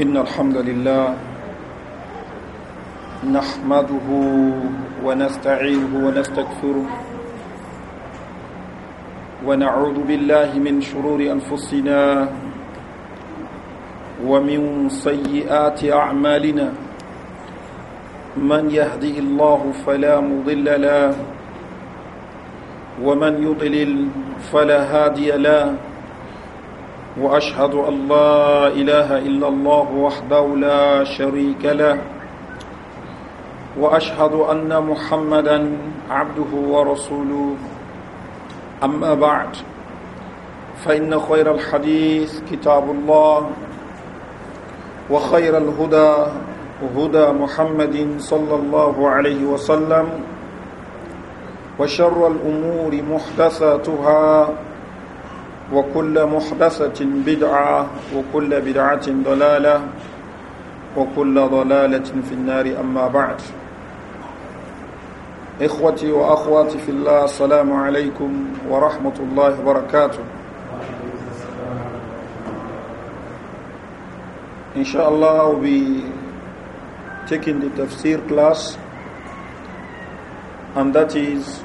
إن الحمد لله نحمده ونستعينه ونستكثره ونعوذ بالله من شرور أنفسنا ومن سيئات أعمالنا من يهدي الله فلا مضل له ومن يضلل فلا هادي له واشهد ان لا اله الا الله وحده لا شريك له واشهد ان محمدا عبده ورسوله اما بعد فان خير الحديث كتاب الله وخير الهدى هدى محمد صلى الله عليه وسلم وشر الامور محدثاتها وكل محدثة بدعة وكل بدعة ضلالة وكل ضلالة في النار أما بعد إخوتي وأخواتي في الله السلام عليكم ورحمة الله وبركاته إن شاء الله I'll be taking the tafsir class and that is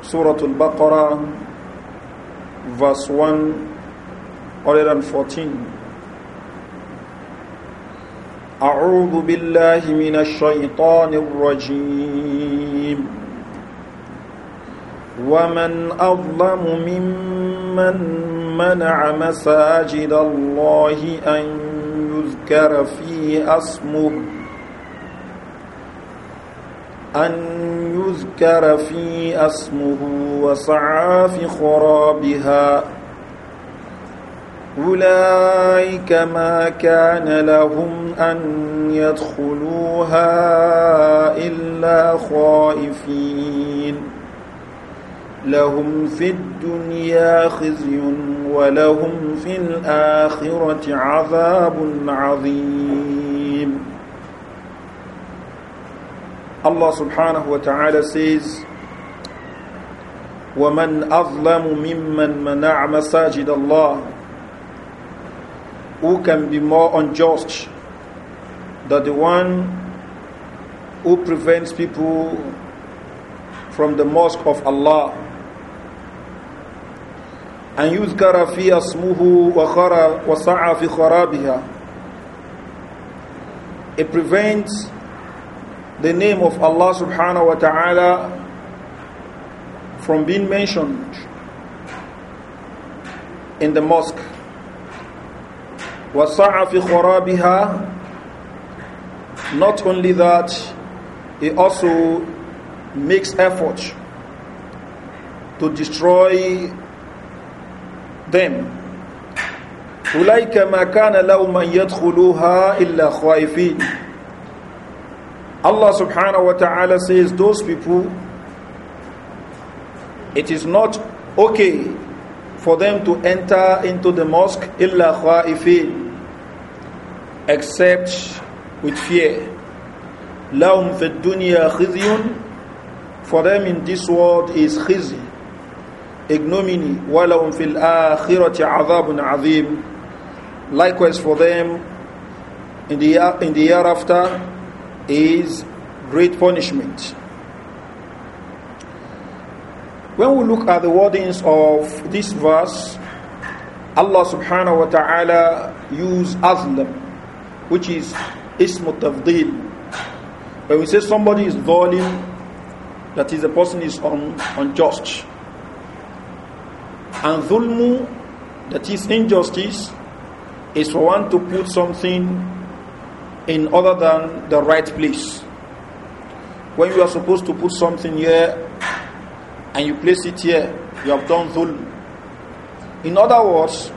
Surah Al-Baqarah verse 114. أعوذ بالله من الشيطان الرجيم ومن أظلم ممن منع مساجد الله أن يذكر فيه أسمه أن يذكر في اسمه وسعى في خرابها أولئك ما كان لهم أن يدخلوها إلا خائفين لهم في الدنيا خزي ولهم في الآخرة عذاب عظيم Allah subhanahu wa ta'ala says, وَمَنْ أَظْلَمُ مِمَّنْ مَنَعَ مَسَاجِدَ اللَّهِ Who can be more unjust than the one who prevents people from the mosque of Allah? أن يذكر فيها اسمه وسعى في خرابها It prevents the name of Allah subhanahu wa ta'ala from being mentioned in the mosque. وَسَعَ فِي خُرَابِهَا Not only that, he also makes effort to destroy them. أُولَيْكَ مَا كَانَ لَوْ مَنْ يَدْخُلُوهَا إِلَّا خَائِفِينَ Allah subhanahu wa ta'ala says, Those people, it is not okay for them to enter into the mosque illa khaifin, except with fear. Laum في dunya khizyun, For them in this world is khizy, ignominy. وَلَهُمْ فِي الْآخِرَةِ a'zabun عَظِيمٌ Likewise for them in the, in the year after, is great punishment. When we look at the wordings of this verse, Allah subhanahu wa ta'ala use azlam, which is ismu tafdil. When we say somebody is zalim, that is a person is un, unjust. And zulmu, that is injustice, is for one to put something in other than the right place. When you are supposed to put something here and you place it here, you have done zulm. In other words,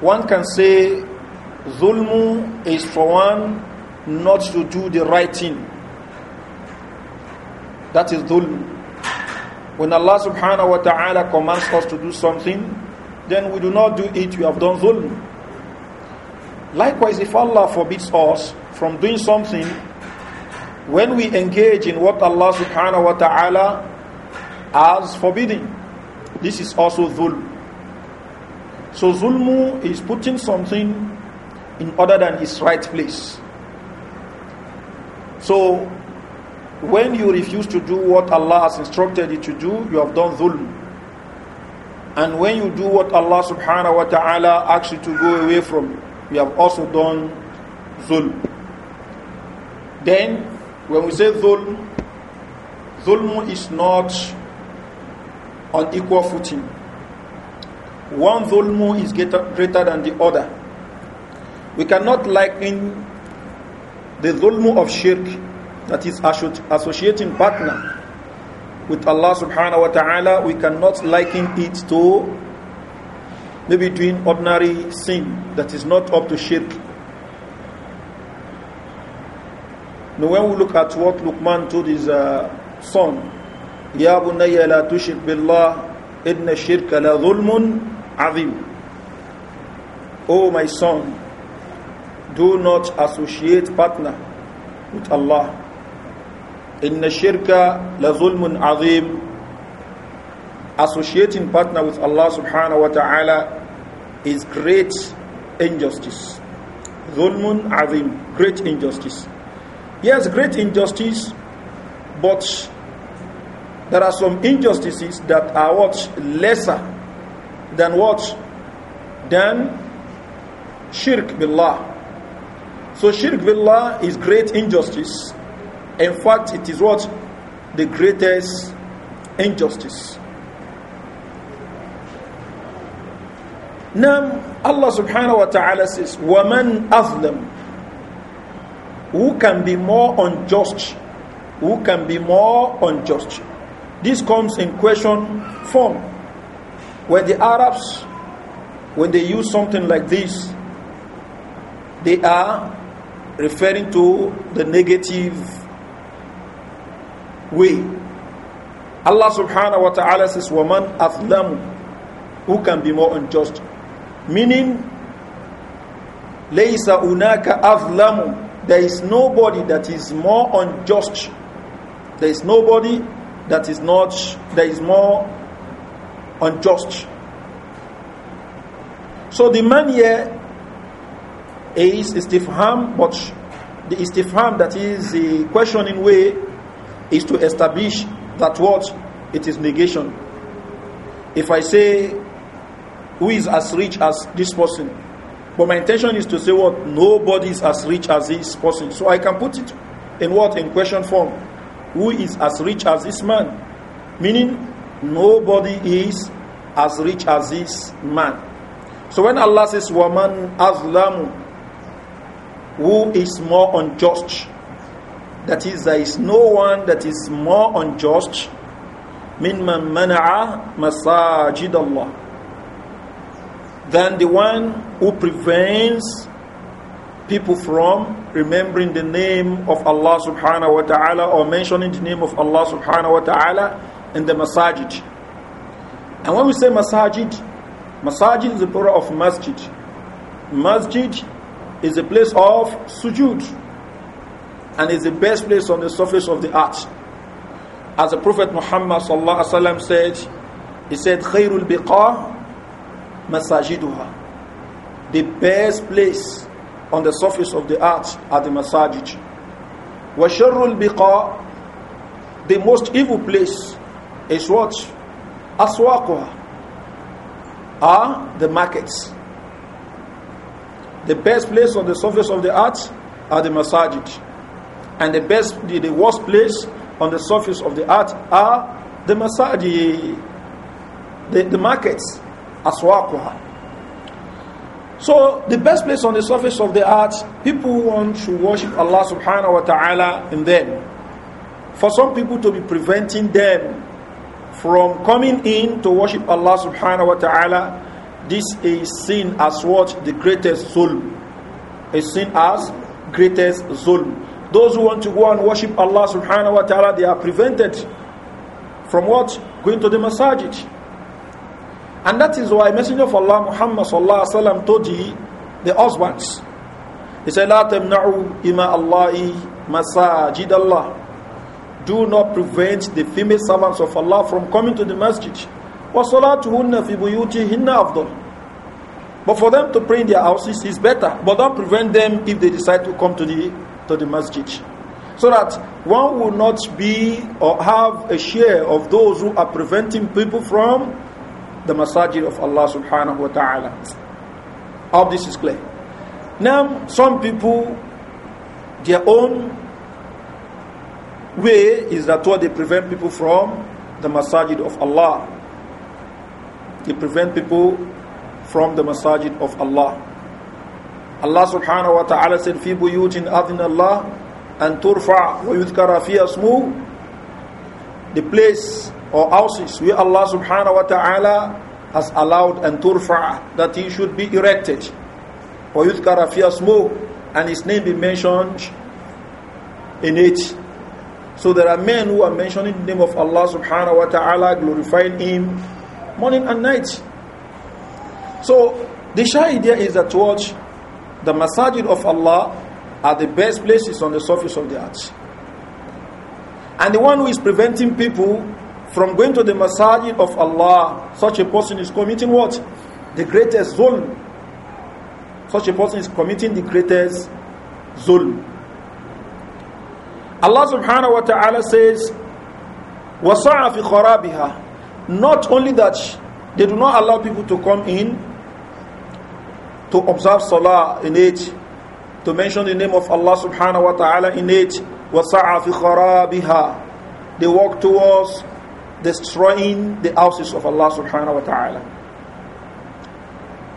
one can say zulm is for one not to do the right thing. That is zulm. When Allah subhanahu wa ta'ala commands us to do something, then we do not do it, we have done zulm. Likewise, if Allah forbids us from doing something when we engage in what Allah subhanahu wa ta'ala has forbidden. This is also zulm. So zulmu is putting something in other than its right place. So when you refuse to do what Allah has instructed you to do, you have done zulm. And when you do what Allah subhanahu wa ta'ala asks you to go away from, you have also done zulm. Then, when we say zulm, zulm is not on equal footing. One zulm is greater, than the other. We cannot liken the zulm of shirk, that is associating partner with Allah subhanahu wa ta'ala, we cannot liken it to maybe doing ordinary sin that is not up to shirk Now when we look at what Luqman told his uh, son, يَا بُنَيَّ لَا تُشِرْ بِاللَّهِ إِنَّ الشِّرْكَ لَظُلْمٌ عَظِيمٌ O my son, do not associate partner with Allah. Inna إِنَّ la لَظُلْمٌ عَظِيمٌ Associating partner with Allah subhanahu wa ta'ala is great injustice. ظُلْمٌ عَظِيمٌ Great injustice. Yes, great injustice, but there are some injustices that are what lesser than what than shirk billah. So shirk billah is great injustice. In fact, it is what the greatest injustice. Now, Allah subhanahu wa ta'ala says, وَمَنْ أَظْلَمُ who can be more unjust? Who can be more unjust? This comes in question form. where the Arabs, when they use something like this, they are referring to the negative way. Allah subhanahu wa ta'ala says, Woman athlamu, who can be more unjust? Meaning, Laysa unaka athlamu, there is nobody that is more unjust. There is nobody that is not, there is more unjust. So the man here is istifham, but the istifham that is the questioning way is to establish that what it is negation. If I say, who is as rich as this person? But my intention is to say what nobody is as rich as this person. So I can put it in what in question form. Who is as rich as this man? Meaning nobody is as rich as this man. So when Allah says woman azlamu who is more unjust that is there is no one that is more unjust min man mana'a masajid Allah than the one who prevents people from remembering the name of Allah subhanahu wa ta'ala or mentioning the name of Allah subhanahu wa ta'ala in the masajid. And when we say masajid, masajid is the plural of masjid. Masjid is a place of sujud, and is the best place on the surface of the earth. As the Prophet Muhammad sallallahu alaihi wasallam said, he said, masajiduha. The best place on the surface of the earth are the masajid. وَشَرُّ الْبِقَى The most evil place is what? Aswakua Are the markets. The best place on the surface of the earth are the masajid. And the best, the, the worst place on the surface of the earth are the masajid, the, the markets aswaquha. So the best place on the surface of the earth, people want to worship Allah subhanahu wa ta'ala in them. For some people to be preventing them from coming in to worship Allah subhanahu wa ta'ala, this is seen as what? The greatest zulm. Is seen as greatest zulm. Those who want to go and worship Allah subhanahu wa ta'ala, they are prevented from what? Going to the masajid. And that is why Messenger of Allah Muhammad sallallahu told the, the husbands, he said, "La tamna'u ima Allahi masajid Allah." Do not prevent the female servants of Allah from coming to the masjid. But for them to pray in their houses is better. But don't prevent them if they decide to come to the, to the masjid. So that one will not be or have a share of those who are preventing people from the masajid of Allah subhanahu wa ta'ala. All this is clear. Now, some people, their own way is that what they prevent people from the masajid of Allah. They prevent people from the masajid of Allah. Allah subhanahu wa ta'ala said, فِي بُيُوتٍ أَذِنَ اللَّهِ أَن تُرْفَعْ وَيُذْكَرَ فِيهَا اسْمُهُ The place or houses where Allah subhanahu wa ta'ala has allowed and turfa that he should be erected. وَيُذْكَرَ فِيهَا اسْمُهُ And his name be mentioned in it. So there are men who are mentioning the name of Allah subhanahu wa ta'ala, glorifying him morning and night. So the shy idea is that watch the masajid of Allah are the best places on the surface of the earth. And the one who is preventing people from going to the masajid of Allah, such a person is committing what? The greatest zulm. Such a person is committing the greatest zulm. Allah subhanahu wa ta'ala says, وَسَعَ فِي خَرَابِهَا Not only that, they do not allow people to come in to observe salah in it, to mention the name of Allah subhanahu wa ta'ala in it, وَسَعَ فِي خَرَابِهَا They walk towards destroying the houses of Allah subhanahu wa ta'ala.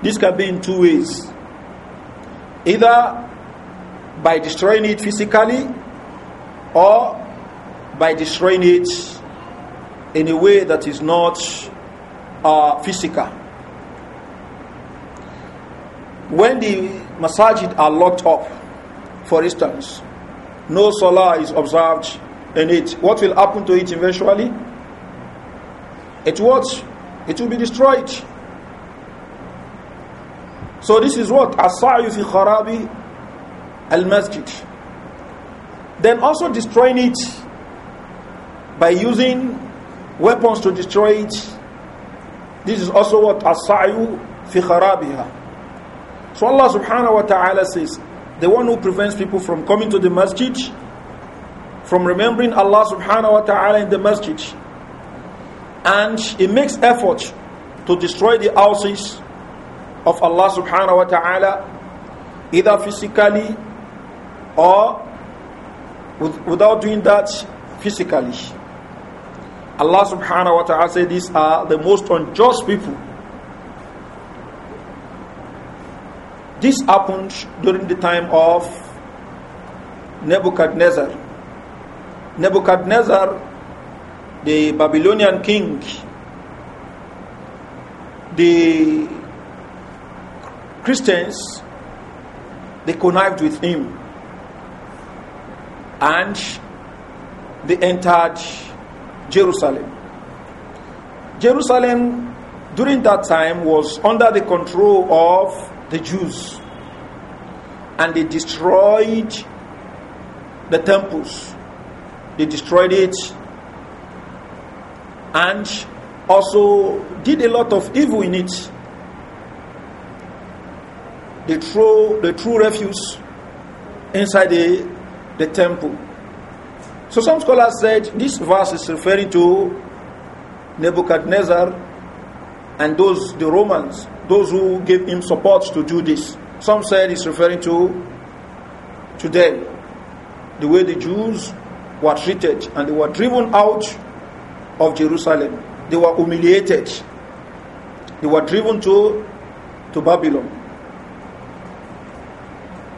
This can be in two ways. Either by destroying it physically or by destroying it in a way that is not uh, physical. When the masajid are locked up, for instance, no salah is observed in it, what will happen to it eventually? it what? It will be destroyed. So this is what? as fi kharabi al-masjid. Then also destroying it by using weapons to destroy it. This is also what? as fi kharabiha. So Allah subhanahu wa ta'ala says, the one who prevents people from coming to the masjid, from remembering Allah subhanahu wa ta'ala in the masjid, and he makes effort to destroy the houses of Allah subhanahu wa ta'ala either physically or with, without doing that physically. Allah subhanahu wa ta'ala said these are the most unjust people. This happened during the time of Nebuchadnezzar. Nebuchadnezzar the Babylonian king, the Christians, they connived with him and they entered Jerusalem. Jerusalem during that time was under the control of the Jews and they destroyed the temples, they destroyed it and also did a lot of evil in it. They throw the true refuse inside the, the temple. So some scholars said this verse is referring to Nebuchadnezzar and those the Romans, those who gave him support to do this. Some said it's referring to to them, the way the Jews were treated and they were driven out of Jerusalem. They were humiliated. They were driven to, to Babylon.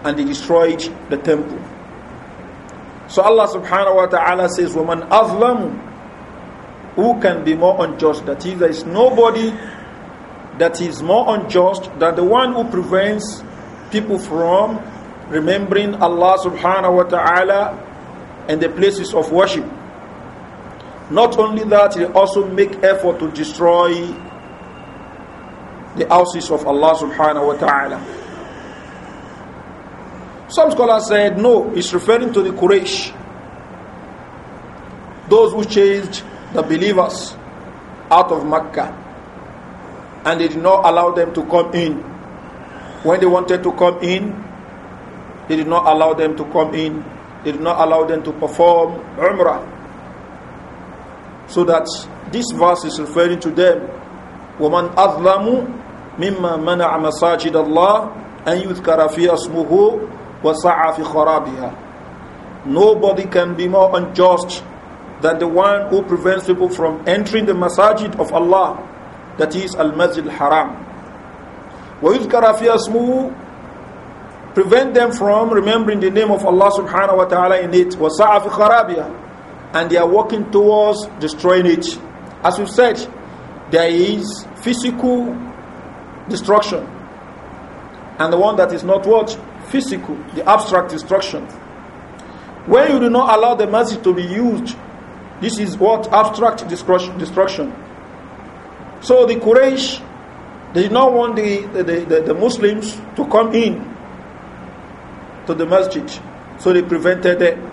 And they destroyed the temple. So Allah subhanahu wa ta'ala says, Woman Azlam, who can be more unjust? That is, there is nobody that is more unjust than the one who prevents people from remembering Allah subhanahu wa ta'ala and the places of worship. Not only that, they also make effort to destroy the houses of Allah subhanahu wa ta'ala. Some scholars said, no, it's referring to the Quraysh. Those who chased the believers out of Mecca. And they did not allow them to come in. When they wanted to come in, they did not allow them to come in. They did not allow them to perform Umrah. So that this verse is referring to them. وَمَنْ أَظْلَمُ مِمَّا مَنَعَ مَسَاجِدَ اللَّهِ أَنْ يُذْكَرَ فِي أَسْمُهُ وَسَعَى فِي خَرَابِهَا Nobody can be more unjust than the one who prevents people from entering the masajid of Allah, that is Al-Masjid Al-Haram. وَيُذْكَرَ فِي أَسْمُهُ prevent them from remembering the name of Allah subhanahu wa ta'ala in it. Was فِي خَرَابِهَا and they are working towards destroying it. As we said, there is physical destruction and the one that is not what? Physical, the abstract destruction. When you do not allow the masjid to be used, this is what? Abstract destruction. So the Quraysh, they did not want the, the, the, the Muslims to come in to the masjid. So they prevented them.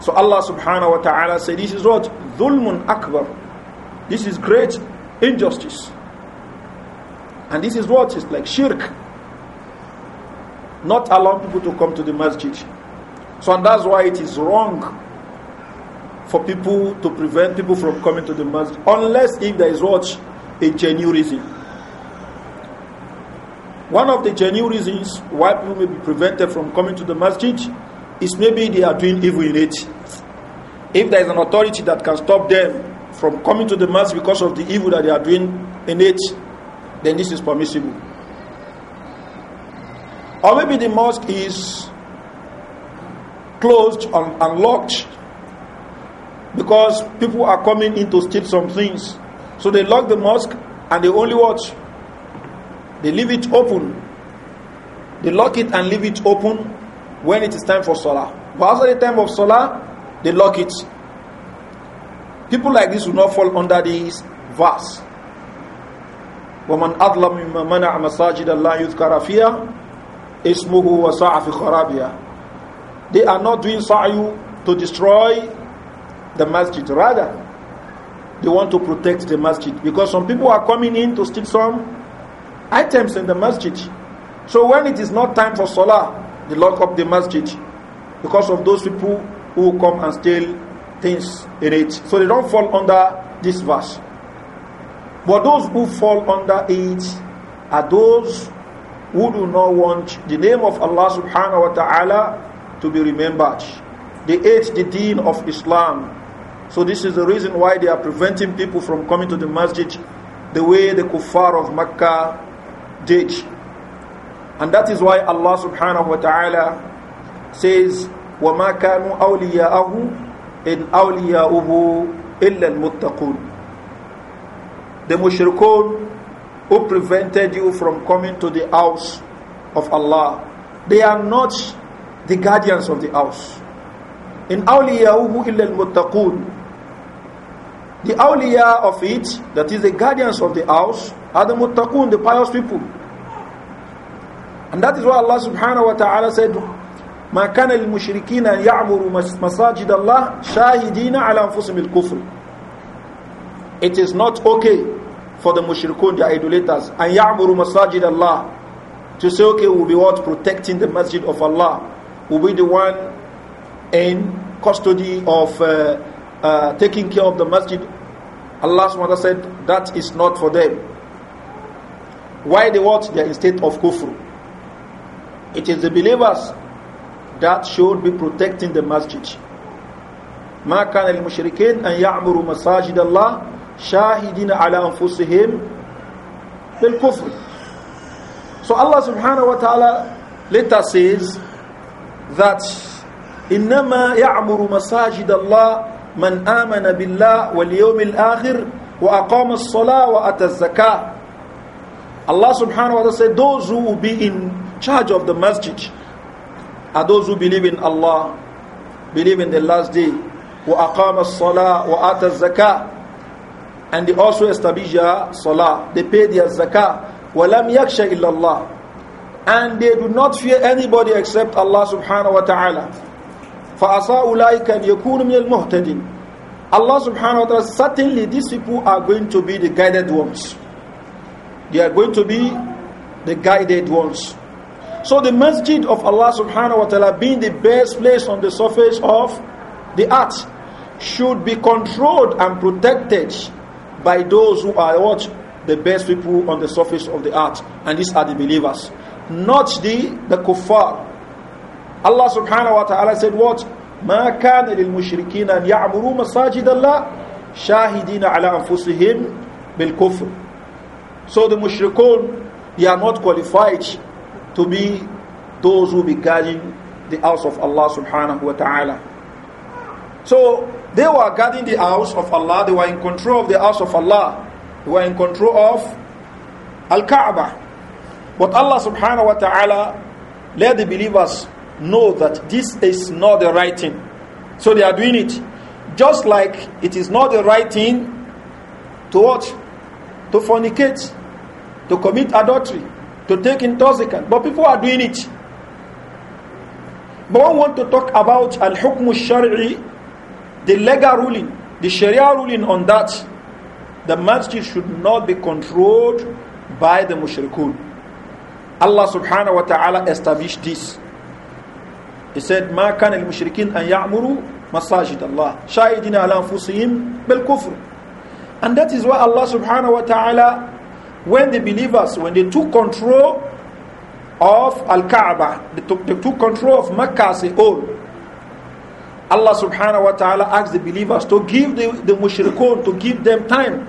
So Allah subhanahu wa ta'ala said, This is what? Dhulmun akbar. This is great injustice. And this is what is like shirk. Not allowing people to come to the masjid. So and that's why it is wrong for people to prevent people from coming to the masjid. Unless if there is what? A genuine reason. One of the genuine reasons why people may be prevented from coming to the masjid is maybe they are doing evil in it. If there is an authority that can stop them from coming to the mass because of the evil that they are doing in it, then this is permissible. Or maybe the mosque is closed and, and locked because people are coming in to steal some things. So they lock the mosque and they only watch. They leave it open. They lock it and leave it open when it is time for solar, But after the time of solar, they lock it. People like this will not fall under this verse. ومن أظلم ممن منع مساجد الله يذكر فيها اسمه وسعى في خرابها They are not doing sa'yu to destroy the masjid. Rather, they want to protect the masjid because some people are coming in to steal some items in the masjid. So when it is not time for salah, they lock up the masjid because of those people who come and steal things in it. So they don't fall under this verse. But those who fall under it are those who do not want the name of Allah subhanahu wa ta'ala to be remembered. They hate the deen of Islam. So this is the reason why they are preventing people from coming to the masjid the way the kuffar of Makkah did. And that is why Allah subhanahu wa ta'ala says, وَمَا كَانُوا أَوْلِيَاءَهُ إِنْ أَوْلِيَاؤُهُ إِلَّا الْمُتَّقُونَ The mushrikun who prevented you from coming to the house of Allah, they are not the guardians of the house. In awliyahu illa al-muttaqun. The awliya of it, that is the guardians of the house, are the muttaqun, the pious people. And that is why Allah subhanahu wa ta'ala said, ما كان المشركين أن يعمروا مساجد الله شاهدين على أنفسهم الكفر It is not okay for the mushrikun, the idolaters, and يعمروا مساجد الله to say, okay, we'll be what? Protecting the masjid of Allah. We'll be the one in custody of uh, uh, taking care of the masjid. Allah subhanahu said, that is not for them. Why they what? They are in state of kufr. It is the believers that should be protecting the masjid. ما كان للمشركين أن يعمروا مساجد الله شاهدين على أنفسهم بالكفر. So Allah subhanahu wa ta'ala later says that إنما يعمر مساجد الله من آمن بالله واليوم الآخر وأقام الصلاة وأتى الزكاة Allah subhanahu wa ta'ala said those who will be in charge of the masjid are those who believe in Allah, believe in the last day, who aqam as-salah, who at zakah and they also establish their salah, they pay their zakah, lam yaksha illallah, and they do not fear anybody except Allah subhanahu wa ta'ala. فَأَصَى أُولَٰئِكَ أَنْ يَكُونُ مِنَ الْمُهْتَدِينَ Allah subhanahu wa ta'ala, certainly these people are going to be the guided ones. They are going to be the guided ones. So the masjid of Allah subhanahu wa ta'ala being the best place on the surface of the earth should be controlled and protected by those who are what? The best people on the surface of the earth. And these are the believers. Not the, the kuffar. Allah subhanahu wa ta'ala said what? ما كان للمشركين أن يعمروا مساجد الله شاهدين على أنفسهم بالكفر. So the mushrikun, they are not qualified to be those who be guarding the house of Allah subhanahu wa ta'ala. So they were guarding the house of Allah, they were in control of the house of Allah, they were in control of Al Kaaba. But Allah subhanahu wa ta'ala let the believers know that this is not the right thing. So they are doing it. Just like it is not the right thing to watch, To fornicate, to commit adultery, to take intoxicant. But people are doing it. But I want to talk about al hukm shari the legal ruling, the sharia ruling on that. The masjid should not be controlled by the mushrikun. Allah subhanahu wa ta'ala established this. He said, ما كان المشركين أن يعمروا مساجد الله شاهدين على أنفسهم بالكفر. And that is why Allah subhanahu wa ta'ala when the believers, when they took control of Al Kaaba, they took, they took control of Mecca as a whole, Allah subhanahu wa ta'ala asked the believers to give the, the mushrikun, to give them time.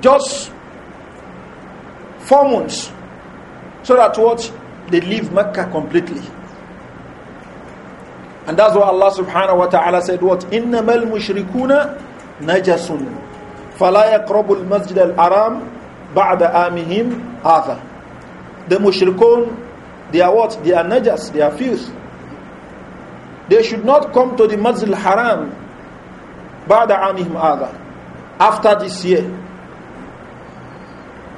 Just four months. So that what? They leave Mecca completely. And that's why Allah subhanahu wa ta'ala said what? إِنَّمَا Mushrikuna najasun, فَلَا يَقْرَبُ الْمَسْجِدَ الْأَرَامِ بعد آمهم هذا the mushrikun they are what they are najas they are filth they should not come to the masjid haram بعد آمهم هذا after this year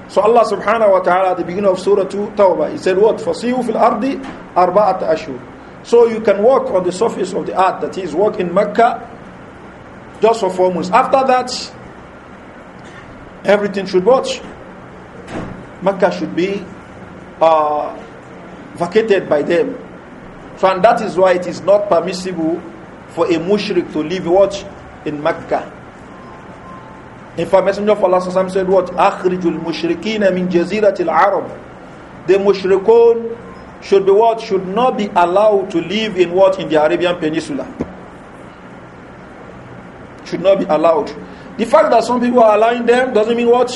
so Allah subhanahu wa ta'ala at the beginning of surah 2 tawbah he said what fasihu fil ardi arba'at ashur so you can walk on the surface of the earth that is walk in Mecca just for four months after that everything should watch Makkah should be uh, vacated by them. So, and that is why it is not permissible for a mushrik to live what? In Makkah. If a messenger of Allah said what? Akhrijul mushrikina min jaziratil Arab. The mushrikun should be what? Should not be allowed to live in what? In the Arabian Peninsula. Should not be allowed. The fact that some people are allowing them doesn't mean what?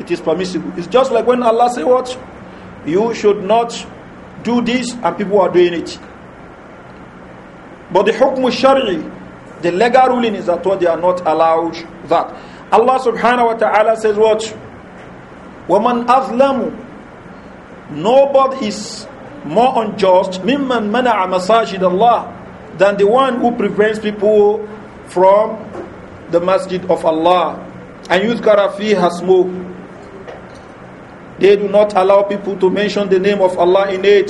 It is permissible. It's just like when Allah say what? You should not do this and people are doing it. But the hukm shari, the legal ruling is that what they are not allowed that. Allah subhanahu wa ta'ala says what? Woman azlamu. Nobody is more unjust mimman mana'a masajid Allah than the one who prevents people from the masjid of Allah and yuzkara fiha smoke they do not allow people to mention the name of Allah in it.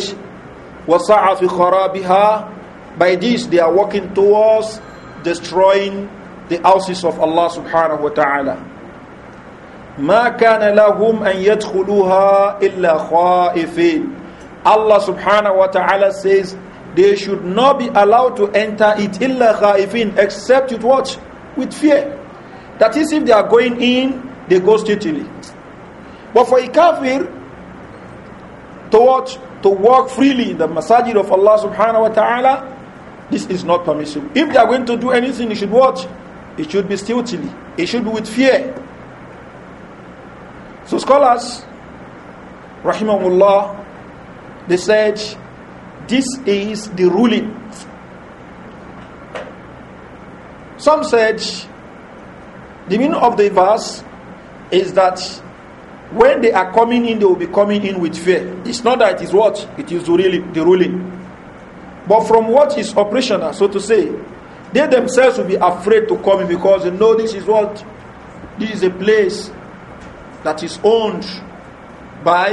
وَسَعَ فِي خَرَابِهَا By this, they are walking towards destroying the houses of Allah subhanahu wa ta'ala. مَا كَانَ لَهُمْ أَن يَدْخُلُوهَا إِلَّا خَائِفِينَ Allah subhanahu wa ta'ala says, they should not be allowed to enter it إِلَّا خَائِفِينَ Except with what? With fear. That is if they are going in, they go steadily. But for a kafir to watch, to walk freely in the masajid of Allah subhanahu wa ta'ala, this is not permissible. If they are going to do anything, you should watch. It should be stealthily. It should be with fear. So scholars, rahimahullah, they said, this is the ruling. Some said, the meaning of the verse is that when they are coming in, they will be coming in with fear. It's not that it is what? It is really ruling. The ruling. But from what is operational, so to say, they themselves will be afraid to come in because they know this is what? This is a place that is owned by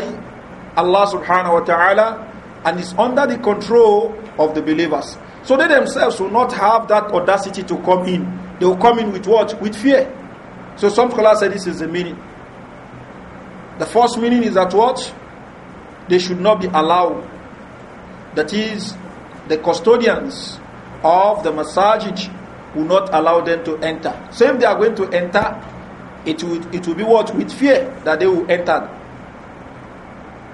Allah subhanahu wa ta'ala and is under the control of the believers. So they themselves will not have that audacity to come in. They will come in with what? With fear. So some scholars say this is the meaning. The first meaning is that what? They should not be allowed. That is, the custodians of the masajid will not allow them to enter. Same they are going to enter, it will, it will be what? With fear that they will enter.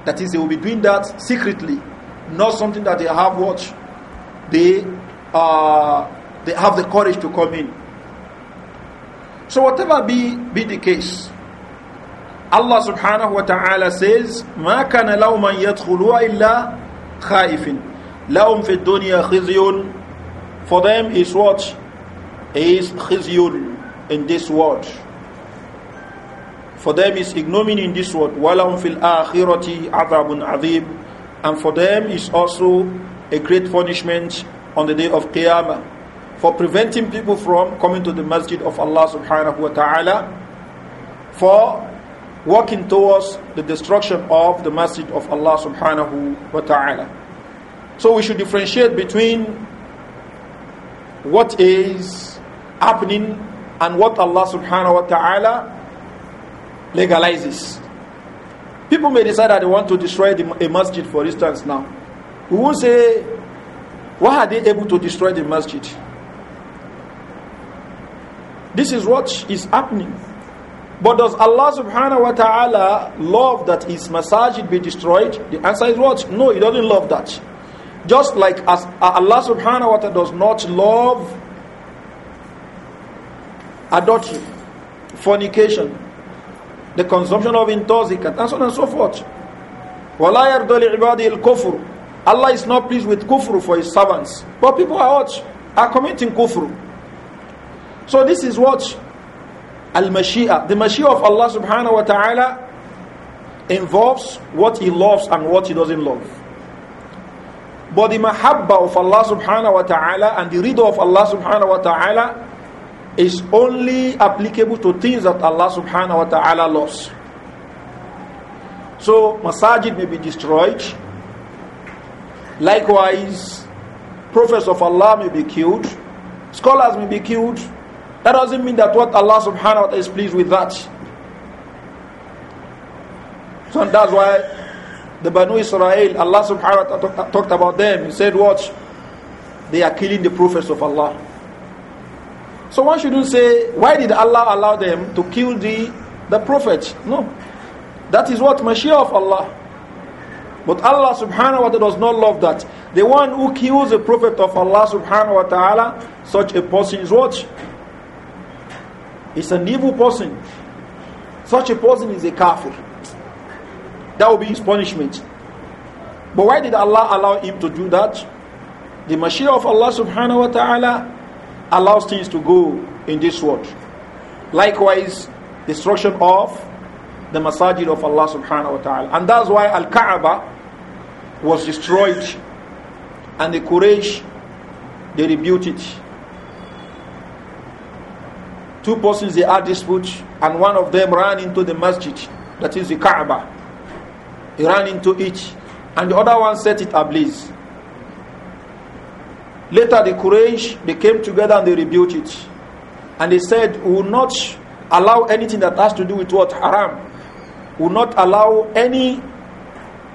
That is, they will be doing that secretly, not something that they have what? They, uh, they have the courage to come in. So whatever be, be the case, Allah subhanahu wa ta'ala says, مَا كَانَ لَوْ مَنْ يَدْخُلُوَ إِلَّا خَائِفٍ لَهُمْ فِي الدُّنْيَا خِزْيٌ For them is what? Is خِزْيٌ in this world. For them is ignominy in this world. وَلَهُمْ فِي الْآخِرَةِ عَذَابٌ عَذِيبٌ And for them is also a great punishment on the day of Qiyamah for preventing people from coming to the masjid of Allah subhanahu wa ta'ala for working towards the destruction of the masjid of Allah subhanahu wa ta'ala. So we should differentiate between what is happening and what Allah subhanahu wa ta'ala legalizes. People may decide that they want to destroy the, a masjid, for instance, now. We will say, why are they able to destroy the masjid? This is what is happening. But does Allah subhanahu wa ta'ala love that his masajid be destroyed? The answer is what? No, he doesn't love that. Just like as uh, Allah subhanahu wa ta'ala does not love adultery, fornication, the consumption of intoxicants, and so on and so forth. Allah is not pleased with kufru for his servants. But people are what? Are committing kufru. So this is what? al the mashia of allah subhanahu wa ta'ala involves what he loves and what he doesn't love but the mahabba of allah subhanahu wa ta'ala and the Riddah of allah subhanahu wa ta'ala is only applicable to things that allah subhanahu wa ta'ala loves so masajid may be destroyed likewise prophets of allah may be killed scholars may be killed that doesn't mean that what Allah subhanahu wa ta'ala is pleased with that. So that's why the Banu Israel, Allah subhanahu wa ta'ala talked about them. He said, Watch, they are killing the prophets of Allah. So one shouldn't say, Why did Allah allow them to kill the, the prophets?" No. That is what Mashiach of Allah. But Allah subhanahu wa ta'ala does not love that. The one who kills the Prophet of Allah subhanahu wa ta'ala, such a person is what? It's an evil person. Such a person is a kafir. That will be his punishment. But why did Allah allow him to do that? The Mashiach of Allah subhanahu wa ta'ala allows things to go in this world. Likewise, destruction of the masajid of Allah subhanahu wa ta'ala. And that's why Al Kaaba was destroyed and the Quraysh they rebuilt it two persons they had dispute and one of them ran into the masjid that is the Kaaba he ran into it and the other one set it ablaze later the Quraysh they came together and they rebuilt it and they said we will not allow anything that has to do with what haram we will not allow any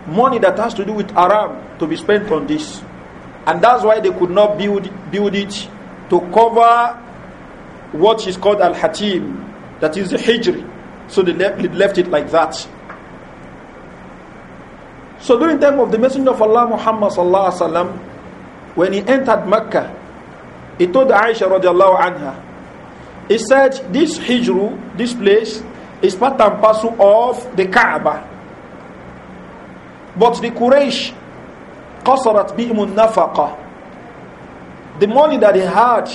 money that has to do with haram to be spent on this and that's why they could not build build it to cover what is called al hatim, that is the hijri. So they left, they left it like that. So during the time of the Messenger of Allah Muhammad sallallahu when he entered Mecca, he told Aisha radiallahu anha, he said, "This hijru, this place, is part and parcel of the Kaaba." But the Quraysh, قصرت بهم النفقة. The money that they had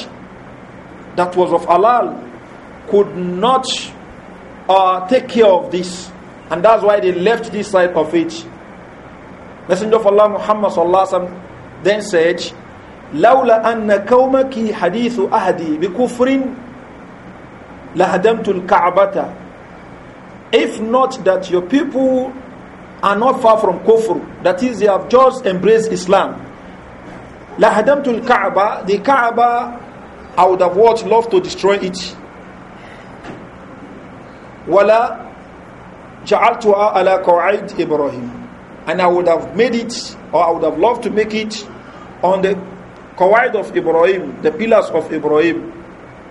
that was of Alal, could not uh, take care of this. And that's why they left this side of it. Messenger of Allah Muhammad sallam, then said, لولا أن كومك حديث أهدي بكفر لهدمت الكعبة If not that your people are not far from kufr, that is they have just embraced Islam. لهدمت الكعبة, the Kaaba I would have what? Loved to destroy it. Wala ja'altuha ala qa'id Ibrahim. And I would have made it, or I would have loved to make it on the qa'id of Ibrahim, the pillars of Ibrahim.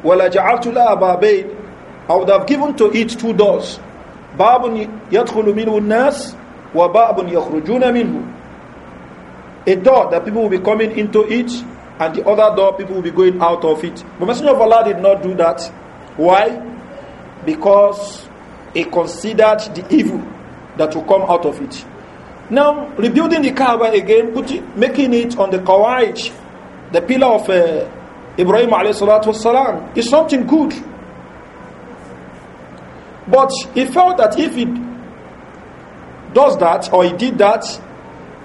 Wala ja'altu la babayn. I would have given to it two doors. Babun yadkhulu minhu an-nas wa babun yakhrujuna minhu. A door that people will be coming into it and the other door people will be going out of it. But Messenger of Allah did not do that. Why? Because he considered the evil that will come out of it. Now, rebuilding the Kaaba again, putting, making it on the Kawaij, the pillar of uh, Ibrahim والسلام, is something good. But he felt that if he does that or he did that,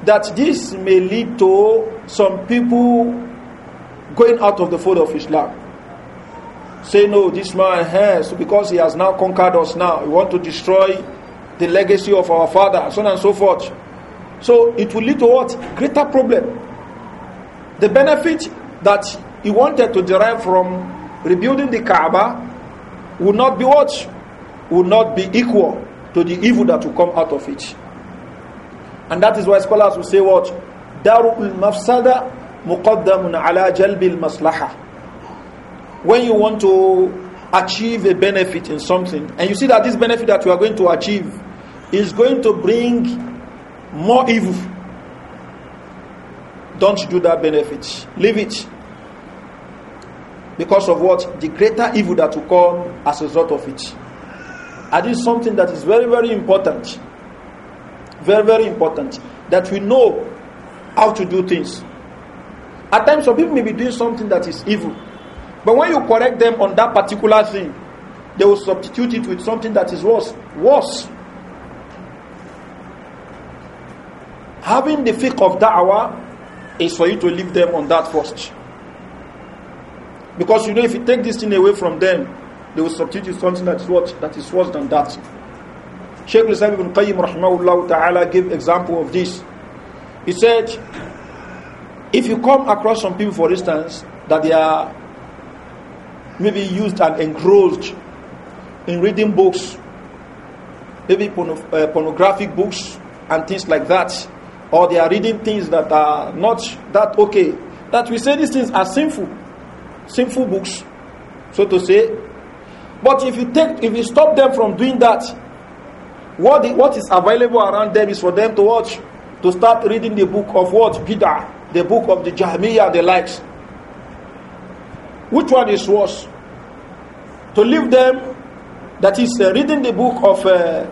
that this may lead to some people going out of the fold of Islam. Say, no, this man has, because he has now conquered us now, he want to destroy the legacy of our father, so on and so forth. So it will lead to what? Greater problem. The benefit that he wanted to derive from rebuilding the Kaaba would not be what? Would not be equal to the evil that will come out of it. And that is why scholars will say what? Darul mafsada muqaddamun ala jalbil maslaha. When you want to achieve a benefit in something, and you see that this benefit that you are going to achieve is going to bring more evil, don't do that benefit. Leave it. Because of what? The greater evil that will come as a result of it. And this is something that is very, very important. Very, very important. That we know how to do things. At times, some people may be doing something that is evil. But when you correct them on that particular thing, they will substitute it with something that is worse. Worse. Having the fiqh of da'wah is for you to leave them on that first. Because you know, if you take this thing away from them, they will substitute something that is worse, that is worse than that. Sheikh Islam ibn Qayyim rahimahullah ta'ala gave example of this. He said, if you come across some people, for instance, that they are maybe used and engrossed in reading books, maybe porno, uh, pornographic books and things like that, or they are reading things that are not that okay, that we say these things are sinful, sinful books, so to say. But if you take, if you stop them from doing that, what the, what is available around them is for them to watch, to start reading the book of what bid'ah the book of the Jahmiyyah and the likes. Which one is worse? To leave them, that is uh, reading the book of uh,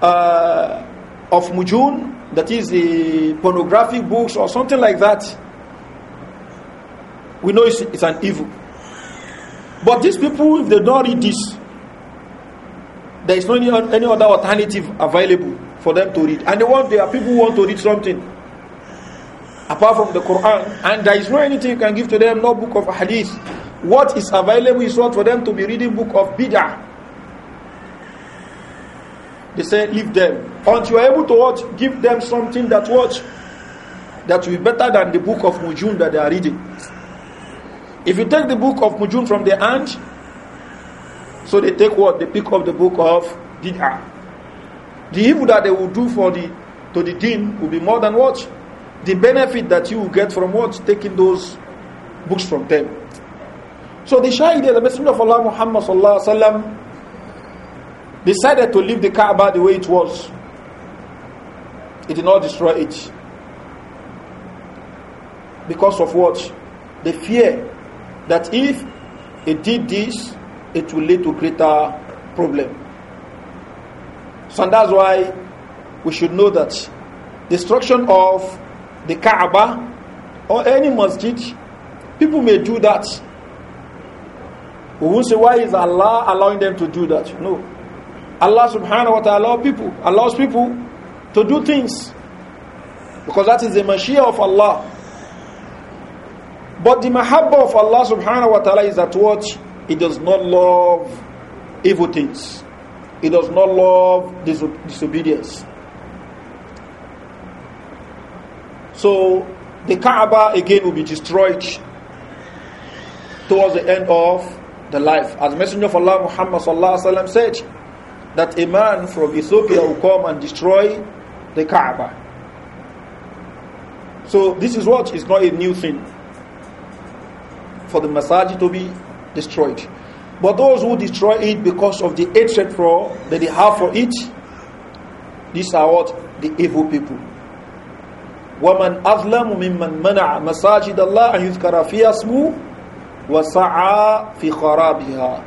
uh, of Mujun, that is the pornographic books or something like that. We know it's, it's an evil. But these people, if they don't read this, there is no any, any other alternative available for them to read. And the one, there are people who want to read something apart from the Quran, and there is no anything you can give to them, no book of hadith. What is available is what for them to be reading book of bid'ah. They say leave them until you are able to watch, give them something that watch that will be better than the book of Mujun that they are reading. If you take the book of Mujun from the hand, so they take what they pick up the book of bid'ah. The evil that they will do for the to the deen will be more than what the benefit that you will get from what? Taking those books from them. So the Shahid, the Messenger of Allah Muhammad sallallahu alaihi wasallam, decided to leave the Kaaba the way it was. It did not destroy it. Because of what? The fear that if it did this, it will lead to greater problem. So and that's why we should know that destruction of the Kaaba or any masjid, people may do that. We won't say, why is Allah allowing them to do that? No. Allah subhanahu wa ta'ala allows people, allows people to do things. Because that is the mashia of Allah. But the Mahabba of Allah subhanahu wa ta'ala is that what? He does not love evil things. He does not love disobedience. So the Kaaba again will be destroyed towards the end of the life. As Messenger of Allah Muhammad sallam, said, that a man from Ethiopia will come and destroy the Kaaba. So this is what is not a new thing for the Masjid to be destroyed. But those who destroy it because of the hatred for that they have for it, these are what the evil people. وَمَنْ أَظْلَمُ مِمَّنْ مَنَعَ مَسَاجِدَ اللَّهِ أَنْ يُذْكَرَ فِيهَا اسْمُهُ وَسَعَى فِي خَرَابِهَا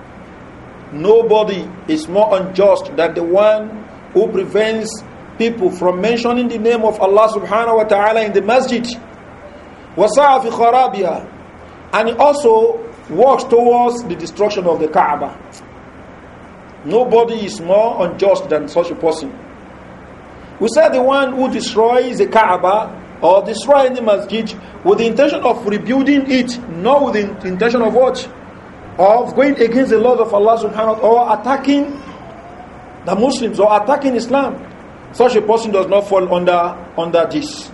Nobody is more unjust than the one who prevents people from mentioning the name of Allah subhanahu wa ta'ala in the masjid. وَسَعَى فِي خَرَابِهَا And he also works towards the destruction of the Kaaba. Nobody is more unjust than such a person. We said the one who destroys the Kaaba or destroys the masjid with the intention of rebuilding it, not with the intention of what? Of going against the laws of Allah subhanahu wa or attacking the Muslims or attacking Islam. Such a person does not fall under, under this.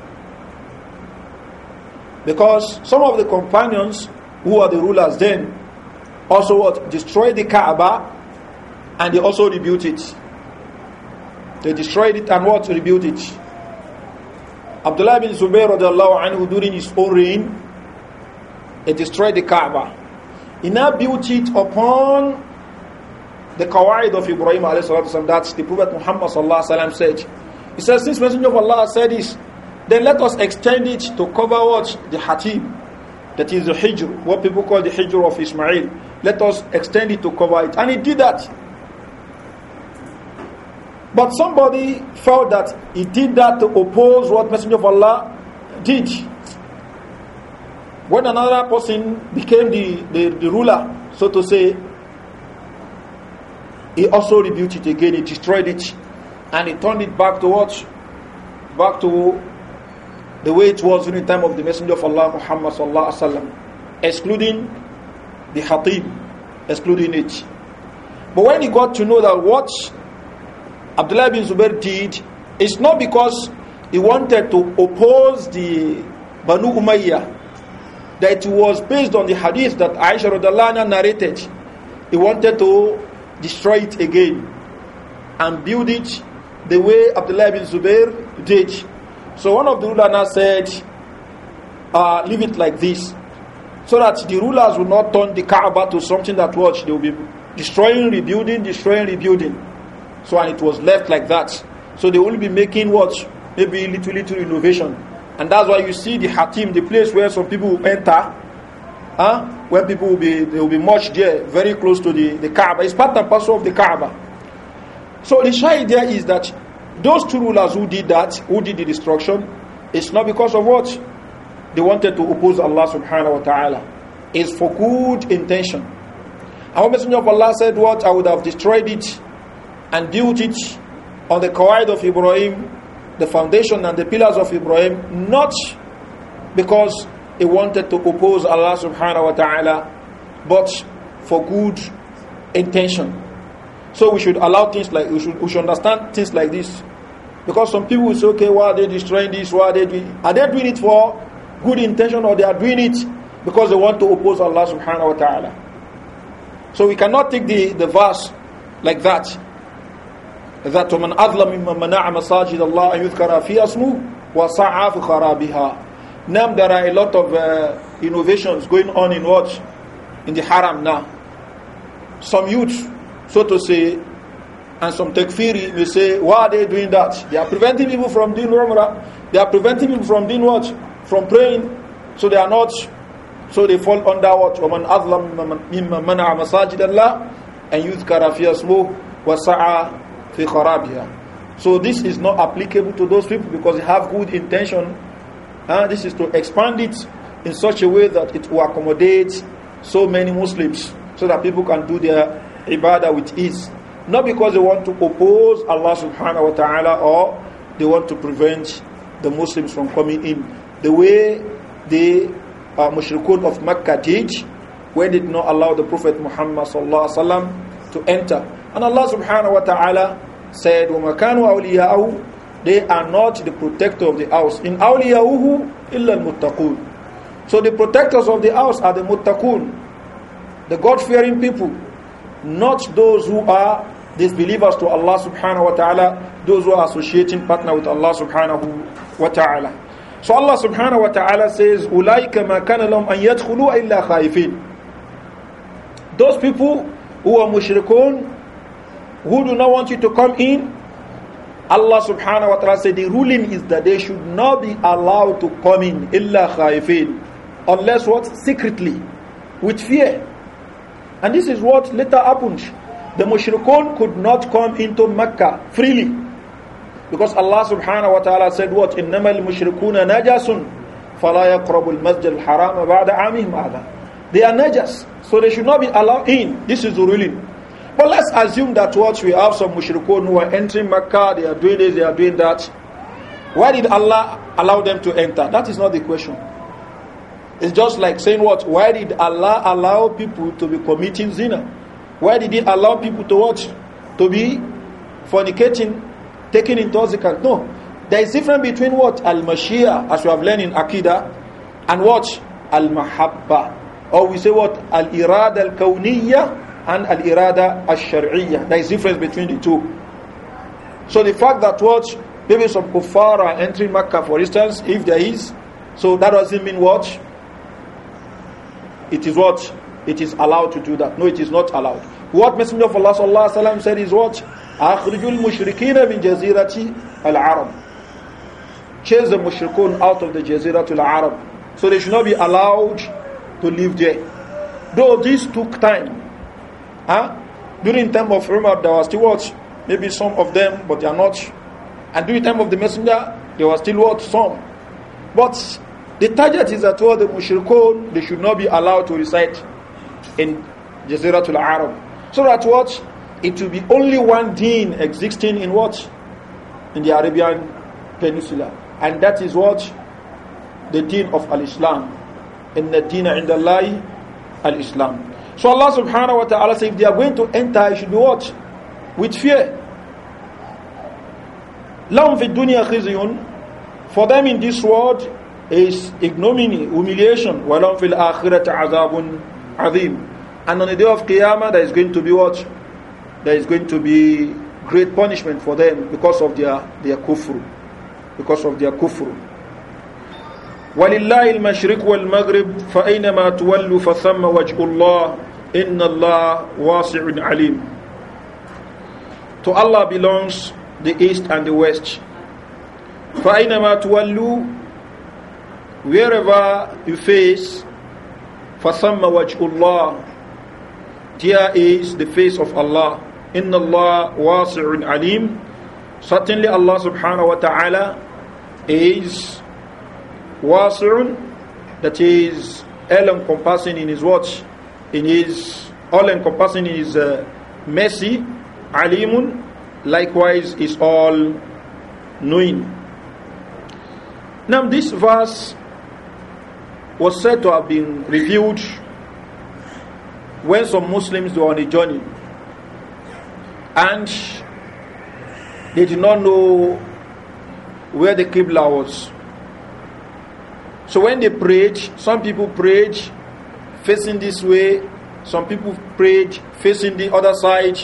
Because some of the companions who are the rulers then also what destroyed the Kaaba and they also rebuilt it. They destroyed it and what? Rebuilt it. Abdullah bin Zubayr anhu, during his own reign, he destroyed the Kaaba. He now built it upon the kawaid of Ibrahim والسلام, That's the Prophet Muhammad وسلم, said. He says, since Messenger of Allah said this, then let us extend it to cover what? The Hatib, that is the Hijr, what people call the Hijr of Ismail. Let us extend it to cover it. And he did that. But somebody felt that he did that to oppose what Messenger of Allah did. When another person became the, the, the ruler, so to say, he also rebuilt it again, he destroyed it, and he turned it back to what? Back to the way it was in the time of the Messenger of Allah Muhammad sallallahu alaihi wasallam, excluding the Hatib, excluding it. But when he got to know that what Abdullah bin Zubair did is not because he wanted to oppose the Banu Umayyah, that it was based on the hadith that Aisha Radalana narrated. He wanted to destroy it again and build it the way Abdullah bin Zubair did. So one of the rulers said, uh, leave it like this, so that the rulers will not turn the Kaaba to something that watch they will be destroying, rebuilding, destroying, rebuilding. So and it was left like that. So they only be making what? Maybe little little innovation. And that's why you see the Hatim, the place where some people will enter, huh? where people will be they will be much there, very close to the, the Kaaba. It's part and parcel of the Kaaba. So the shy idea is that those two rulers who did that, who did the destruction, it's not because of what? They wanted to oppose Allah subhanahu wa ta'ala. It's for good intention. Our Messenger of Allah said what? I would have destroyed it and built it on the kawaid of Ibrahim, the foundation and the pillars of Ibrahim, not because he wanted to oppose Allah subhanahu wa ta'ala, but for good intention. So we should allow things like, we should, we should understand things like this. Because some people will say, okay, why are they destroying this? Why are they doing Are they doing it for good intention or they are doing it because they want to oppose Allah subhanahu wa ta'ala? So we cannot take the, the verse like that that وَمَنْ أَظْلَمِ مِمَّنْ مَنَعَ مَسَاجِدَ اللَّهِ أَنْ يُذْكَرَ فِيهَا wa وَسَعَى fi خَرَابِهَا Now there are a lot of uh, innovations going on in what? In the haram now. Some youth, so to say, and some takfiri may say, why are they doing that? They are preventing people from doing umrah. They are preventing people from doing what? From praying. So they are not. So they fall under what? وَمَنْ أَظْلَمْ مِمَّنْ مَنَعَ مَسَاجِدَ اللَّهِ أَنْ يُذْكَرَ فِي wa وَسَعَى fi kharabiha. So this is not applicable to those people because they have good intention. And this is to expand it in such a way that it will accommodate so many Muslims so that people can do their ibadah with ease. Not because they want to oppose Allah subhanahu wa ta'ala or they want to prevent the Muslims from coming in. The way the uh, mushrikun of Makkah did when did not allow the Prophet Muhammad sallallahu alaihi wasallam to enter and Allah subhanahu wa ta'ala said, وَمَا كَانُوا أَوْلِيَاءَهُ They are not the protector of the house. In أَوْلِيَاهُ إِلَّا الْمُتَّقُونَ So the protectors of the house are the muttaqun, the God-fearing people, not those who are disbelievers to Allah subhanahu wa ta'ala, those who are associating partner with Allah subhanahu wa ta'ala. So Allah subhanahu wa ta'ala says, أُولَٰئِكَ مَا كَانَ لَهُمْ أَن يَدْخُلُوا إِلَّا خَائِفِينَ Those people who are mushrikun, who do not want you to come in, Allah subhanahu wa ta'ala said the ruling is that they should not be allowed to come in illa khaifin unless what secretly with fear. And this is what later happened. The mushrikun could not come into Mecca freely because Allah subhanahu wa ta'ala said what innamal mushrikuna najasun fala yaqrabu al-masjid al-haram ba'da 'amihim They are najas so they should not be allowed in. This is the ruling. But let's assume that what we have some mushrikun who are entering Makkah, they are doing this, they are doing that. Why did Allah allow them to enter? That is not the question. It's just like saying what? Why did Allah allow people to be committing zina? Why did He allow people to watch? To be fornicating, taking intoxicants? No. There is difference between what? al mashiyah as we have learned in akida, and what? Al-Mahabba. Or we say what? Al-Irada al-Kawniyya and al-irada al-shar'iyya. There is difference between the two. So the fact that what maybe some kuffar are entering Makkah, for instance, if there is, so that doesn't mean what? It is what? It is allowed to do that. No, it is not allowed. What Messenger of Allah sallallahu alaihi wasallam said is what? أخرجوا المشركين من جزيرة العرب. Chase the mushrikun out of the to the Arab, So they should not be allowed to live there. Though this took time, Huh? During time of Umar, there were still what? Maybe some of them, but they are not. And during time of the Messenger, there were still what? Some. But the target is that all the mushrikun, they should not be allowed to recite in Jaziratul Arab. So that what? It will be only one deen existing in what? In the Arabian Peninsula. And that is what? The deen of Al-Islam. In the din of the Al-Islam. So Allah subhanahu wa ta'ala says, if they are going to enter, it should be what? With fear. لَهُمْ فِي For them in this world is ignominy, humiliation. وَلَهُمْ فِي الْآخِرَةِ عَذَابٌ عَظِيمٌ And on the day of Qiyamah, there is going to be what? There is going to be great punishment for them because of their, their kufr. Because of their kufr. ولله المشرق والمغرب فأينما تولوا فثم وجه الله إن Allah wasi'un alim. To Allah belongs the east and the west. فأينما تولوا wherever you face فثم وجه الله there is the face of Allah. Inna Allah wasi'un alim. Certainly Allah subhanahu wa ta'ala is wasi'un that is all encompassing in his watch, in his all encompassing in his uh, mercy, alimun likewise is all knowing. Now this verse was said to have been revealed when some Muslims were on a journey and they did not know where the Qibla was. So when they prayed, some people prayed facing this way, some people prayed facing the other side,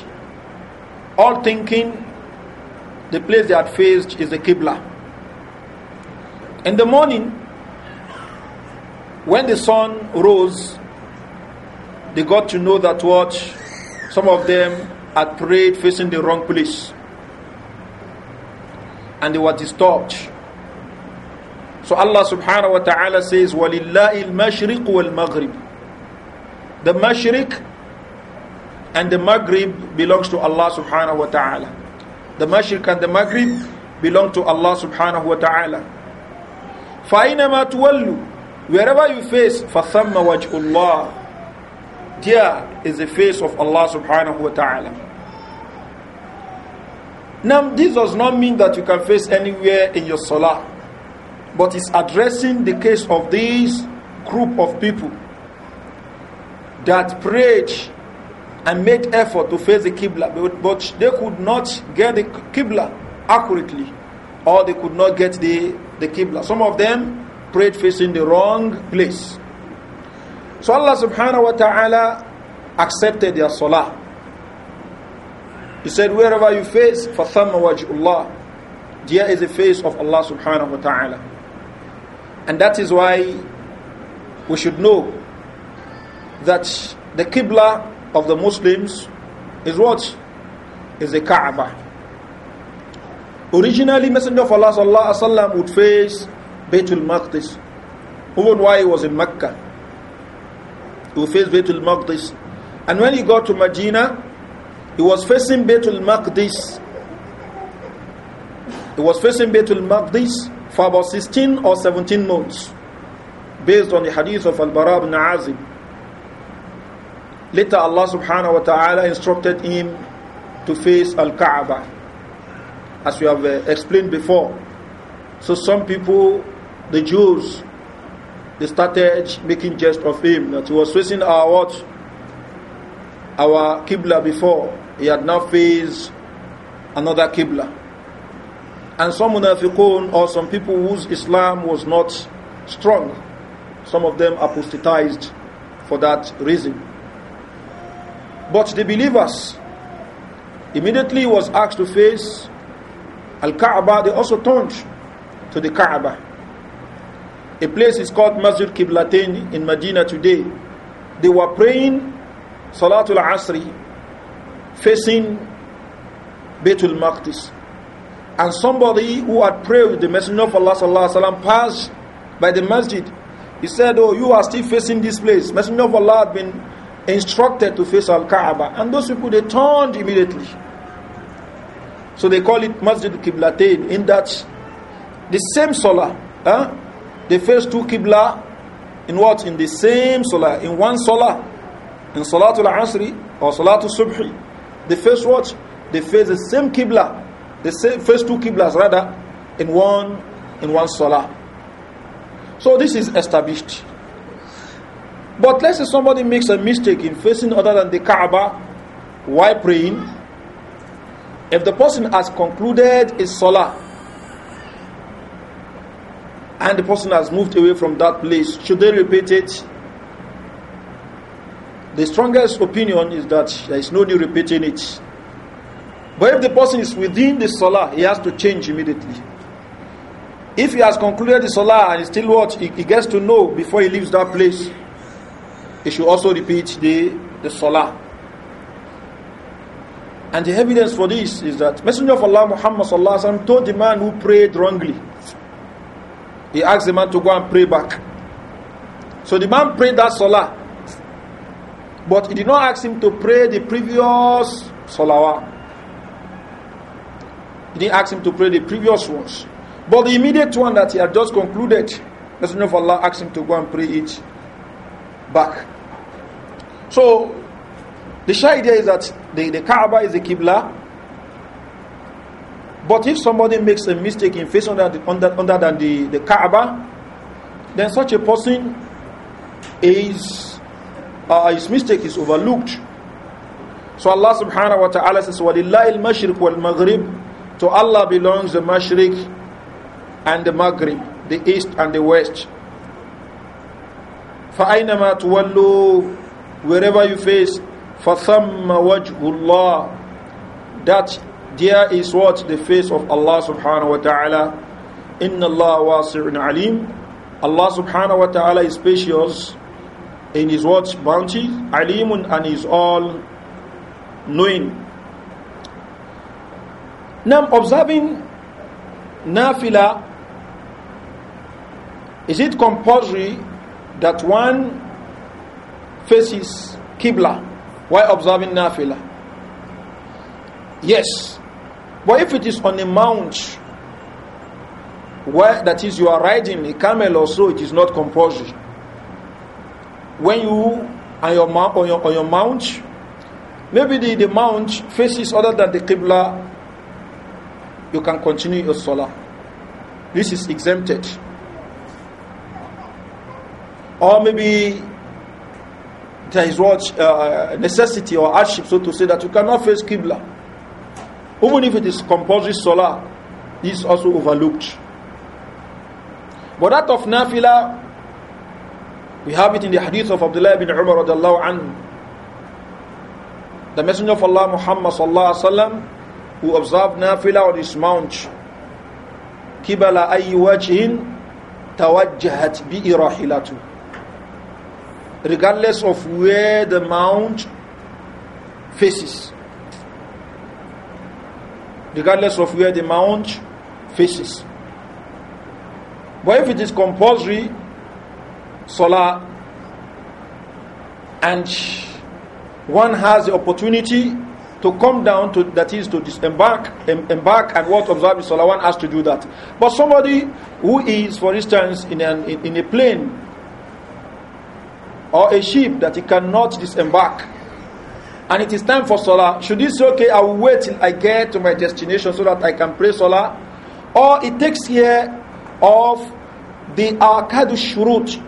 all thinking the place they had faced is the Qibla. In the morning, when the sun rose, they got to know that what some of them had prayed facing the wrong place and they were disturbed so Allah subhanahu wa ta'ala says, وَلِلَّهِ الْمَشْرِقُ وَالْمَغْرِبُ The mashriq and the maghrib belongs to Allah subhanahu wa ta'ala. The mashriq and the maghrib belong to Allah subhanahu wa ta'ala. فَأَيْنَمَا تُوَلُّ Wherever you face, فَثَمَّ وَجْهُ اللَّهِ There is the face of Allah subhanahu wa ta'ala. Now, this does not mean that you can face anywhere in your salah but it's addressing the case of this group of people that prayed and made effort to face the Qibla, but they could not get the Qibla accurately, or they could not get the, the Qibla. Some of them prayed facing the wrong place. So Allah subhanahu wa ta'ala accepted their salah. He said, Wherever you face, فَثَمَّ وَجْهُ اللَّهِ There is the face of Allah subhanahu wa ta'ala. And that is why we should know that the Qibla of the Muslims is what? Is the Kaaba. Originally, Messenger of Allah sallallahu alaihi wasallam would face Baitul Maqdis, even while he was in Mecca. He would face Baitul Maqdis, and when he got to Medina, he was facing Baitul Maqdis. He was facing Baitul Maqdis, for about 16 or 17 months based on the hadith of Al-Bara ibn Azib. Later Allah subhanahu wa ta'ala instructed him to face Al-Kaaba as we have uh, explained before. So some people, the Jews, they started making jest of him that he was facing our what? Our Qibla before. He had now faced another Qibla. And some munafiqun or some people whose Islam was not strong, some of them apostatized for that reason. But the believers immediately was asked to face Al Kaaba, they also turned to the Kaaba. A place is called Masjid Qiblatain in Medina today. They were praying Salatul Asri facing Betul Maqdis and somebody who had prayed with the Messenger of Allah sallallahu passed by the masjid. He said, "Oh, you are still facing this place." Messenger of Allah had been instructed to face Al-Kaaba, and those people they turned immediately. So they call it Masjid Qiblatain. In that, the same solar, huh? they face two Qibla in what? In the same solar, in one solar, in Salatul Asri or Salatul Subhi. They face what? They face the same Qibla. They say first two Qiblas rather in one in one Salah. So this is established. But let's say somebody makes a mistake in facing other than the Kaaba while praying. If the person has concluded his Salah and the person has moved away from that place, should they repeat it? The strongest opinion is that there is no need repeating it. But if the person is within the salah, he has to change immediately. If he has concluded the salah and still what he, he, gets to know before he leaves that place, he should also repeat the, the salah. And the evidence for this is that Messenger of Allah Muhammad sallallahu alaihi wasallam told the man who prayed wrongly. He asked the man to go and pray back. So the man prayed that salah. But he did not ask him to pray the previous salah. He didn't ask him to pray the previous ones. But the immediate one that he had just concluded, Messenger of Allah asked him to go and pray it back. So, the shy idea is that the, the Kaaba is the Qibla. But if somebody makes a mistake in facing under, under, under than the, the Kaaba, then such a person is uh, his mistake is overlooked. So Allah subhanahu wa ta'ala says, وَلِلَّهِ الْمَشْرِقُ وَالْمَغْرِبُ to Allah belongs the Mashriq and the Maghrib, the East and the West. فَأَيْنَمَا تُوَلُّوا Wherever you face, فَثَمَّ وَجْهُ اللَّهِ That there is what? The face of Allah subhanahu wa ta'ala. Inna Allah wasi'un alim. Allah subhanahu wa ta'ala is spacious in his what? Bounty. Alimun and is all knowing. Now, observing nafila, is it compulsory that one faces Qibla while observing nafila? Yes. But if it is on a mount, where that is you are riding a camel or so, it is not compulsory. When you on your, on your, on your mount, maybe the, the mount faces other than the Qibla you can continue your salah. This is exempted. Or maybe there is what uh, necessity or hardship, so to say, that you cannot face Qibla. Even if it is compulsory salah, this is also overlooked. But that of Nafila, we have it in the hadith of Abdullah ibn Umar. The Messenger of Allah Muhammad sallallahu alaihi wasallam who observe nafila on his mount kibala ayi wajhin tawajjahat bihi rahilatu regardless of where the mount faces regardless of where the mount faces but if it is compulsory salah and one has the opportunity to come down to that is to disembark em, embark and what observe the salah wants has to do that but somebody who is for instance in, an, in, in a plane or a ship that he cannot disembark and it is time for salah should he say okay i will wait till i get to my destination so that i can pray salah or it takes care of the akadu shurut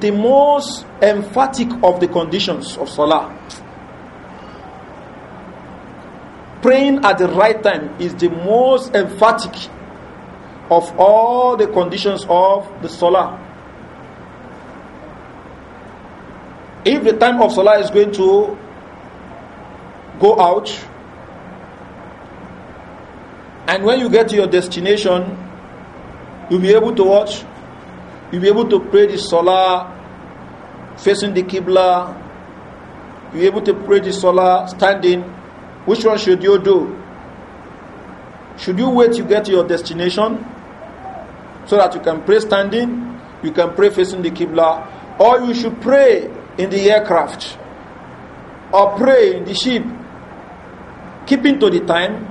the most emphatic of the conditions of salah praying at the right time is the most emphatic of all the conditions of the salah. If the time of salah is going to go out, and when you get to your destination, you'll be able to watch, you'll be able to pray the salah facing the Qibla, you'll be able to pray the salah standing Which one should you do? Should you wait to get to your destination so that you can pray standing, you can pray facing the Qibla, or you should pray in the aircraft or pray in the ship, keeping to the time,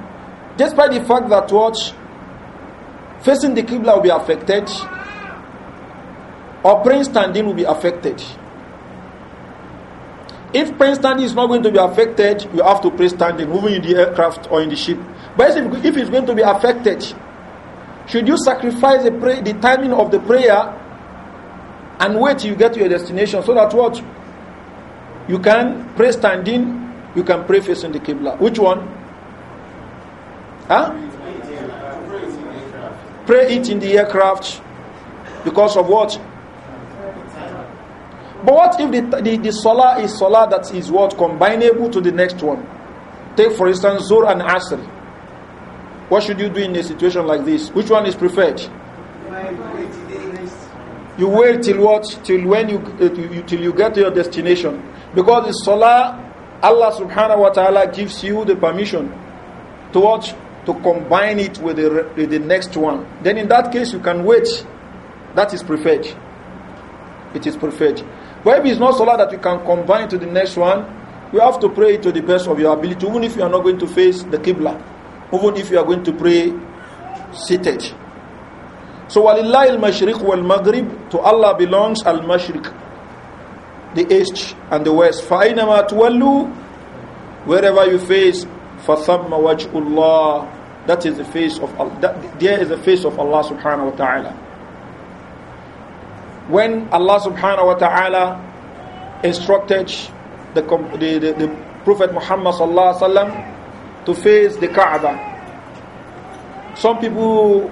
despite the fact that watch, facing the Qibla will be affected or praying standing will be affected. If plane standing is not going to be affected, you have to plane standing, moving in the aircraft or in the ship. But if, if it's going to be affected, should you sacrifice the, pray, the timing of the prayer and wait till you get to your destination so that what? You can pray standing, you can pray facing the Qibla. Which one? Huh? Pray it in the aircraft because of what? But what if the, the, the salah is salah that is what? Combinable to the next one. Take for instance Zur and Asr. What should you do in a situation like this? Which one is preferred? You wait till what? Till when you, uh, you till you get to your destination. Because the salah, Allah subhanahu wa ta'ala gives you the permission to watch, to combine it with the, with the next one. Then in that case, you can wait. That is preferred. It is preferred. But it's not salah that we can combine to the next one, we have to pray to the best of your ability, even if you are not going to face the Qibla, even if you are going to pray seated. So, walillahi al-mashriq wal-maghrib, to Allah belongs al-mashriq, the east and the west. فَأَيْنَمَا تُوَلُّوا Wherever you face, فَثَمَّ وَجْهُ That is the face of Allah. That, there is the face of Allah subhanahu wa ta'ala when Allah subhanahu wa ta'ala instructed the, the, the, the Prophet Muhammad sallallahu alaihi wasallam to face the Kaaba, some people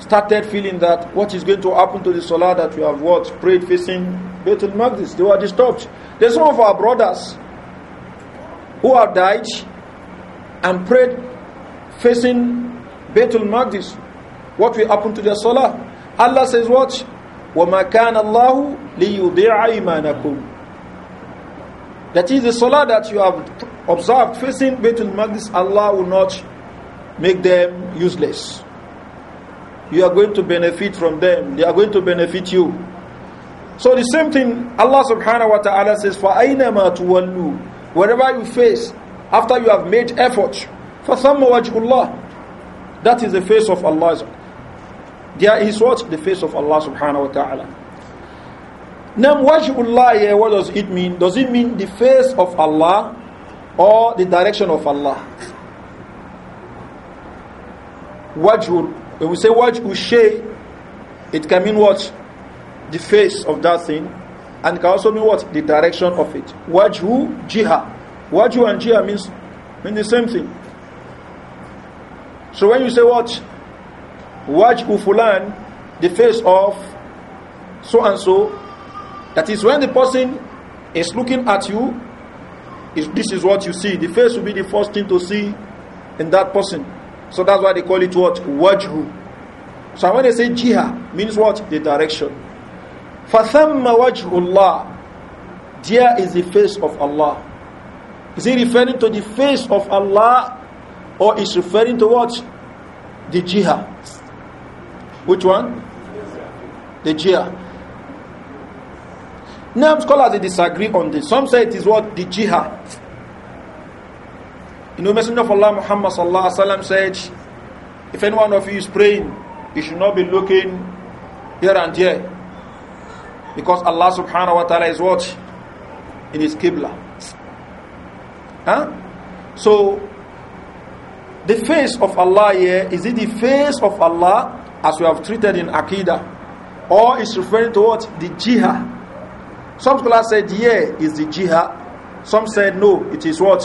started feeling that what is going to happen to the Salah that we have watched, prayed facing Baitul Maqdis. They were disturbed. There's some of our brothers who have died and prayed facing Baitul Maqdis. What will happen to their Salah? Allah says what? That is the salah that you have observed facing Baitul Maqdis, Allah will not make them useless. You are going to benefit from them. They are going to benefit you. So the same thing Allah subhanahu wa ta'ala says, فَأَيْنَمَا تُوَلُّوا Wherever you face, after you have made effort, فَثَمَّ وَجْهُ اللَّهِ That is the face of Allah there is what? The face of Allah subhanahu wa ta'ala. Now, wajhullah, what does it mean? Does it mean the face of Allah or the direction of Allah? Wajhul, when we say wajhul it can mean what? The face of that thing. And can also mean what? The direction of it. Wajhu jiha. Wajhu and jiha means, mean the same thing. So when you say what? watch Ufulan, the face of so and so. That is when the person is looking at you, If this is what you see. The face will be the first thing to see in that person. So that's why they call it what? Wajhu. So when they say jiha, means what? The direction. فَثَمَّ وَجْهُ اللَّهِ There is the face of Allah. Is he referring to the face of Allah or is referring to what? The jihah? Which one? The jihad. Now scholars they disagree on this. Some say it is what the jihad. You know, Messenger of Allah Muhammad sallallahu alaihi wasallam said, "If any one of you is praying, you should not be looking here and there, because Allah subhanahu wa taala is what in His kibla." Huh? So, the face of Allah here is it the face of Allah as we have treated in Akida, or is referring to what? The jihā. Some scholars said, yeah, is the jihā." Some said, no, it is what?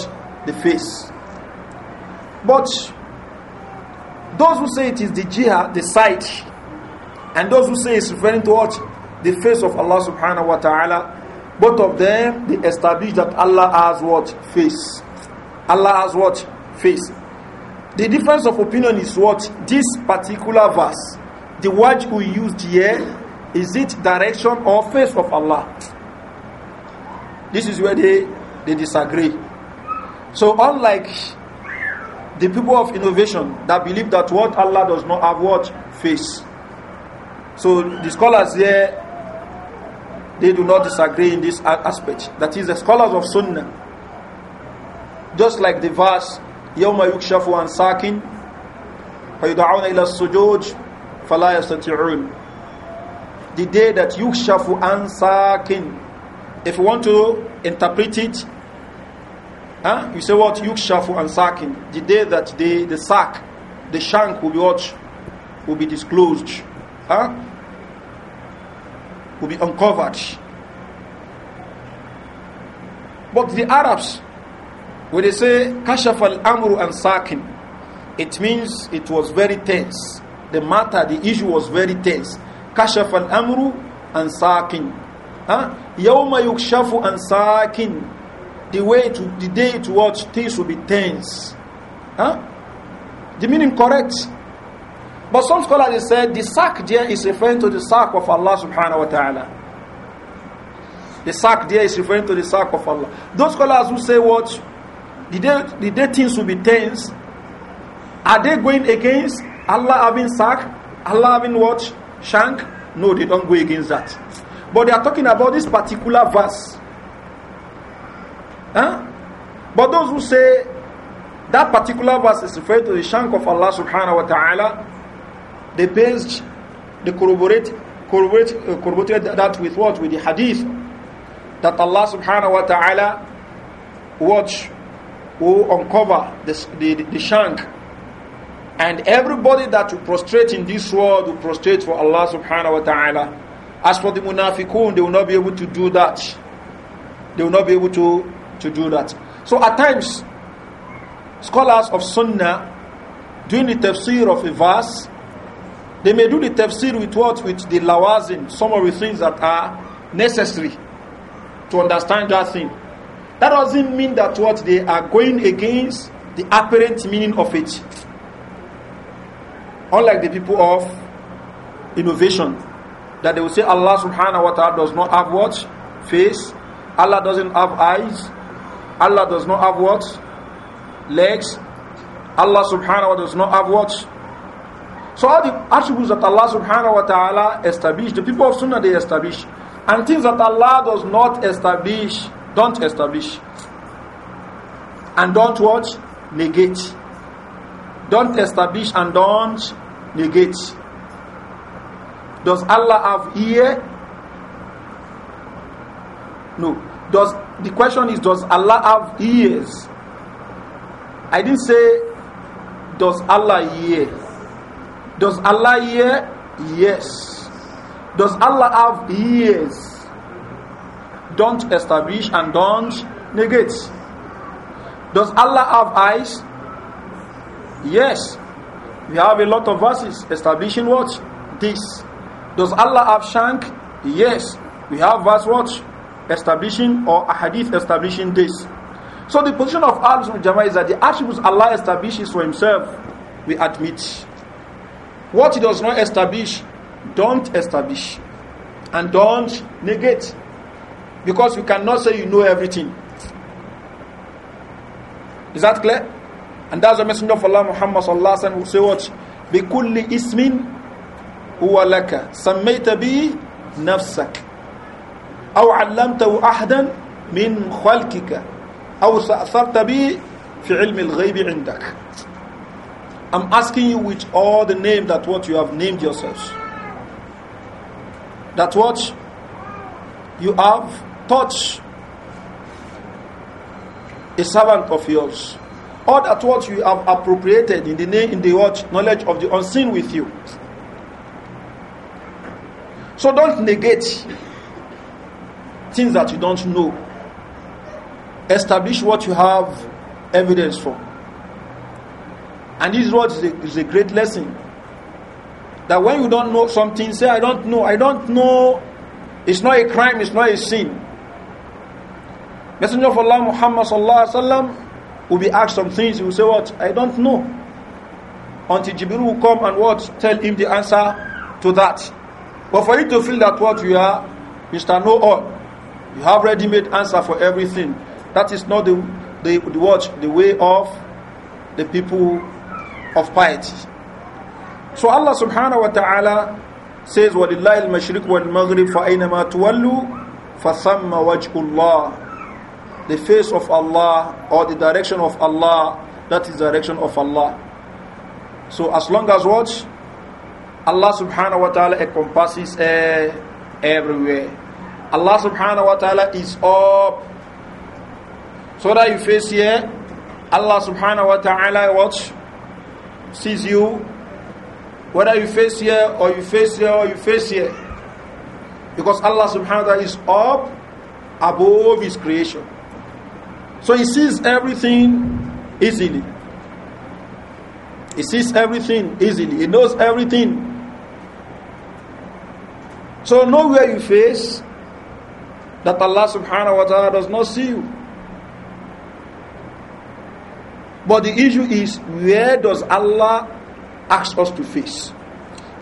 The face. But those who say it is the jihā, the sight, and those who say it's referring to what? The face of Allah subhanahu wa ta'ala, both of them, they establish that Allah has what? Face. Allah has what? Face. The difference of opinion is what? This particular verse, the word we used here, is it direction or face of Allah? This is where they, they disagree. So, unlike the people of innovation that believe that what Allah does not have what face. So the scholars here they do not disagree in this aspect. That is the scholars of Sunnah. Just like the verse يوم يكشف عن ساك فيدعون إلى السجود فلا يستطيعون the day that yukshafu an if you want to interpret it huh? you say what yukshafu an sakin the day that the the sack the shank will be what will be disclosed huh? will be uncovered but the arabs when they say kashaf al amru and sakin, it means it was very tense. The matter, the issue was very tense. Kashaf al amru and sakin. Huh? Yawma yukshafu and sakin. The way to the day to watch things will be tense. Huh? The meaning correct. But some scholars say said the sack there is referring to the sack of Allah subhanahu wa ta'ala. The sack there is referring to the sack of Allah. Those scholars who say what did they, did they things will be tense? Are they going against Allah having sack? Allah having watch? Shank? No, they don't go against that. But they are talking about this particular verse. Huh? But those who say that particular verse is referred to the shank of Allah subhanahu wa ta'ala, they based, they corroborate, corroborate, uh, that with what? With the hadith that Allah subhanahu wa ta'ala watch who uncover the, the, the shank. And everybody that will prostrate in this world will prostrate for Allah subhanahu wa ta'ala. As for the munafiqun, they will not be able to do that. They will not be able to, to do that. So at times, scholars of Sunnah, doing the tafsir of a verse, they may do the tafsir with what? With the lawazim, some of the things that are necessary to understand that thing. That doesn't mean that what they are going against the apparent meaning of it. Unlike the people of innovation, that they will say Allah subhanahu wa ta'ala does not have what? Face. Allah doesn't have eyes. Allah does not have what? Legs. Allah subhanahu wa ta'ala does not have what? So all the attributes that Allah subhanahu wa ta'ala established, the people of Sunnah they establish. And things that Allah does not establish, don't establish. And don't watch Negate. Don't establish and don't negate. Does Allah have ear? No. Does the question is does Allah have ears? I didn't say does Allah hear? Does Allah hear? Yes. Does Allah have ears? don't establish and don't negate. Does Allah have eyes? Yes. We have a lot of verses establishing what? This. Does Allah have shank? Yes. We have verse what? Establishing or a hadith establishing this. So the position of Al Sunnah Jama'ah is that the attributes Allah establishes for Himself, we admit. What He does not establish, don't establish. And don't negate. Because you cannot say you know everything. Is that clear? And that's the Messenger of Allah Muhammad sallallahu alaihi wasallam would say what? بِكُلِّ إِسْمٍ هُوَ لَكَ sammayta بِهِ نَفْسَكَ أَوْ عَلَّمْتَهُ أَحْدًا مِنْ خَلْقِكَ أَوْ سَأْثَرْتَ بِهِ فِي عِلْمِ الْغَيْبِ عِنْدَكَ I'm asking you with all the name that what you have named yourselves. That what you have touch a servant of yours, or that what you have appropriated in the name, in the what knowledge of the unseen with you. So don't negate things that you don't know. Establish what you have evidence for. And this is what is a, is a great lesson. That when you don't know something, say, I don't know, I don't know, it's not a crime, it's not a sin. Messenger of Allah Muhammad sallallahu alaihi wasallam will be asked some things. He will say, "What? I don't know." Until Jibril will come and what? Tell him the answer to that. But for you to feel that what you are, Mr. Know All, you have ready-made answer for everything. That is not the the, the what the way of the people of piety. So Allah Subhanahu wa Taala says, "Walillahi al-mashriq wal-maghrib, fa aynama tuwallu, fa thamma Allah." the face of Allah or the direction of Allah, that is direction of Allah. So as long as what Allah subhanahu wa ta'ala encompasses eh, everywhere. Allah subhanahu wa ta'ala is up. So that you face here, Allah subhanahu wa ta'ala watch sees you. Whether you face here or you face here or you face here. Because Allah subhanahu wa ta'ala is up above his creation. So he sees everything easily. He sees everything easily. He knows everything. So know where you face that Allah subhanahu wa ta'ala does not see you. But the issue is where does Allah ask us to face?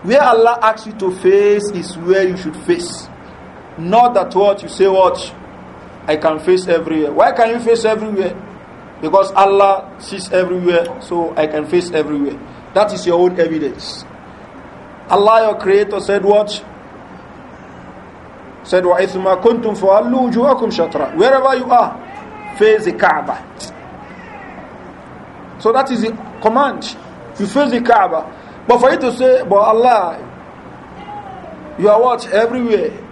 Where Allah asks you to face is where you should face. Not that what you say what I can face everywhere. Why can you face everywhere? Because Allah sees everywhere, so I can face everywhere. That is your own evidence. Allah, your creator, said what? Said, وَإِثْمَا كُنْتُمْ فَأَلُّوا وُجُوهَكُمْ شَطْرًا Wherever you are, face the Kaaba. So that is the command. You face the Kaaba. But for you to say, but Allah, you are what? Everywhere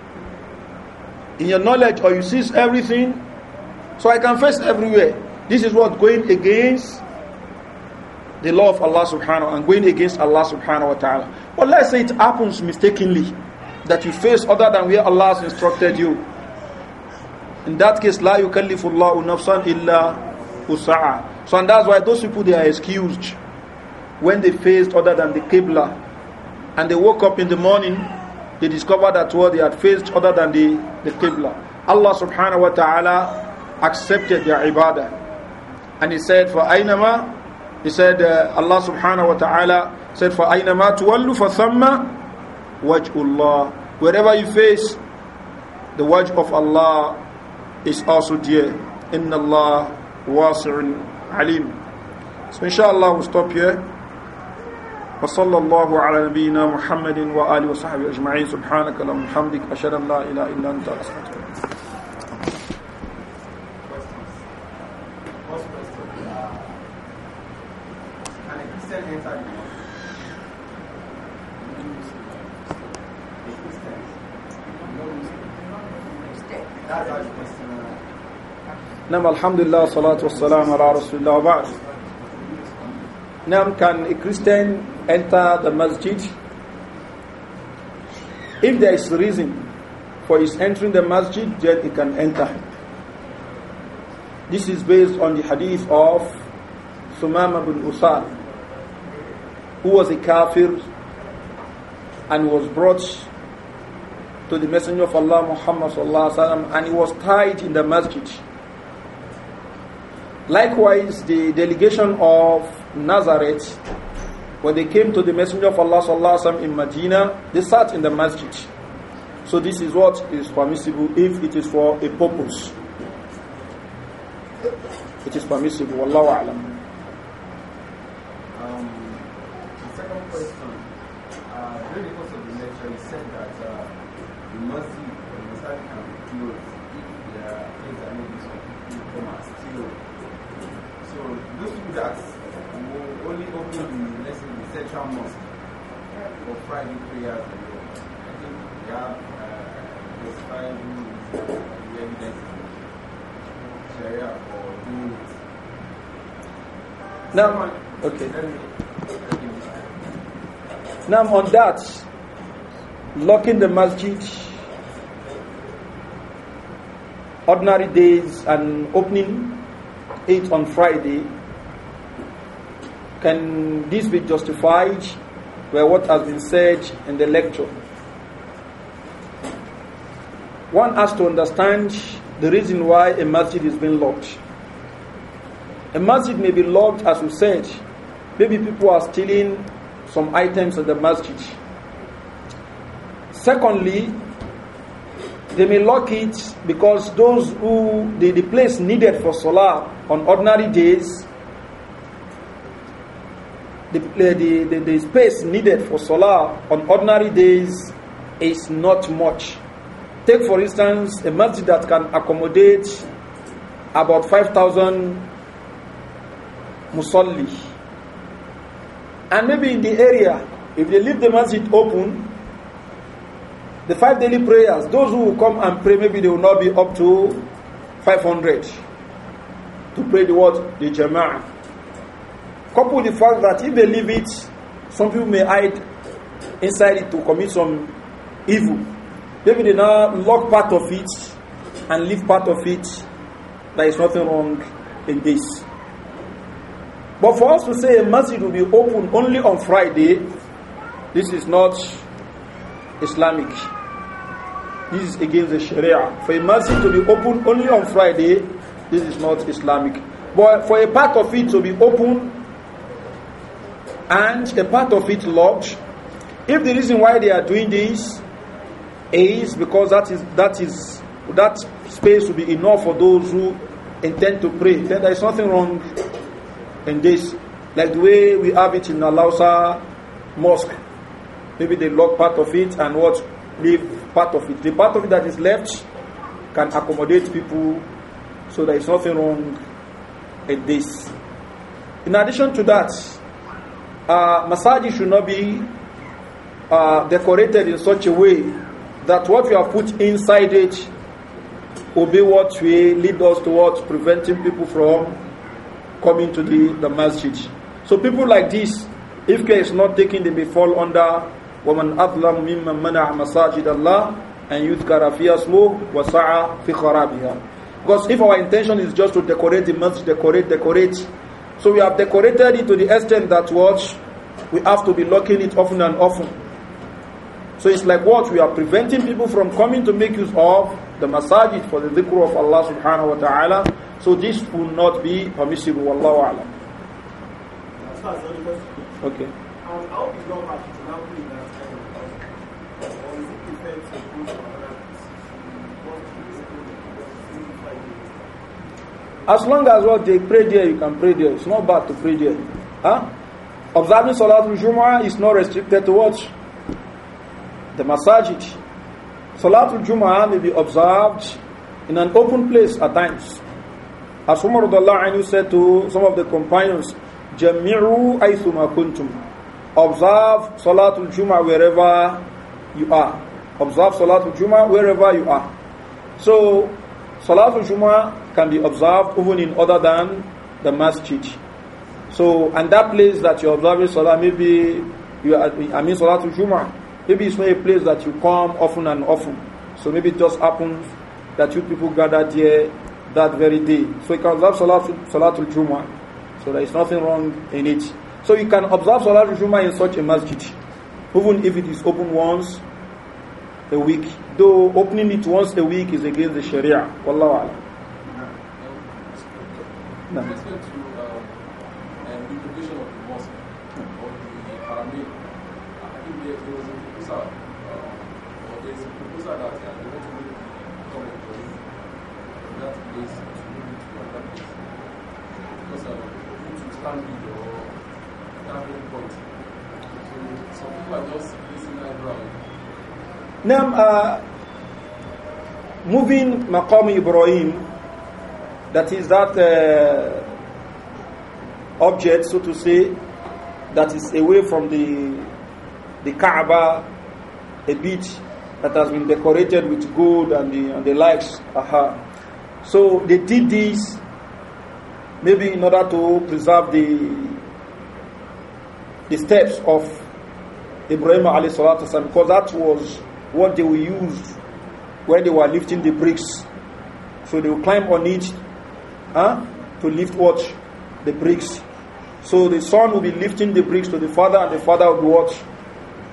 in your knowledge or you see everything. So I confess everywhere. This is what going against the law of Allah subhanahu and going against Allah subhanahu wa ta'ala. But let's say it happens mistakenly that you face other than where Allah has instructed you. In that case, la yukallifullahu nafsan illa usa'a. So and that's why those people, they are excused when they faced other than the Qibla. And they woke up in the morning they discovered that what they had faced other than the, the Qibla. Allah subhanahu wa ta'ala accepted their ibadah. And he said, For Aynama, he said, uh, Allah subhanahu wa ta'ala said, For Aynama tuwallu fa thamma waj'ullah. Wherever you face, the wajh of Allah is also dear. Inna Allah wasi'un alim. So inshallah we'll stop here. وصلى الله على نبينا محمد وآله وصحبه أجمعين سبحانك اللهم وبحمدك أشهد أن لا إله إلا أنت أستغفرك نعم الحمد لله والصلاة والسلام على رسول الله وبعد Now, can a Christian enter the masjid? If there is reason for his entering the masjid, then he can enter. This is based on the hadith of Sumama bin Usal, who was a kafir and was brought to the Messenger of Allah Muhammad وسلم, and he was tied in the masjid. Likewise, the delegation of Nazareth, when they came to the Messenger of Allah sallallahu in Medina, they sat in the masjid. So this is what is permissible if it is for a purpose. It is permissible. Wallahu a'lam. Mosque uh, for Friday prayers I think we have prescribed uh, uh the evidence Sharia for doing it. Now, okay. Now on that, locking the masjid, ordinary days and opening it on Friday can this be justified by what has been said in the lecture? One has to understand the reason why a masjid is being locked. A masjid may be locked, as we said. Maybe people are stealing some items at the masjid. Secondly, they may lock it because those who the, the place needed for salah on ordinary days the, the, the, the space needed for solar on ordinary days is not much. Take, for instance, a masjid that can accommodate about 5,000 musalli. And maybe in the area, if they leave the masjid open, the five daily prayers, those who will come and pray, maybe they will not be up to 500 to pray the word, the jama'ah. Couple with the fact that if they leave it, some people may hide inside it to commit some evil. Maybe they now lock part of it and leave part of it. There is nothing wrong in this. But for us to say a masjid will be open only on Friday, this is not Islamic. This is against the Sharia. For a masjid to be open only on Friday, this is not Islamic. But for a part of it to be open and a part of it locked. If the reason why they are doing this is because that is that is that space will be enough for those who intend to pray, then there is nothing wrong in this. Like the way we have it in Alausa mosque. Maybe they lock part of it and what leave part of it. The part of it that is left can accommodate people, so there is nothing wrong in this. In addition to that, uh, masajid should not be uh, decorated in such a way that what we have put inside it will be what will lead us towards preventing people from coming to the, the masjid. So people like this, if care is not taken, they may fall under وَمَنْ أَظْلَمُ مِمَّنْ مَنَعَ مَسَاجِدَ اللَّهِ أَنْ يُذْكَرَ فِيهَا اسْمُهُ وَسَعَى فِي خَرَابِهَا Because if our intention is just to decorate the masjid, decorate, decorate, so we have decorated it to the extent that what we have to be locking it often and often. So it's like what we are preventing people from coming to make use of the masajid for the dhikr of Allah subhanahu wa ta'ala. So this will not be permissible. Wallahu a'lam. Okay. As long as what they pray there, you can pray there. It's not bad to pray there. Huh? Observing Salatul Jumu'ah is not restricted to what? The masajid. Salatul Jumu'ah may be observed in an open place at times. As Umar anhu said to some of the companions, Jami'u aithuma kuntum. Observe Salatul Jumu'ah wherever you are. Observe Salatul Jumu'ah wherever you are. So, Salatul Jumu'ah can be observed even in other than the masjid. So, and that place that you're observing Salah, maybe you are, I mean Salah to Juma, maybe it's not a place that you come often and often. So maybe it just happens that you people gathered here that very day. So you can observe Salatul, to Juma. So there is nothing wrong in it. So you can observe Salatul Juma in such a masjid, even if it is open once a week. Though opening it once a week is against the Sharia. Wallahu no. respect to um, the provision of the mosque uh, or the paramedic, I think there, there was a proposal, uh, or there's a proposal that uh, they want to make the government from that place to move it to another place. Because uh, to stand with or gathering point. So some people are just placing eyebrow. Now, uh, moving Maqam Ibrahim that is that uh, object, so to say, that is away from the the Kaaba, a beach that has been decorated with gold and the, and the likes. Aha. So they did this maybe in order to preserve the the steps of Ibrahim alayhi salatu because that was what they were used when they were lifting the bricks. So they would climb on it huh, to lift what? The bricks. So the son will be lifting the bricks to the father, and the father will watch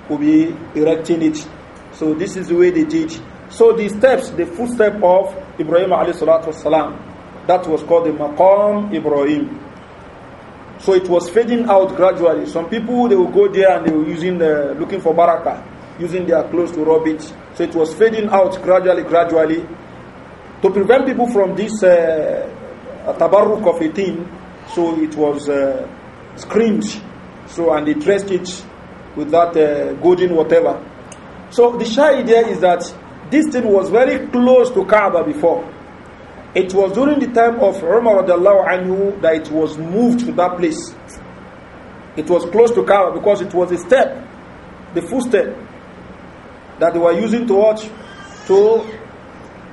Will be erecting it. So this is the way they did. So the steps, the footstep of Ibrahim alayhi that was called the Maqam Ibrahim. So it was fading out gradually. Some people they will go there and they were using the, looking for baraka, using their clothes to rub it. So it was fading out gradually, gradually. To prevent people from this uh, a tabarruk of a thing, so it was uh, screamed, so and he dressed it with that uh, golden whatever. So the shy idea is that this thing was very close to Kaaba before. It was during the time of Umar anhu that it was moved to that place. It was close to Kaaba because it was a step, the footstep that they were using to watch to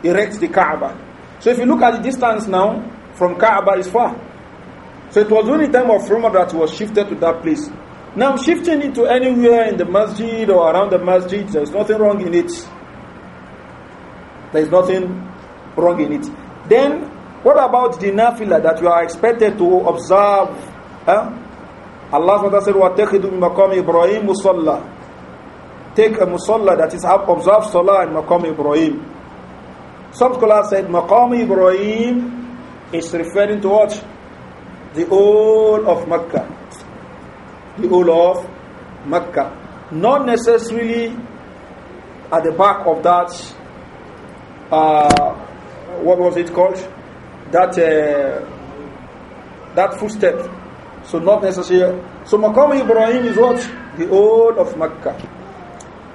erect the Kaaba. So if you look at the distance now, from Kaaba is far. So it was only time of Umar that was shifted to that place. Now shifting it to anywhere in the masjid or around the masjid, there's nothing wrong in it. There's nothing wrong in it. Then what about the nafila that you are expected to observe? Huh? Allah said, Take a musalla that is observe salah in maqam Ibrahim. Some scholars said maqam Ibrahim is referring to what? The whole of Mecca. The whole of Mecca. Not necessarily at the back of that, uh, what was it called? That, uh, that footstep. So not necessarily. So Maqam Ibrahim is what? The whole of Mecca.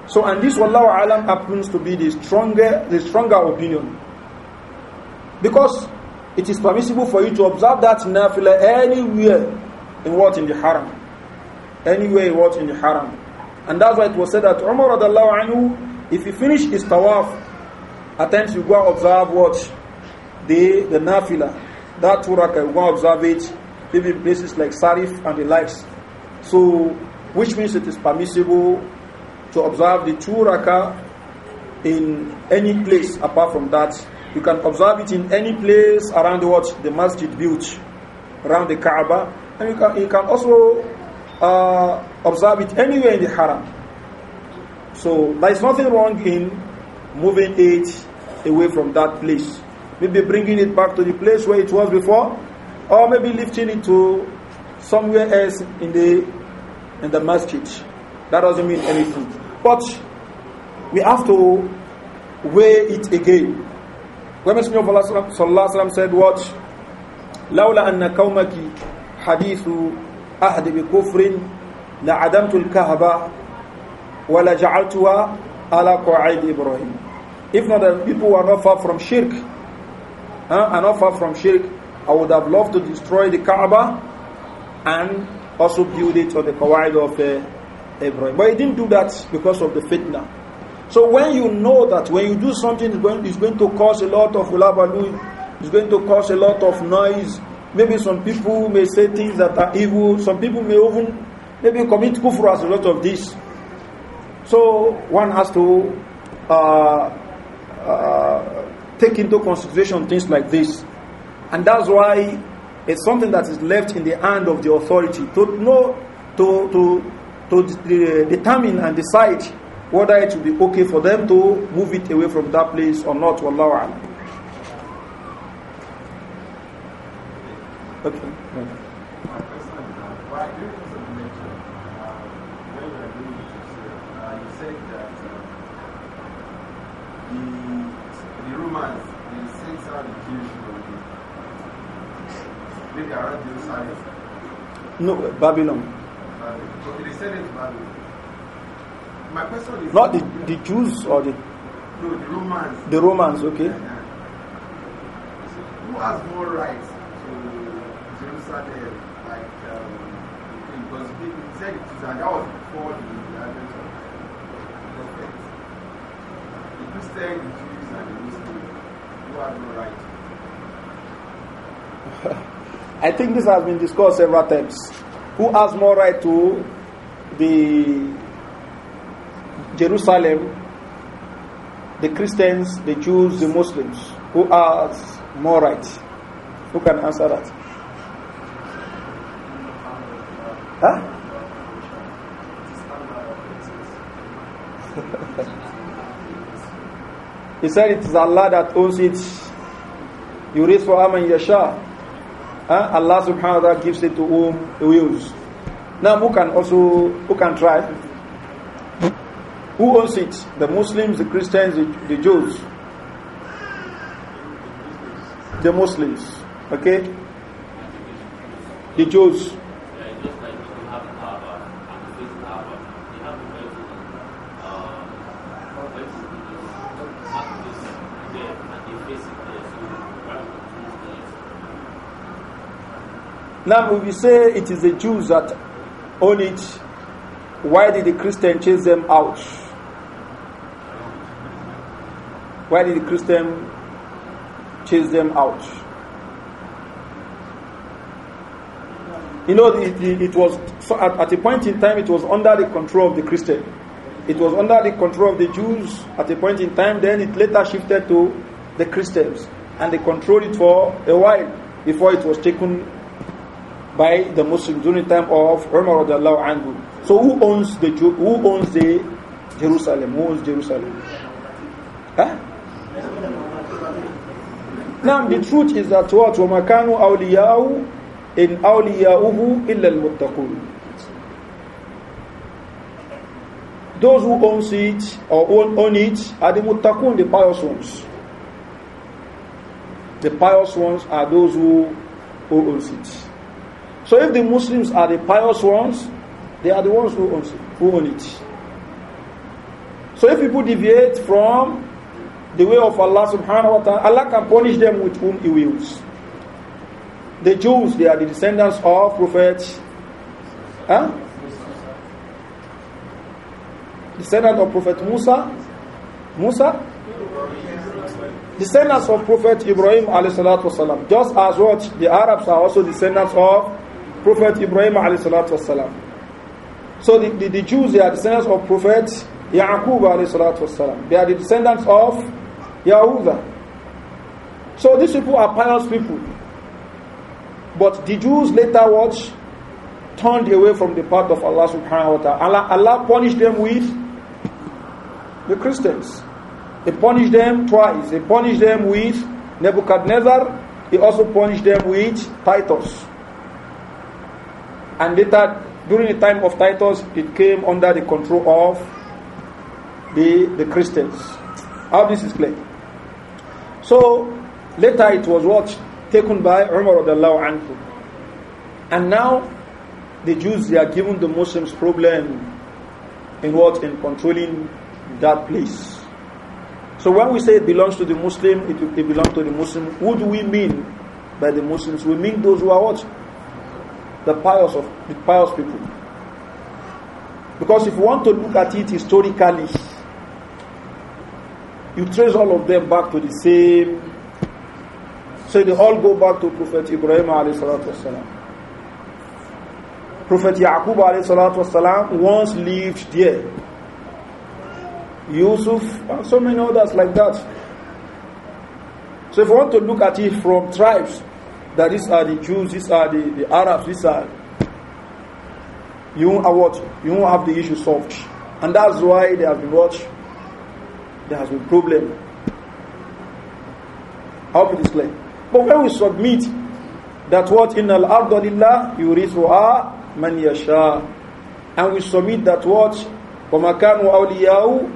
So and this Wallahu Alam happens to be the stronger, the stronger opinion. Because it is permissible for you to observe that nafila anywhere in what in the haram. Anywhere in what in the haram. And that's why it was said that Umar anhu, if he finish his tawaf, at times you go observe what? The, the nafila. That turaka, you go observe it, maybe places like Sarif and the likes. So, which means it is permissible to observe the turaka in any place apart from that you can observe it in any place around the what? The masjid built around the Kaaba. And you can, you can also uh, observe it anywhere in the haram. So there is nothing wrong in moving it away from that place. Maybe bringing it back to the place where it was before, or maybe lifting it to somewhere else in the in the masjid. That doesn't mean anything. But we have to weigh it again. When Messenger of Allah sallam, said, What? ahdi bi kufrin la أحد بكفر لعدمت wa la جعلتها ala قواعد Ibrahim." If not that people were not far from shirk, huh, are not far from shirk, I would have loved to destroy the Kaaba and also build it on the Qawaid of uh, Ibrahim. But he didn't do that because of the fitna. So when you know that when you do something is going, is going to cause a lot of ulabalu, it's going to cause a lot of noise. Maybe some people may say things that are evil. Some people may even maybe commit kufr as a lot of this. So one has to uh, uh, take into consideration things like this, and that's why it's something that is left in the hand of the authority to know to to to uh, determine and decide whether it will be okay for them to move it away from that place or not. Wallahu alam. Okay. okay. Uh, uh, no, Babylon. Babylon. Uh, okay, they said it's Babylon. My question is not the, the Jews or the no, the Romans. The Romans, okay. Who has more rights to Jerusalem? Like um, because he said it is that was before the advent of prophets. The Christian, the Jews, and the Muslims. Who has more rights I think this has been discussed several times. Who has more right to the Jerusalem, the Christians, the Jews, the Muslims, who has more rights? Who can answer that? Huh? he said it is Allah that owns it. You read for Aman Yasha. Huh? Allah subhanahu wa ta'ala gives it to whom he wills. Now who can also who can try? Who owns it? The Muslims, the Christians, the, the Jews? The Muslims. Okay? The Jews. Now, if you say it is the Jews that own it, why did the Christians chase them out? Why did the Christian chase them out? You know, it, it, was so at, at a point in time, it was under the control of the Christian. It was under the control of the Jews at a point in time. Then it later shifted to the Christians, and they controlled it for a while before it was taken by the Muslims during the time of Umar anhu. So who owns the who owns the Jerusalem? Who owns Jerusalem? Huh? Now, the truth is that what? وَمَا كَانُوا أَوْلِيَاهُ إِنْ أَوْلِيَاهُهُ إِلَّا الْمُتَّقُونَ Those who own it or own, own it are the muttaqun, the pious ones. The pious ones are those who, who own it. So if the Muslims are the pious ones, they are the ones who own it. Who own it. So if people deviate from the way of Allah subhanahu wa ta'ala, Allah can punish them with whom He wills. The Jews, they are the descendants of prophets. Huh? descendants of Prophet Musa. Musa? Descendants of Prophet Ibrahim wasalam. just as what the Arabs are also descendants of Prophet Ibrahim wasalam. So the, the, the Jews they are descendants of Prophet Yaqub wasalam. They are the descendants of Yahuda. So these people are pious people. But the Jews later watch turned away from the path of Allah subhanahu wa ta'ala. Allah, Allah punished them with the Christians. He punished them twice. He punished them with Nebuchadnezzar. He also punished them with Titus. And later, during the time of Titus, it came under the control of the, the Christians. How this is clear? So later it was what? Taken by Umar anhu. And now the Jews they are giving the Muslims problem in what? In controlling that place. So when we say it belongs to the Muslim, it, it belongs to the Muslim, who do we mean by the Muslims? We mean those who are what? The pious of the pious people. Because if you want to look at it historically, you trace all of them back to the same. So they all go back to Prophet Ibrahim alayhi salatu wasalam. Prophet Yaqub alayhi salatu wasalam once lived there. Yusuf and so many others like that. So if you want to look at it from tribes, that these are the Jews, these are the, the Arabs, these are you won't have what you won't have the issue solved. And that's why they have been watched there has been problem. I hope it is clear. But when we submit that what in al ardalillah yurithuha man yasha, and we submit that what وَمَا كَانُوا أَوْلِيَاهُ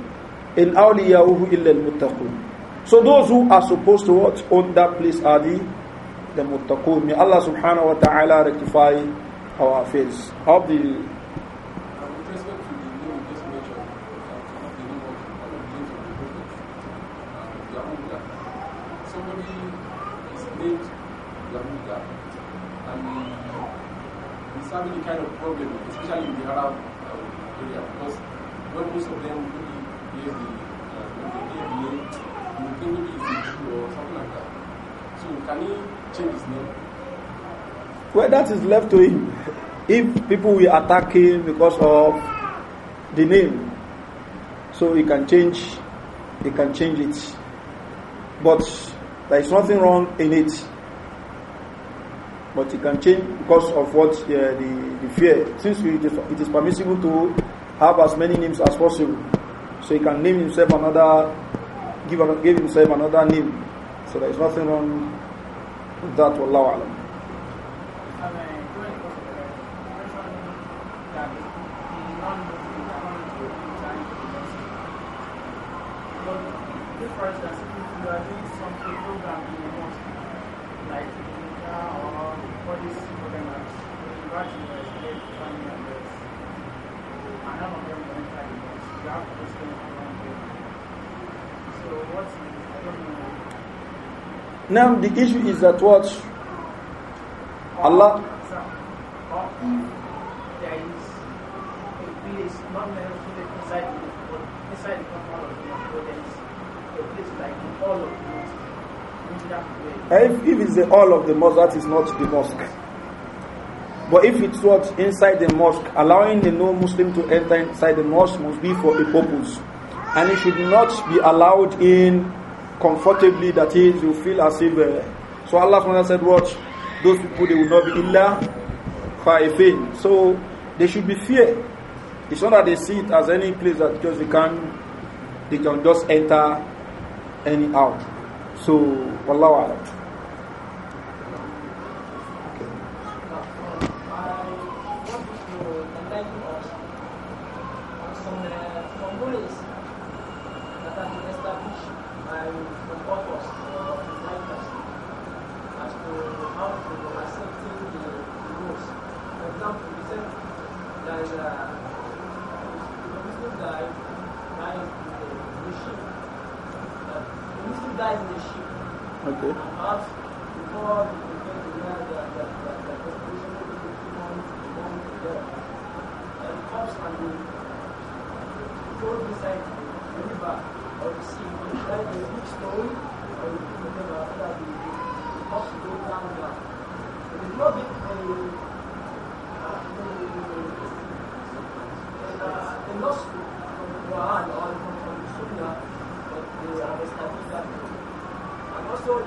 إِنْ أَوْلِيَاهُ إِلَّا الْمُتَّقُونَ So those who are supposed to watch on that place are the, the muttaqun. May Allah subhanahu wa ta'ala rectify our affairs. I hope the is having a kind of problem, especially in the Arab uh, area, because when most of them really the uh, when they think maybe it's a Jew or something like that. So can he change his name? Well, that is left to him. If people will attack him because of the name, so he can change, he can change it. But there is nothing wrong in it but it can change because of what uh, the, the fear. Since it is it is permissible to have as many names as possible, so he can name himself another, give, give himself another name. So there is nothing wrong with that. Wallahu alam. For instance, if you are Now the issue is that what Allah If, if it's the all of the mosque, that is not the mosque. But if it's what inside the mosque, allowing the non-Muslim to enter inside the mosque must be for a purpose, and it should not be allowed in comfortably, that is, you feel as if. Uh, so Allah said, Watch, those people, they will not be illa fa'ifin. So they should be fear. It's not that they see it as any place that just they can, they can just enter anyhow. So, Wallahu Alam.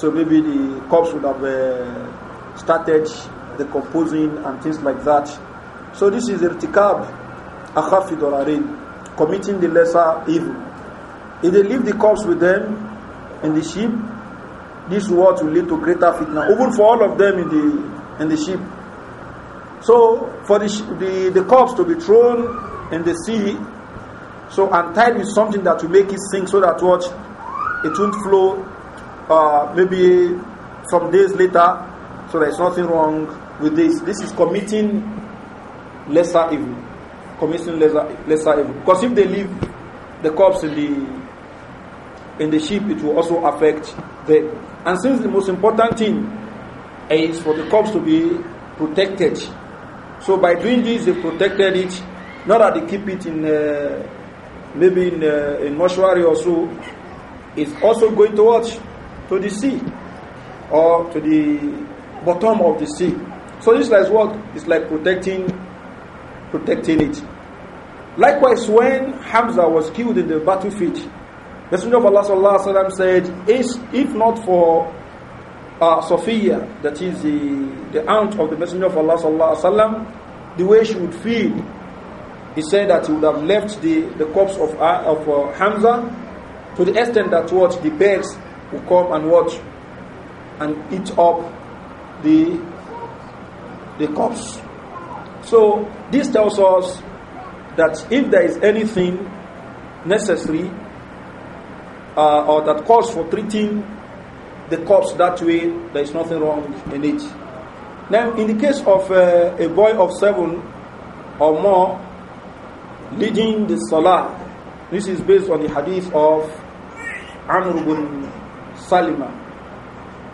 So maybe the corpse would have uh, started decomposing and things like that. So this is irtikab, akhafi dorarin, committing the lesser evil. If they leave the corpse with them in the ship, this word will lead to greater fitna, even for all of them in the in the ship. So for the the, the corpse to be thrown in the sea, so untied with something that will make it sink, so that what it won't flow uh, maybe some days later. So there's nothing wrong with this. This is committing lesser evil. Committing lesser, lesser evil. Because if they leave the corpse in the in the ship, it will also affect them. And since the most important thing is for the corpse to be protected, so by doing this, they protected it. Not that they keep it in uh, maybe in uh, in mortuary or so. It's also going to watch to the sea or to the bottom of the sea. So this is like what? It's like protecting protecting it. Likewise, when Hamza was killed in the battlefield, the Messenger of Allah sallallahu said, if not for uh, Sophia, that is the, the aunt of the Messenger of Allah sallallahu the way she would feel, he said that he would have left the, the corpse of, uh, of uh, Hamza to the extent that what the birds will come and watch and eat up the the cups. So this tells us that if there is anything necessary uh, or that calls for treating the cups that way, there is nothing wrong in it. Now, in the case of uh, a boy of seven or more leading the salah, this is based on the hadith of Amr ibn Salima.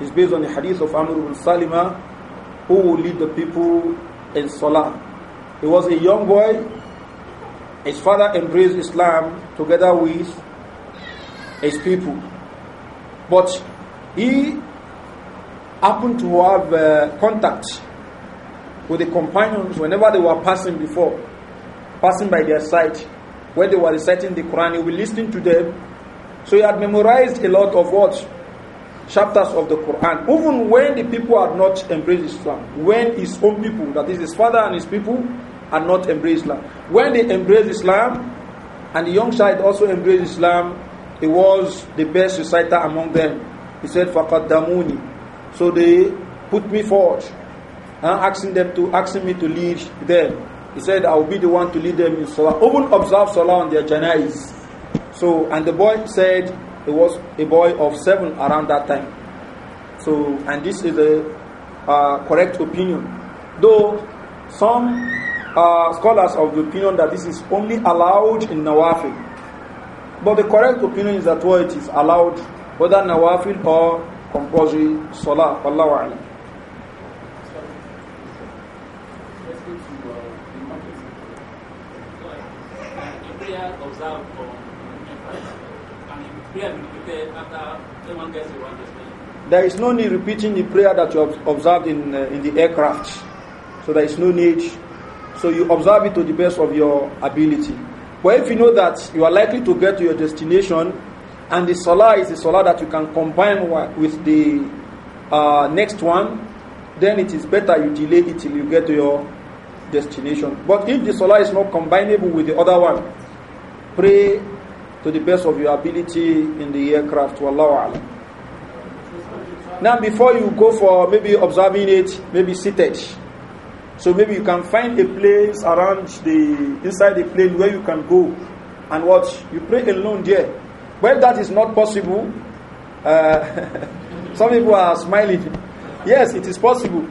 is based on the hadith of Amr ibn Salima, who will lead the people in Salah. He was a young boy. His father embraced Islam together with his people. But he happened to have uh, contact with the companions whenever they were passing before, passing by their side, when they were reciting the Quran, he was listening to them. So he had memorized a lot of what chapters of the Quran, even when the people had not embraced Islam, when his own people, that is his father and his people, had not embraced Islam. When they embraced Islam, and the young child also embraced Islam, he was the best reciter among them. He said, Fakat Damuni. So they put me forward, uh, asking them to asking me to lead them. He said, I will be the one to lead them in Salah. Even observe Salah on their janais. So, and the boy said, he was a boy of seven around that time. So, and this is a uh, correct opinion. Though some uh, scholars of the opinion that this is only allowed in Nawafil. But the correct opinion is that where it is allowed, whether Nawafil or compulsory Salah. Wallahu A'lam. Uh, observed there is no need repeating the prayer that you have observed in, uh, in the aircraft. So there is no need. So you observe it to the best of your ability. But if you know that you are likely to get to your destination, and the salah is the salah that you can combine with the uh, next one, then it is better you delay it till you get to your destination. But if the salah is not combinable with the other one, pray to the best of your ability in the aircraft. Wallahu alam. Now, before you go for maybe observing it, maybe seated. So maybe you can find a place around the inside the plane where you can go and watch. You pray alone there. But that is not possible, uh, some people are smiling. Yes, it is possible.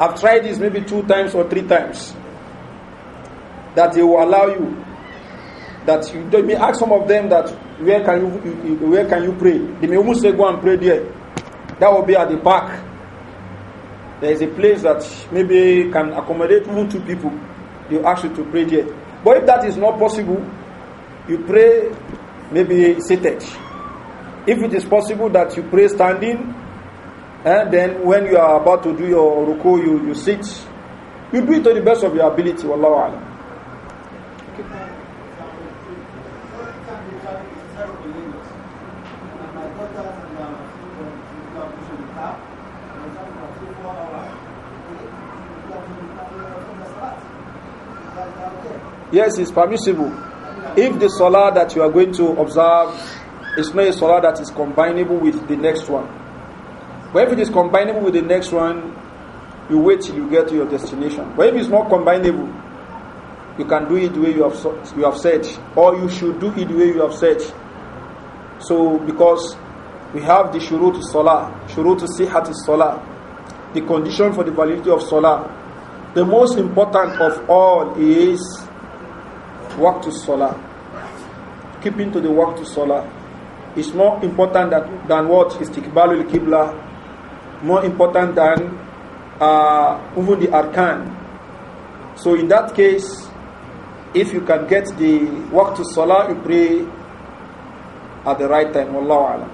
I've tried this maybe two times or three times. That they will allow you that you, they may ask some of them that where can you where can you pray? They may almost say go and pray there. That will be at the back. There is a place that maybe can accommodate even two people. They ask you to pray there. But if that is not possible, you pray maybe seated. If it is possible that you pray standing, and eh, then when you are about to do your ruku, you, you sit. You do it to the best of your ability. Wallahu alam. Yes, it's permissible. If the salah that you are going to observe is not a salah that is combinable with the next one. But if it is combinable with the next one, you wait till you get to your destination. But if it's not combinable, you can do it the way you have, you have said, or you should do it the way you have said. So, because we have the shurut salah, shurut sihat salah, the condition for the validity of salah. The most important of all is work to solar. Keeping to the work to solar is more important that, than what is Tikbalul Qibla, more important than uh, even the Arkan. So, in that case, if you can get the work to solar, you pray at the right time. Wallahu alam.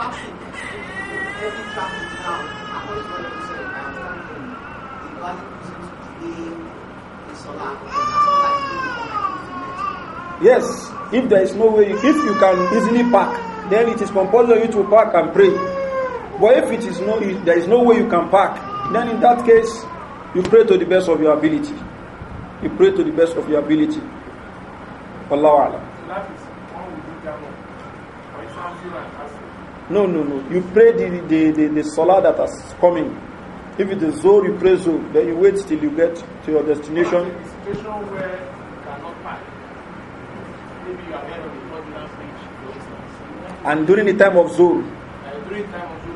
Um, um, Yes, if there is no way, if you can easily park, then it is compulsory to park and pray. But if it is no, if there is no way you can park, then in that case, you pray to the best of your ability. You pray to the best of your ability. Allah Allah. No, no, no. You pray the, the, the, the salah that is coming. If it is Zohr, you pray Zohr. Then you wait till you get to your destination. and during the time of Zuhr.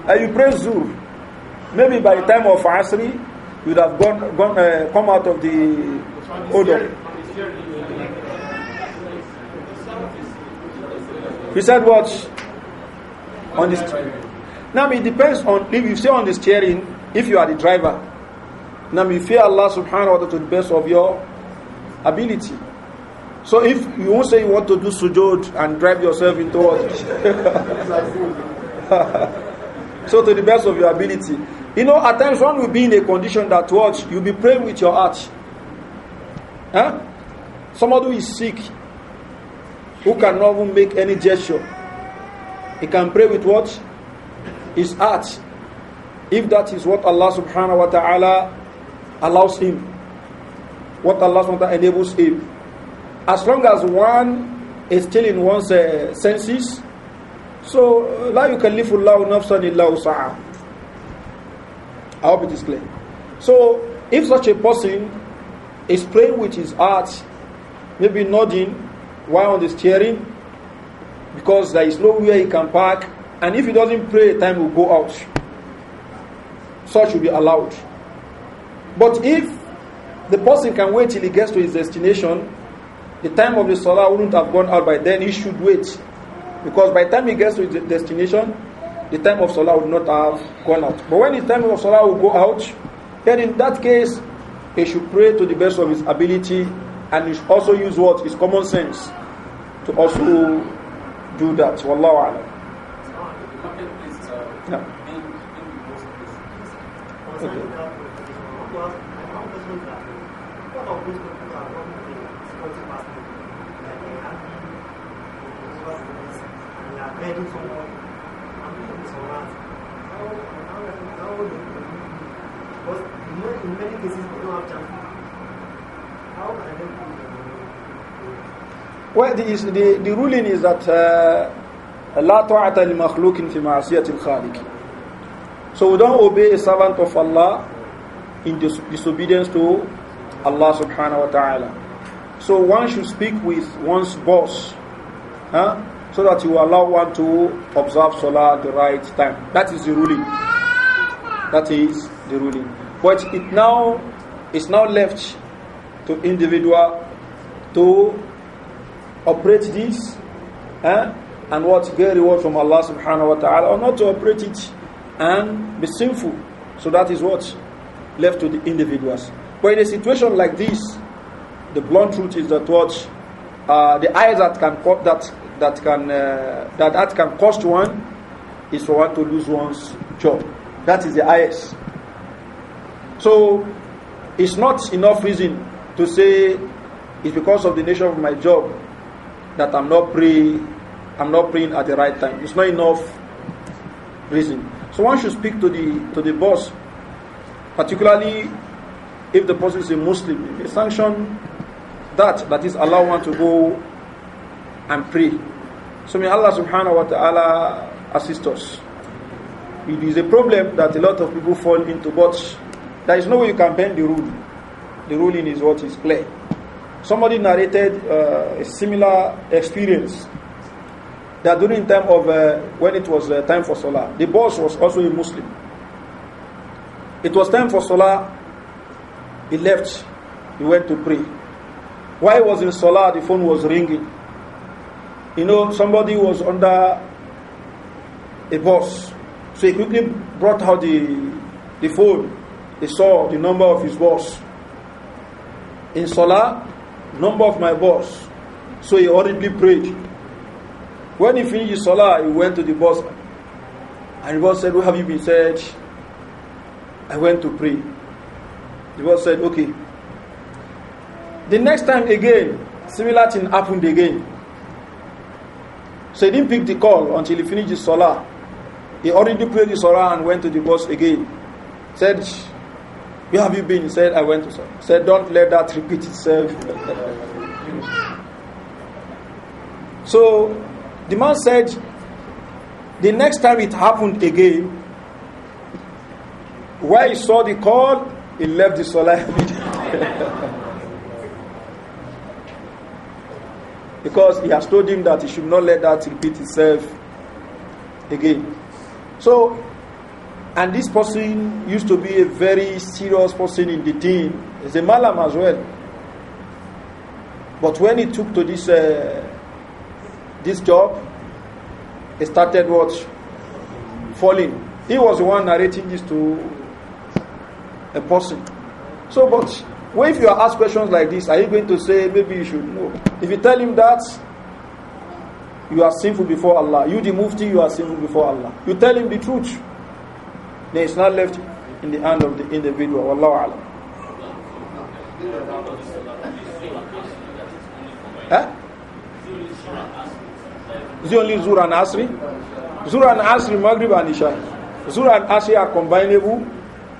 Uh, you pray Zuhr. Maybe by the time of Asri, you would have gone, gone uh, come out of the Odo. He said what? On this. Now it depends on if you say on the steering, if you are the driver. Now you fear Allah subhanahu wa ta'ala to the best of your ability. So if you won't say you want to do sujood and drive yourself into what? so to the best of your ability. You know, at times one will be in a condition that what you'll be praying with your heart. Huh? Somebody who is sick, who cannot even make any gesture, he can pray with what? His heart. If that is what Allah subhanahu wa ta'ala allows him, what Allah subhanahu wa ta'ala enables him as long as one is still in one's uh, senses. So, لا يكلف الله نفسا إلا وسعها. I hope it is clear. So, if such a person is playing with his heart, maybe nodding while on the steering, because there is nowhere he can park, and if he doesn't pray, time will go out. Such will be allowed. But if the person can wait till he gets to his destination the time of the salah wouldn't have gone out by then. He should wait. Because by the time he gets to his destination, the time of salah would not have gone out. But when the time of salah will go out, then in that case, he should pray to the best of his ability and he should also use what? His common sense to also do that. Wallahu alam. Yeah. Okay. Well, the, the, the ruling is that uh, لا طاعة لمخلوق في معصية الخالق. So we don't obey a servant of Allah in dis disobedience to Allah subhanahu wa ta'ala. So one should speak with one's boss huh? so that you allow one to observe Salah at the right time. That is the ruling. That is the ruling. But it now is now left to individual to operate this huh? and what get reward from Allah subhanahu wa ta'ala or not to operate it and be sinful. So that is what left to the individuals. But in a situation like this, the blunt truth is that what uh, the eyes that can that that can uh, that that can cost one is for one to lose one's job. That is the highest. So it's not enough reason to say it's because of the nature of my job that I'm not praying. I'm not praying at the right time. It's not enough reason. So one should speak to the to the boss, particularly if the person is a Muslim. If sanction that that is allow one to go and pray. So may Allah subhanahu wa ta'ala assist us. It is a problem that a lot of people fall into, but there is no way you can bend the rule. The ruling is what is clear. Somebody narrated uh, a similar experience that during time of uh, when it was uh, time for Salah, the boss was also a Muslim. It was time for Salah. He left. He went to pray. Why was in Salah the phone was ringing? You know, somebody was under a bus. So he quickly brought out the, the phone. He saw the number of his boss. In Salah, number of my boss. So he hurriedly prayed. When he finished Salah, he went to the boss. And the boss said, Where have you been? said, I went to pray. The boss said, Okay, The next time again, similar thing happened again. So he didn't pick the call until he finished the salah. He already prayed the salah and went to the boss again. Said, Where have you been? He said, I went to salah. Said, Don't let that repeat itself. so the man said, The next time it happened again, where he saw the call, he left the salah. because he has told him that he should not let that repeat itself again. So, and this person used to be a very serious person in the team; He's a malam as well. But when he took to this uh, this job, he started what falling. He was the one narrating this to a person. So, but Well, if you are asked questions like this, are you going to say, maybe you should know? If you tell him that, you are sinful before Allah. You, the mufti, you are sinful before Allah. You tell him the truth. Then it's not left in the hand of the individual. Wallahu alam. Huh? Is it only Zura and Asri? Zura and Asri, Maghrib and Isha. Zura and Asri are combinable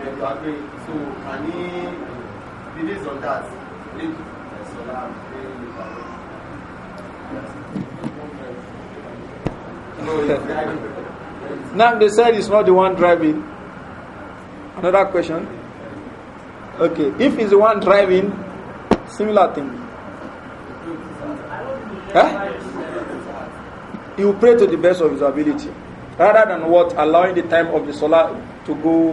Eh, then you agree. So, and he believes on that. Live Salam. No, now they said it's not the one driving. Another question. Okay, if he's the one driving, similar thing. Huh? He will pray to the best of his ability rather than what allowing the time of the solar to go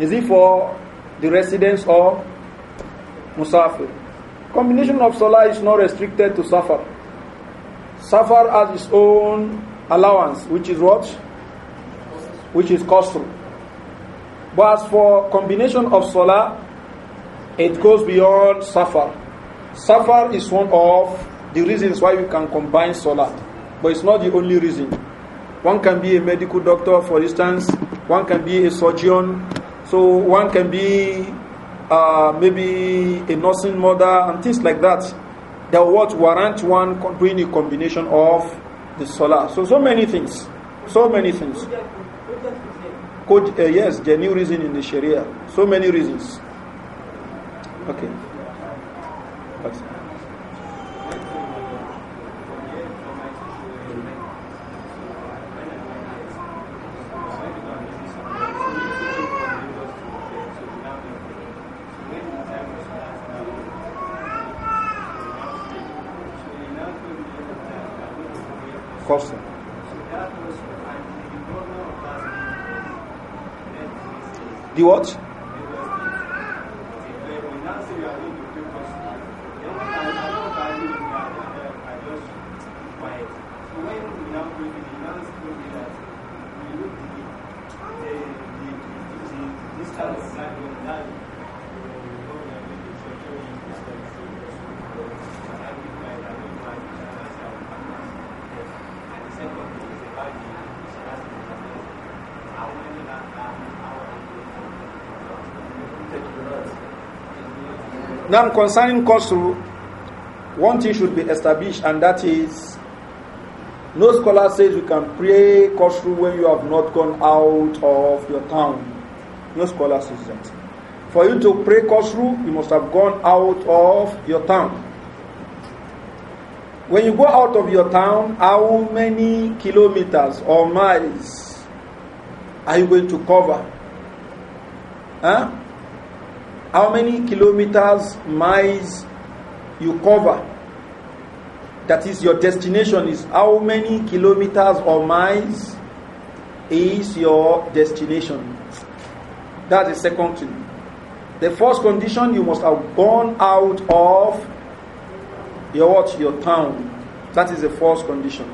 Is it for the residents or musafir? Combination of salah is not restricted to safar. Safar has its own allowance, which is what? Which is costly. But as for combination of salah, it goes beyond safar. Safar is one of the reasons why we can combine salah, but it's not the only reason. One can be a medical doctor, for instance. One can be a surgeon. So one can be uh, maybe a nursing mother and things like that. That what warrant one doing a combination of the solar. So so many things, so many things. Could uh, yes, the new reason in the Sharia. So many reasons. Okay. That's the what? Now, concerning Qasru, one thing should be established, and that is no scholar says you can pray Qasru when you have not gone out of your town. No scholar says that. For you to pray Qasru, you must have gone out of your town. When you go out of your town, how many kilometers or miles are you going to cover? Huh? how many kilometers, miles you cover. That is your destination is how many kilometers or miles is your destination. That's the second thing. The first condition you must have gone out of your what your town. That is the first condition.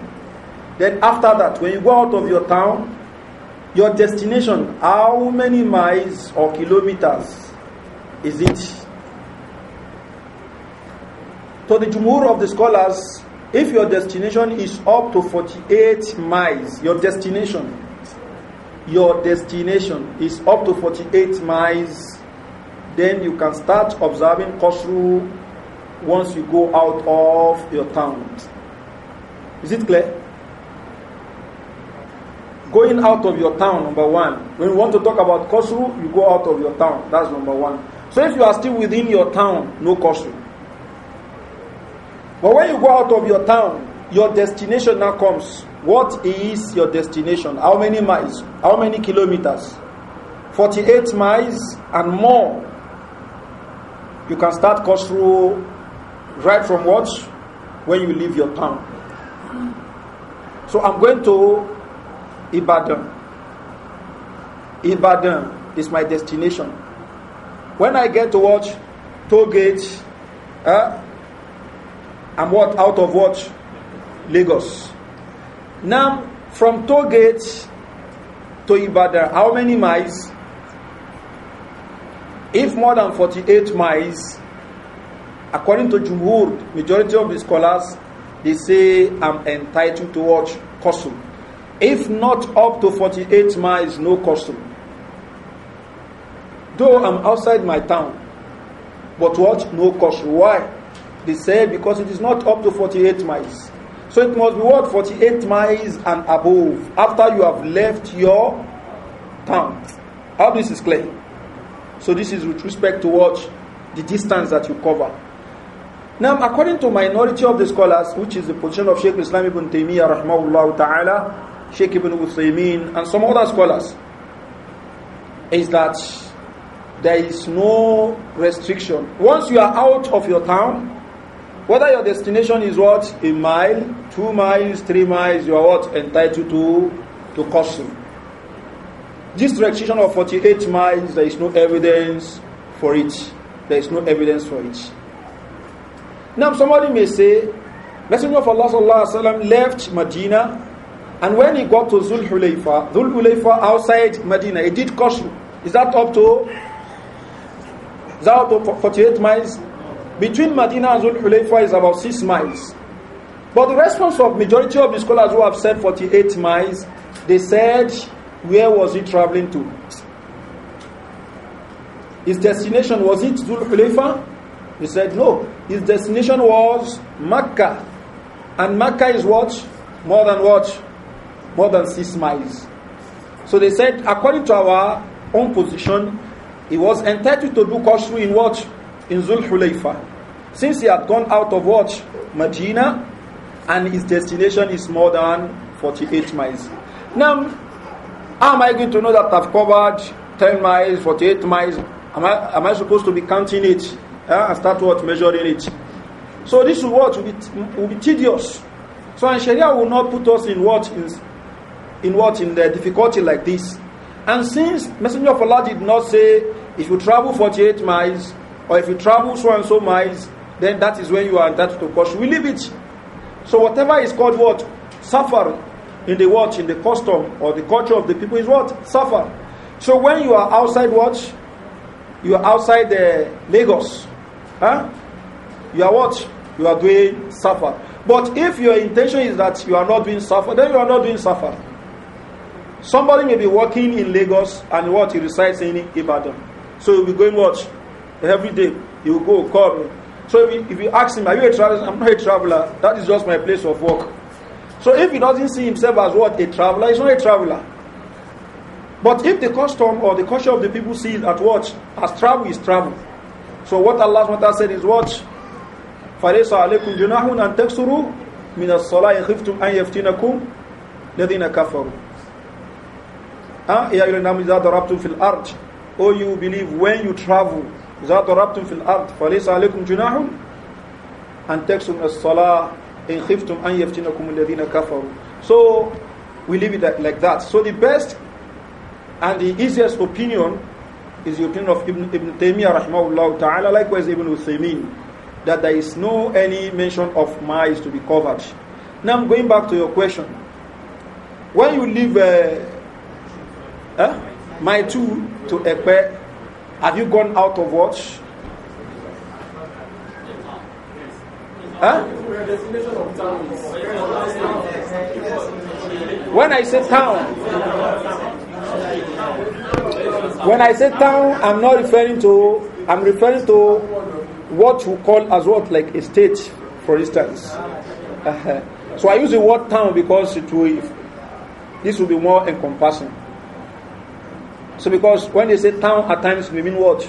Then after that, when you go out of your town, your destination, how many miles or kilometers is it? To the jumhur of the scholars, if your destination is up to 48 miles, your destination, your destination is up to 48 miles, then you can start observing Qasru once you go out of your town. Is it clear? Going out of your town, number one. When you want to talk about Qasru, you go out of your town. That's number one. So if you are still within your town, no caution. But when you go out of your town, your destination now comes. What is your destination? How many miles? How many kilometers? 48 miles and more. You can start Kosru right from what? When you leave your town. So I'm going to Ibadan. Ibadan is my destination. When I get to watch Togate, uh, eh, I'm what out of watch Lagos. Now from Togate to Ibadan, how many miles? If more than 48 miles, according to Jumhur, majority of the scholars, they say I'm entitled to watch custom. If not up to 48 miles, no custom. Though I'm outside my town, but what? No caution. Why? They said because it is not up to 48 miles. So it must be what? 48 miles and above after you have left your town. How this is clear? So this is with respect to what? The distance that you cover. Now, according to minority of the scholars, which is the position of Sheikh Islam ibn Taymiyyah rahmahullah ta'ala, Sheikh ibn Uthaymeen, and some other scholars, is that there is no restriction. Once you are out of your town, whether your destination is what? A mile, two miles, three miles, you are what? Entitled to, to caution. This restriction of 48 miles, there is no evidence for it. There is no evidence for it. Now, somebody may say, Messenger of Allah sallallahu alaihi wasallam left Medina, and when he got to Zul Hulayfa, Zul Hulayfa outside Medina, he did caution. Is that up to out of 48 miles. Between Medina and Zul is about 6 miles. But the response of majority of the scholars who have said 48 miles, they said, where was he traveling to? His destination, was it Zul Hulayfa? He said, no. His destination was Mecca. And Mecca is what? More than what? More than 6 miles. So they said, according to our own position, He was entitled to do kosher in what? In Zul Hulayfa. Since he had gone out of what? Medina, and his destination is more than 48 miles. Now, how am I going to know that I've covered 10 miles, 48 miles? Am I, am I supposed to be counting it uh, and start what? Measuring it? So this is will be, will be tedious. So and Sharia will not put us in what in, in what in the difficulty like this. And since Messenger of Allah did not say If you travel 48 miles, or if you travel so and so miles, then that is when you are entitled to caution. We leave it. So whatever is called what? Suffer in the watch, In the custom or the culture of the people is what? Suffer. So when you are outside watch, You are outside the uh, Lagos. Huh? You are what? You are doing suffer. But if your intention is that you are not doing suffer, then you are not doing suffer. Somebody may be working in Lagos and what he resides in Ibadan. So he'll be going what? Every day. He'll go, me. So if you, if you ask him, Are you a traveler? I'm not a traveler. That is just my place of work. So if he doesn't see himself as what? A traveler, he's not a traveler. But if the custom or the culture of the people sees at what? As travel is travel. So what Allah SWT said is what? فَلَيْسَ عَلَيْكُمْ جُنَاحٌ and تَكْسُرُوا مِنَ Salai خِفْتُمْ أَن يَفْتِنَكُمْ الَّذِينَ كَفَرُوا أه؟ يا أيها الناس fil ضربتم or oh, you believe when you travel, إذا ضربتم في الأرض فليس عليكم جناح أن تكسم الصلاة إن خفتم أن يفتنكم الذين كفروا. So we leave it like that. So the best and the easiest opinion is the opinion of Ibn, Ibn Taymiyyah rahimahullah ta'ala, likewise Ibn Uthaymeen, that there is no any mention of mice to be covered. Now I'm going back to your question. When you leave... Uh, huh? My tool to Ekpe, have you gone out of watch? Huh? When I say town, when I say town, I'm not referring to, I'm referring to what you call as what, like a state, for instance. Uh -huh. So I use the word town because it will, this will be more encompassing. So because when they say town at times may mean what?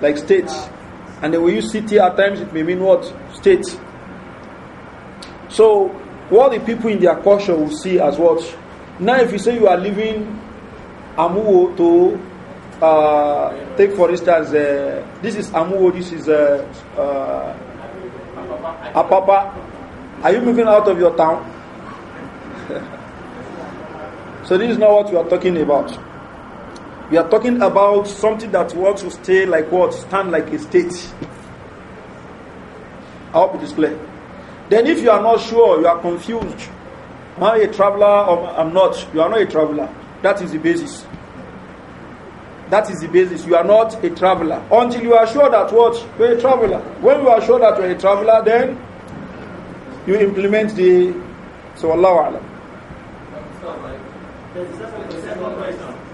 Like state. And they will use city at times it may mean what? State. So what the people in their culture will see as what? Now if you say you are living Amuwo to uh, take for instance uh, this is Amuwo, this is uh, uh, Apapa. Are you moving out of your town? so this is not what we are talking about. We are talking about something that wants to stay like what? Stand like a state. I hope it is clear. Then, if you are not sure, you are confused, am I a traveler or I'm not? You are not a traveler. That is the basis. That is the basis. You are not a traveler. Until you are sure that what? Are a traveler. When you are sure that you're a traveler, then you implement the. So, Allah Alam. There's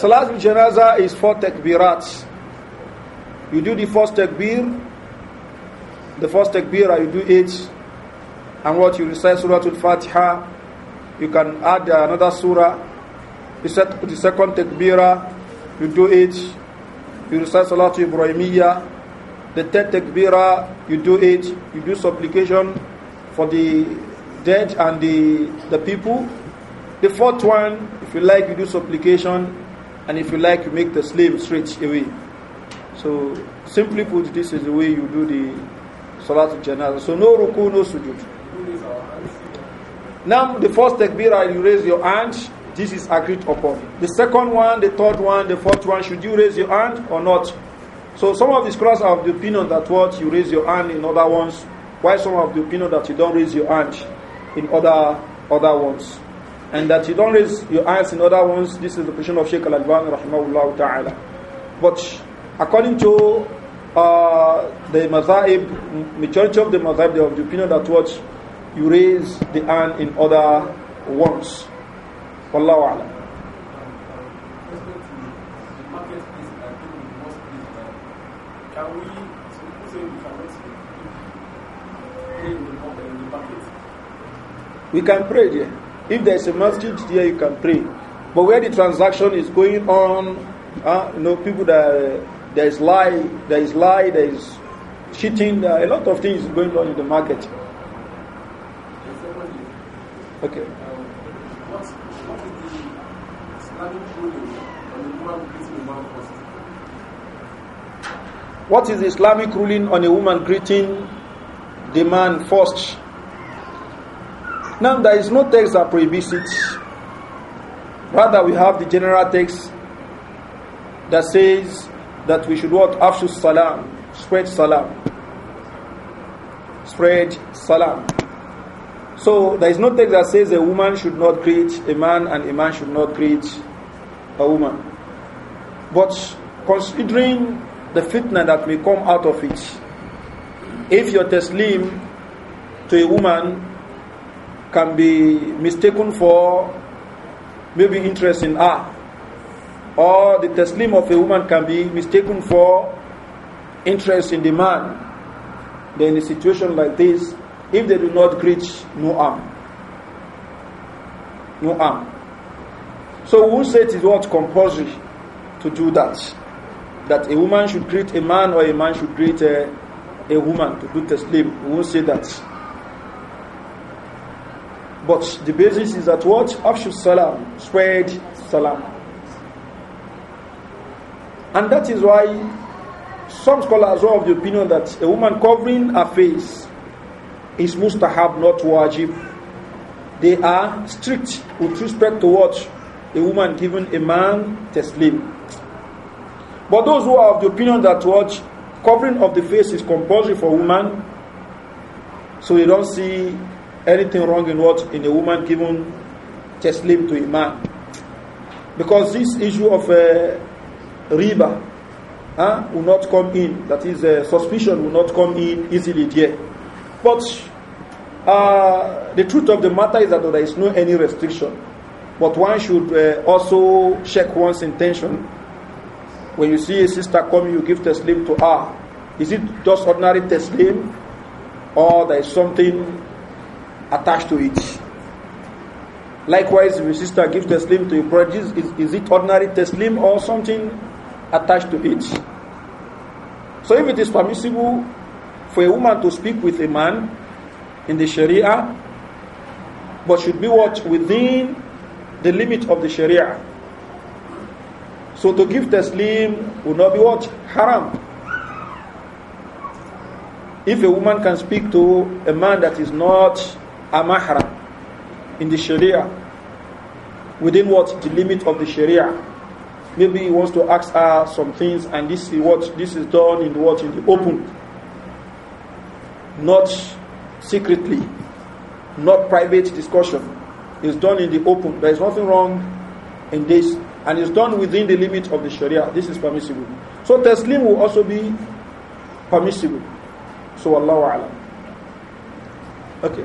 Salat bi janaza is four takbirats. You do the first takbir, the first takbir, you do it, and what you recite Surah Al-Fatiha, you can add another surah. You set the second takbira, you do it, you recite Salat Ibrahimiyya. The third takbira, you do it, you do supplication for the dead and the, the people. The fourth one, if you like, you do supplication and if you like, you make the slave stretch away. So, simply put, this is the way you do the Salatul Janazah. So, no ruku, no sujud. Now, the first takbirah, you raise your hand, this is agreed upon. The second one, the third one, the fourth one, should you raise your hand or not? So, some of the scholars have the opinion that what you raise your hand in other ones, while some of the opinion that you don't raise your hand in other other ones and that you don't raise your eyes in other ones. This is the position of Sheikh Al Albani, rahimahullah ta'ala. But according to uh, the Mazahib, majority of the Mazahib, they have the opinion that what you raise the hand in other ones. Wallahu alam. We can pray there. If there is a masjid there, you can pray. But where the transaction is going on, uh, you know, people that there is lie, there is lie, there is cheating, there a lot of things going on in the market. Okay. What is the Islamic ruling on a woman greeting the man first? Now, there is no text that prohibits it. Rather, we have the general text that says that we should what? Afshu salam. Spread salam. Spread salam. So, there is no text that says a woman should not greet a man and a man should not greet a woman. But considering the fitna that may come out of it, if your taslim to a woman can be mistaken for maybe interest in her. Or the taslim of a woman can be mistaken for interest in the man. Then in a situation like this, if they do not greet, no harm. No harm. So who said it is what compulsory to do that? That a woman should greet a man or a man should greet a, uh, a woman to do taslim. Who said that? But the basis is that what? Afshu salam, spread salam. And that is why some scholars are of the opinion that a woman covering her face is mustahab, not wajib. They are strict with respect to what a woman giving a man teslim. But those who are of the opinion that what covering of the face is compulsory for woman, so they don't see anything wrong in what in a woman giving teslim to a man. Because this issue of uh, riba will not come in, that is, uh, suspicion will not come in easily there. But uh, the truth of the matter is that there is no any restriction. But one should uh, also check one's intention. When you see a sister coming, you give teslim to her. Is it just ordinary teslim, or there is something attached to it. Likewise, if a sister gives taslim to a brother, is, is it ordinary teslim or something attached to it? So if it is permissible for a woman to speak with a man in the Sharia, but should be what within the limit of the Sharia. So to give teslim would not be what haram. If a woman can speak to a man that is not are mahram in the Sharia, within what the limit of the Sharia. Maybe he wants to ask her some things, and this is what this is done in the what in the open, not secretly, not private discussion. It's done in the open. There is nothing wrong in this, and it's done within the limit of the Sharia. This is permissible. So taslim will also be permissible. So Allah Okay.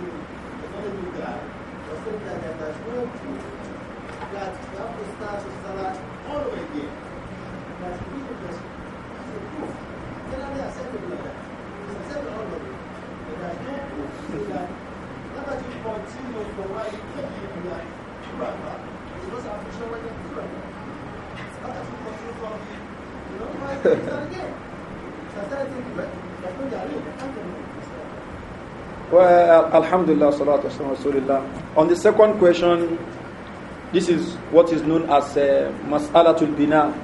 Alhamdulillah, salatu rasulillah. On the second question, this is what is known as uh, mas'alatul bina.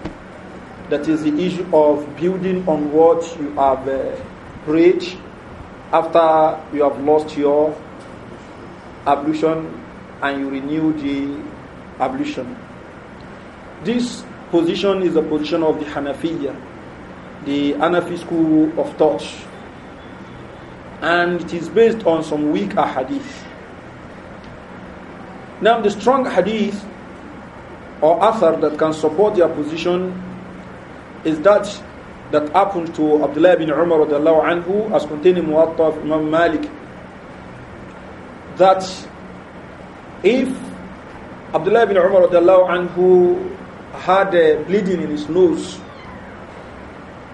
That is the issue of building on what you have uh, prayed after you have lost your ablution and you renew the ablution. This position is the position of the Hanafiya, the Hanafi school of thought and it is based on some weak hadith. Now, the strong hadith or author that can support your position is that that happened to Abdullah bin Umar anhu as contained in Muwatta of Imam Malik that if Abdullah bin Umar anhu had a bleeding in his nose,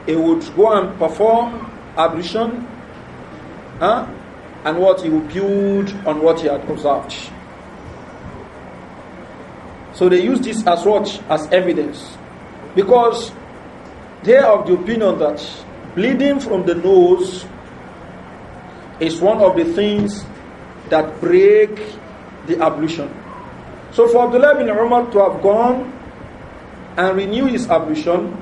he would go and perform ablution huh? and what he would build on what he had observed. So they use this as what? As evidence. Because they are of the opinion that bleeding from the nose is one of the things that break the ablution. So for Abdullah bin Umar to have gone and renew his ablution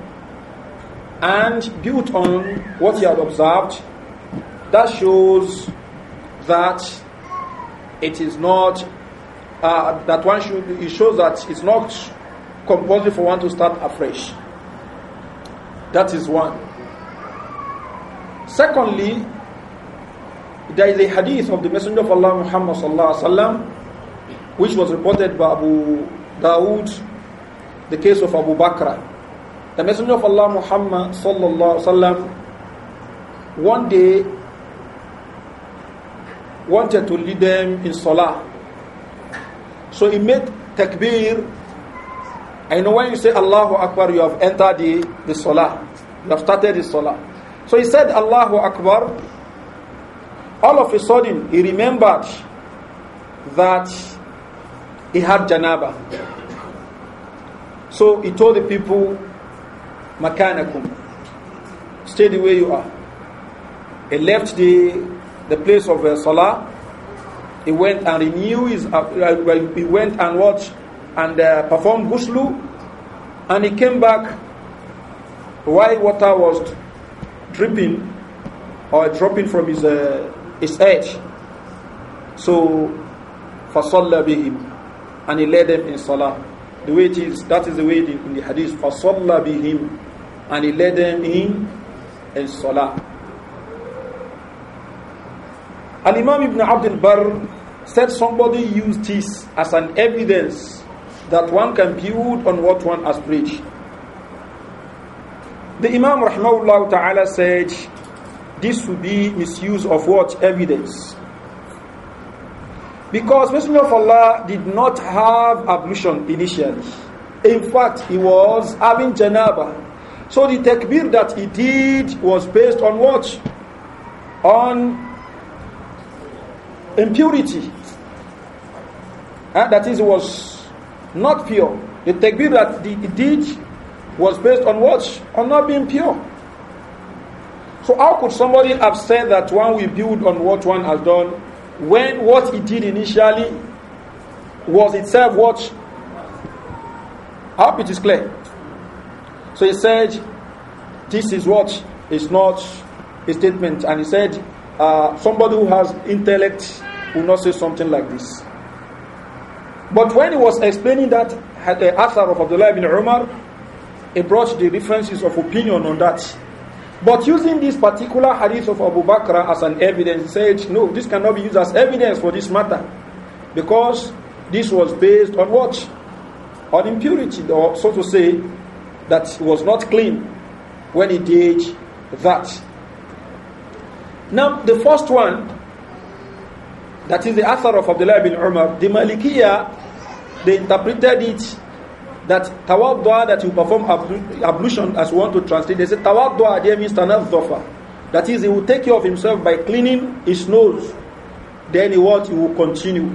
and built on what he had observed, that shows that it is not uh, that one should. It shows that it's not compulsory for one to start afresh. That is one. Secondly, there is a hadith of the Messenger of Allah Muhammad sallallahu which was reported by Abu Dawood, the case of Abu Bakr. The Messenger of Allah Muhammad sallallahu one day wanted to lead them in Salah. So he made takbir. I know when you say Allahu Akbar, you have entered the, the Salah. You have started the Salah. So he said Allahu Akbar. All of a sudden, he remembered that he had Janaba. So he told the people, Makanakum, stay the way you are. He left the the place of uh, Salah. He went and renewed his, uh, uh, uh he went and watched and uh, performed ghusl, and he came back while water was dripping or dropping from his, uh, his head. So, فَصَلَّ بِهِمْ And he led them in salah. The way it is, that is the way in, in the hadith. فَصَلَّ bihim. And he led them in, in salah. Al Imam Ibn Abdul Barr said somebody used this as an evidence that one can build on what one has preached. The Imam Rahmahullah Ta'ala said this would be misuse of what? Evidence. Because Messenger of Allah did not have ablution initially. In fact, he was having janaba. So the takbir that he did was based on what? On impurity. Uh, that is, was not pure. The takbir that he did was based on what? On not being pure. So how could somebody have said that one will build on what one has done when what he did initially was itself what? How hope it is clear. So he said, this is what is not a statement. And he said, uh, somebody who has intellect will not say something like this. But when he was explaining that uh, Athar of Abdullah ibn Umar, he brought the differences of opinion on that. But using this particular hadith of Abu Bakr as an evidence, he said, no, this cannot be used as evidence for this matter. Because this was based on what? On impurity, or so to say, that was not clean when he did that. Now, the first one, that is the author of Abdullah bin Umar, the Malikiya, they interpreted it that tawaddu'a that you perform ablution as one to translate. They said tawaddu'a there means tanazzafa. That is, he will take care of himself by cleaning his nose. Then he what? He will continue.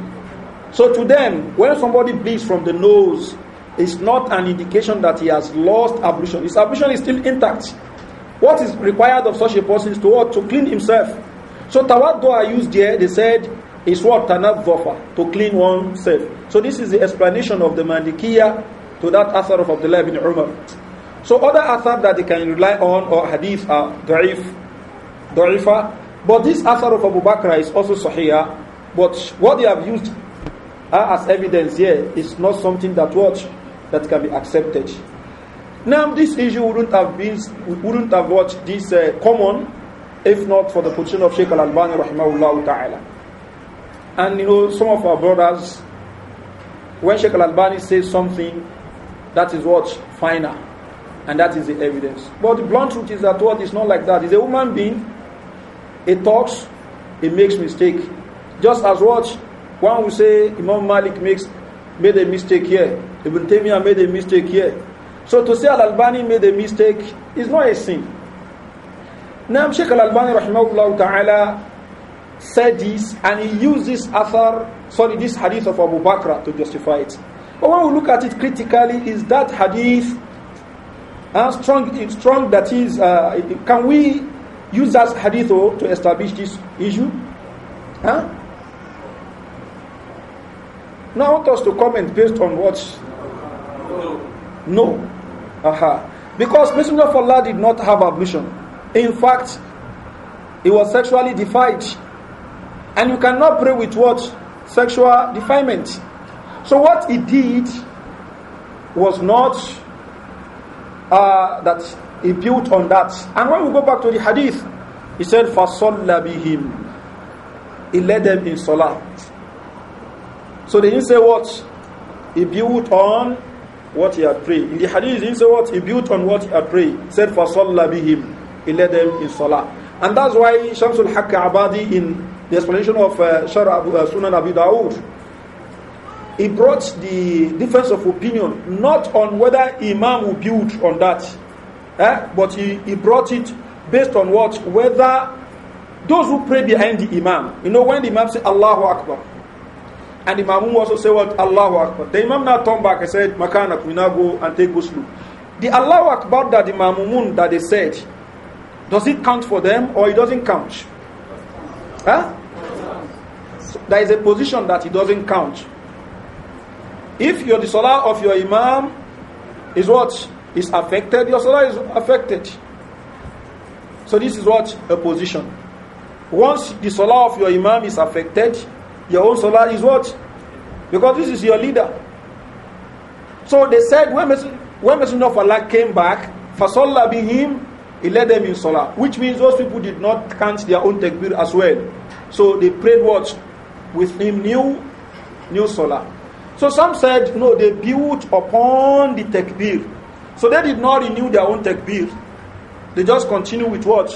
So to them, when somebody bleeds from the nose, it's not an indication that he has lost ablution. His ablution is still intact. What is required of such a person is to what? To clean himself. So tawaddu are used here, they said, is what? Tanadhafa, to clean oneself. So this is the explanation of the Malikiya to that author of Abdullah ibn Umar. So other author that they can rely on or hadith are da'if, da'ifa. But this author of Abu Bakr is also sahih. But what they have used uh, as evidence here is not something that what? That can be accepted. Now, this issue wouldn't have been, wouldn't have watched this uh, common if not for the position of Sheikh Al Albani, rahimahullah ta'ala. And you know, some of our brothers, when Sheikh Al Albani says something, that is what final, and that is the evidence. But the blunt truth is that what is not like that. He's a human being, he talks, he makes mistake. Just as what one will say Imam Malik makes made a mistake here, Ibn Taymiyyah made a mistake here. So to say Al-Albani made a mistake is not a sin. Now Sheikh Al-Albani ta'ala said this and he used this author, sorry, this hadith of Abu Bakr to justify it. But when we look at it critically, is that hadith uh, strong, strong that is, uh, can we use that hadith to establish this issue? Huh? Now I want us to comment based on what? No. Aha. Because Messenger of Allah did not have ablution. In fact, he was sexually defiled. And you cannot pray with what? Sexual defilement. So what he did was not uh, that he built on that. And when we go back to the hadith, he said, فَصَلَّ بِهِمْ He led them in salah. So they didn't say what? He built on what he had prayed. In the hadith, he said what he built on what he had prayed. said for Salah him, he led them in Salah. And that's why Shamsul Hakka Abadi in the explanation of uh, Shara Abu, uh, Sunan Abu Dawud, he brought the difference of opinion not on whether Imam will build on that, eh? but he, he brought it based on what? Whether those who pray behind the Imam, you know, when the Imam says Allahu Akbar, and Imam also said, What? Allahu Akbar. The Imam now turned back and said, Makanak, we now go and take Ghusl. The Allahu Akbar that Imam that they said, does it count for them or it doesn't count? Huh? So there is a position that it doesn't count. If your the salah of your Imam is what? Is affected, your salah is affected. So this is what? A position. Once the salah of your Imam is affected, your own salah is what? Because this is your leader. So they said when Messenger, when Messenger of Allah came back, Fasallah him, he led them in salah. Which means those people did not count their own takbir as well. So they prayed what? With him new, new salah. So some said, no, they built upon the takbir. So they did not renew their own takbir. They just continue with what?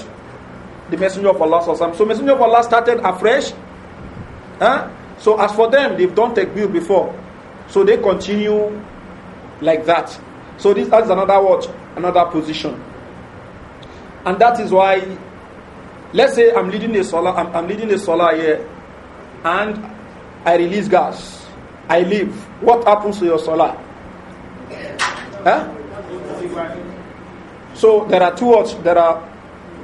The Messenger of Allah. So Messenger of Allah started afresh Huh? So as for them, they've done takbir before. So they continue like that. So this adds another watch, Another position. And that is why, let's say I'm leading a solar, I'm, I'm leading a solar here, and I release gas. I leave. What happens to your solar? Huh? So there are two words, There are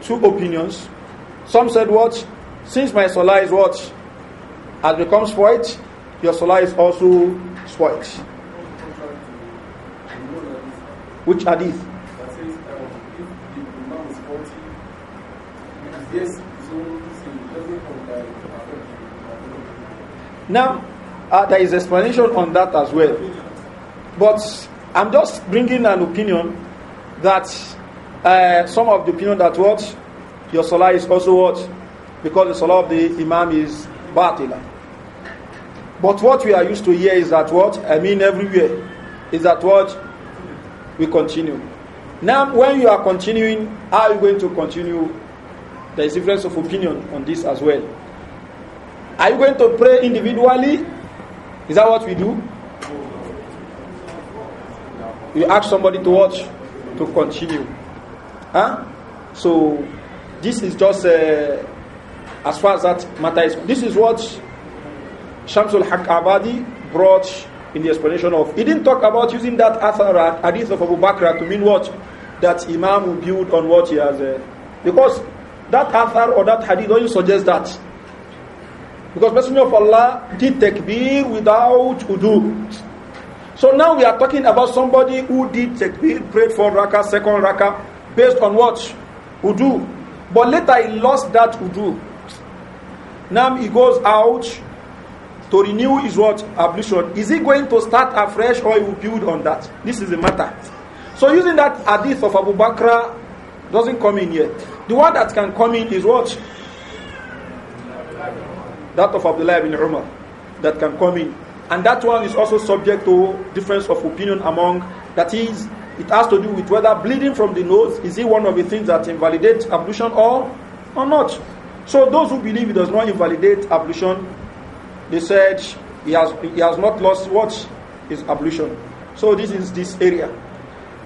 two opinions. Some said what? Since my solar is what? has become spoilt, your salah is also spoilt. Which hadith? Um, now, uh, there is explanation on that as well. But I'm just bringing an opinion that uh, some of the opinion that what your salah is also what because the salah of the imam is batila. But what we are used to hear is that what I mean everywhere is that what we continue. Now, when you are continuing, are you going to continue? There is difference of opinion on this as well. Are you going to pray individually? Is that what we do? You ask somebody to watch to continue. Huh? So this is just a uh, as far as that matter is, this is what Shamsul Haq Abadi brought in the explanation of. He didn't talk about using that Athar hadith of Abu Bakr to mean what? That Imam will build on what he has. Uh, because that Athar or that hadith only not suggest that. Because Messenger of Allah did takbir without wudu. So now we are talking about somebody who did takbir, prayed for raka, second raka, based on what? Wudu. But later he lost that wudu. Now he goes out to renew his what? Ablution. Is he going to start afresh or he will build on that? This is the matter. So using that hadith of Abu Bakr doesn't come in yet. The one that can come in is what? That of Abdullah ibn Umar that can come in. And that one is also subject to difference of opinion among, that is, it has to do with whether bleeding from the nose is it one of the things that invalidate ablution or, or not. So those who believe it does not invalidate ablution, they said he has, he has not lost what is ablution. So this is this area.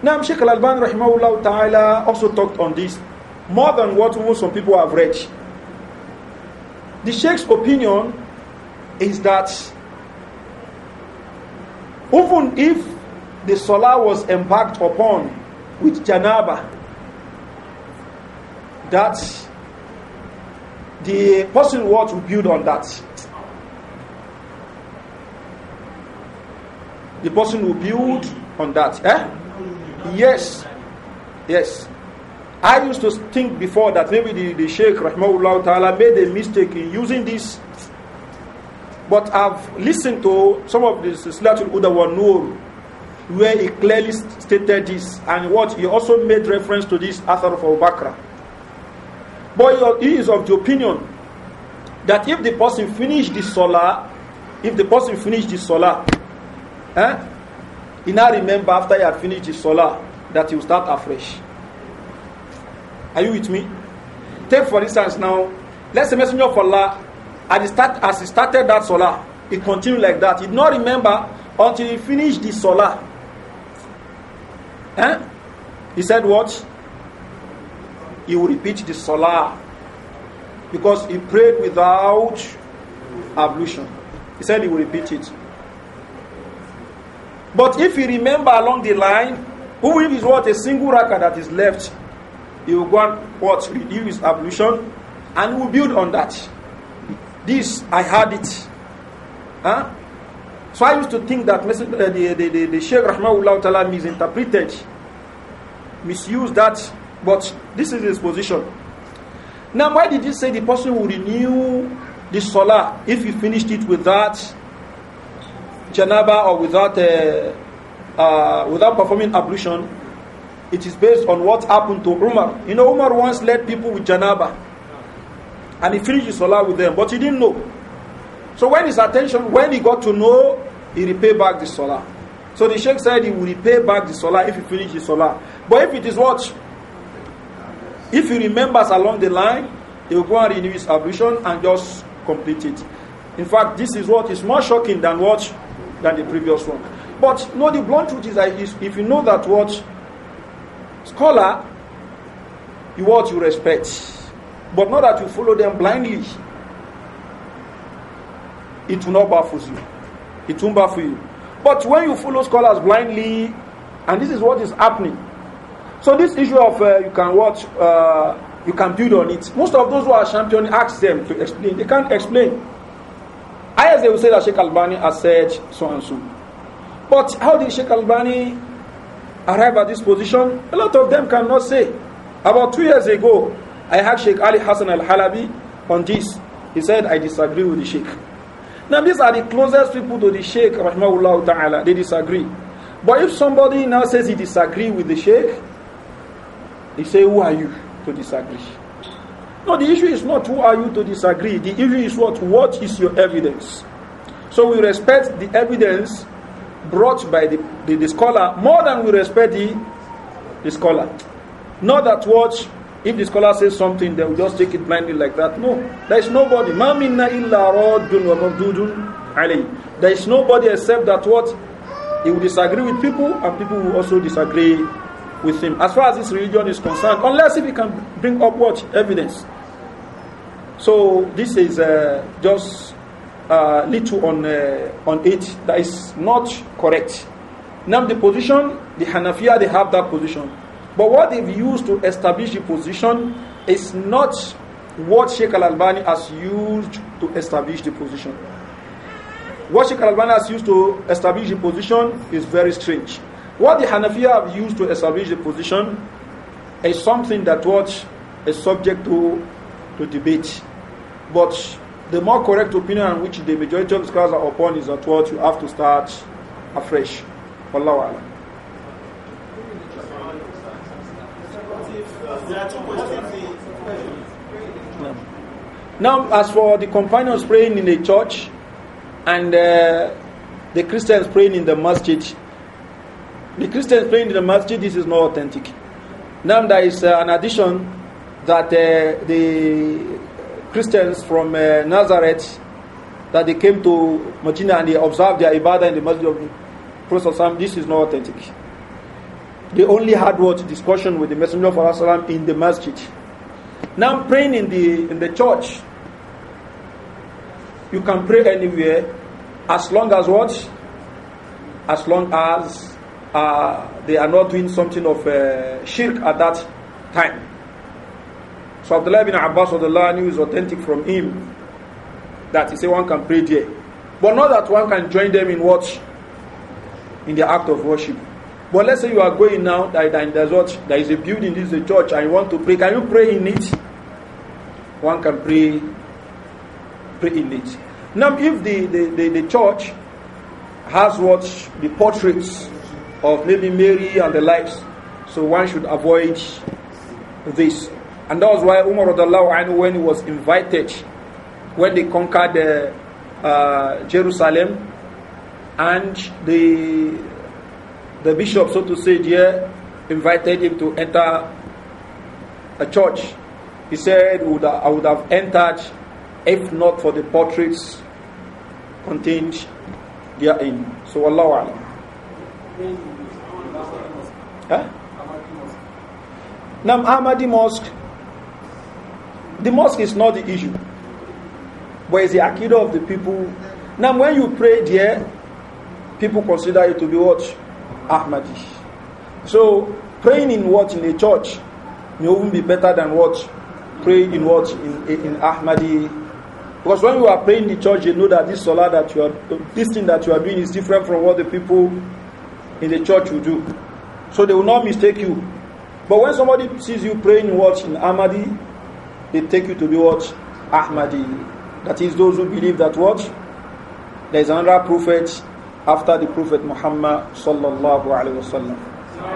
Now Sheikh Al-Alban rahimahullah ta'ala also talked on this more than what some people have read. The Sheikh's opinion is that even if the Salah was embarked upon with Janaba, that the person what will build on that. The person will build on that. Eh? Yes. Yes. I used to think before that maybe the, the Sheikh Rahmahullah Ta'ala made a mistake in using this. But I've listened to some of the Silatul Uda wa Nur where he clearly stated this and what he also made reference to this author of Al Bakr But he is of the opinion that if the person finish the solar, if the person finish the solar, eh, he now remember after he had finished the solar that he will start afresh. Are you with me? Take for instance now, let's say messenger of Allah, at the start, as he started that solar, it continued like that. He did not remember until he finished the solar. Eh? He said what? he will repeat the salah because he prayed without ablution. He said he will repeat it. But if he remember along the line, who is what a single raka that is left, he will go and what renew his ablution and will build on that. This I had it. Huh? So I used to think that uh, the, the, the, the Sheikh Rahmahullah Ta'ala misinterpreted, misused that But this is his position. Now, why did he say the person will renew the salah if he finished it without janaba or without uh, uh, without performing ablution? It is based on what happened to Umar. You know, Umar once led people with janaba, and he finished his salah with them, but he didn't know. So when his attention, when he got to know, he repaid back the salah. So the sheikh said he will repay back the salah if he finishes the salah. But if it is what If he remembers along the line, he will go and renew his ablution and just complete it. In fact, this is what is more shocking than what than the previous one. But no, the blunt truth is that if you know that what scholar, you what you respect, but not that you follow them blindly, it will not baffle you. It won't baffle you. But when you follow scholars blindly, and this is what is happening, So this issue of uh, you can watch, uh, you can build on it. Most of those who are champion ask them to explain. They can't explain. I as they will say that Sheikh Albani has said so and so. But how did Sheikh Albani arrive at this position? A lot of them cannot say. About two years ago, I had Sheikh Ali Hassan Al Halabi on this. He said, I disagree with the Sheikh. Now, these are the closest people to the Sheikh, Rahmahullah Ta'ala. They disagree. But if somebody now says he disagrees with the Sheikh, He said, Who are you to disagree? No, the issue is not who are you to disagree. The issue is what? What is your evidence? So we respect the evidence brought by the, the, the scholar more than we respect the, the scholar. Not that what if the scholar says something, they will just take it blindly like that. No, there is nobody. Ma minna illa raddun wa There is nobody except that what? He will disagree with people and people will also disagree with him as far as his religion is concerned, unless if he can bring up what evidence. So this is uh, just uh, little on uh, on it that is not correct. Now the position, the Hanafiya, they have that position, but what they've used to establish the position is not what Sheikh Al Albani has used to establish the position. What Sheikh Al Albani has used to establish the position is very strange. What the Hanafiya have used to establish the position is something that what is subject to, to debate. But the more correct opinion on which the majority of scholars are upon is that what you have to start afresh. Wallahu alam. Now, as for the companions praying in the church and uh, the Christians praying in the masjid, the Christians praying in the masjid, this is not authentic. Now there is uh, an addition that uh, the Christians from uh, Nazareth, that they came to Medina and they observed their ibadah in the masjid of the Prophet this is not authentic. They only had what discussion with the Messenger of Allah in the masjid. Now praying in the in the church, you can pray anywhere, as long as what, as long as uh, they are not doing something of uh, shirk at that time. So Abdullah bin Abbas of the law is authentic from him that he say one can pray there. But not that one can join them in what? In the act of worship. But let's say you are going now, that, that the what, there is a building, this is a church, and you want to pray. Can you pray in it? One can pray, pray in it. Now, if the, the, the, the church has what the portraits of maybe Mary and the likes. So one should avoid this. And that was why Umar anhu, when he was invited, when they conquered uh, uh Jerusalem, and the the bishop, so to say, there, invited him to enter a church. He said, would I would have entered if not for the portraits contained therein. So Allah. Huh? Now, Ahmadi Mosque, the mosque is not the issue. But it's the akida of the people. Now, when you pray there, people consider it to be what? Ahmadi. So, praying in what? In a church may even be better than what? Pray in what? In, in Ahmadi. Because when you are praying in the church, you know that this salah that you are, this thing that you are doing is different from what the people in the church will do. So they will not mistake you. But when somebody sees you praying what in Ahmadi, they take you to be what? Ahmadi. That is those who believe that what? There is another prophet after the Prophet Muhammad sallallahu wa sallam. Um,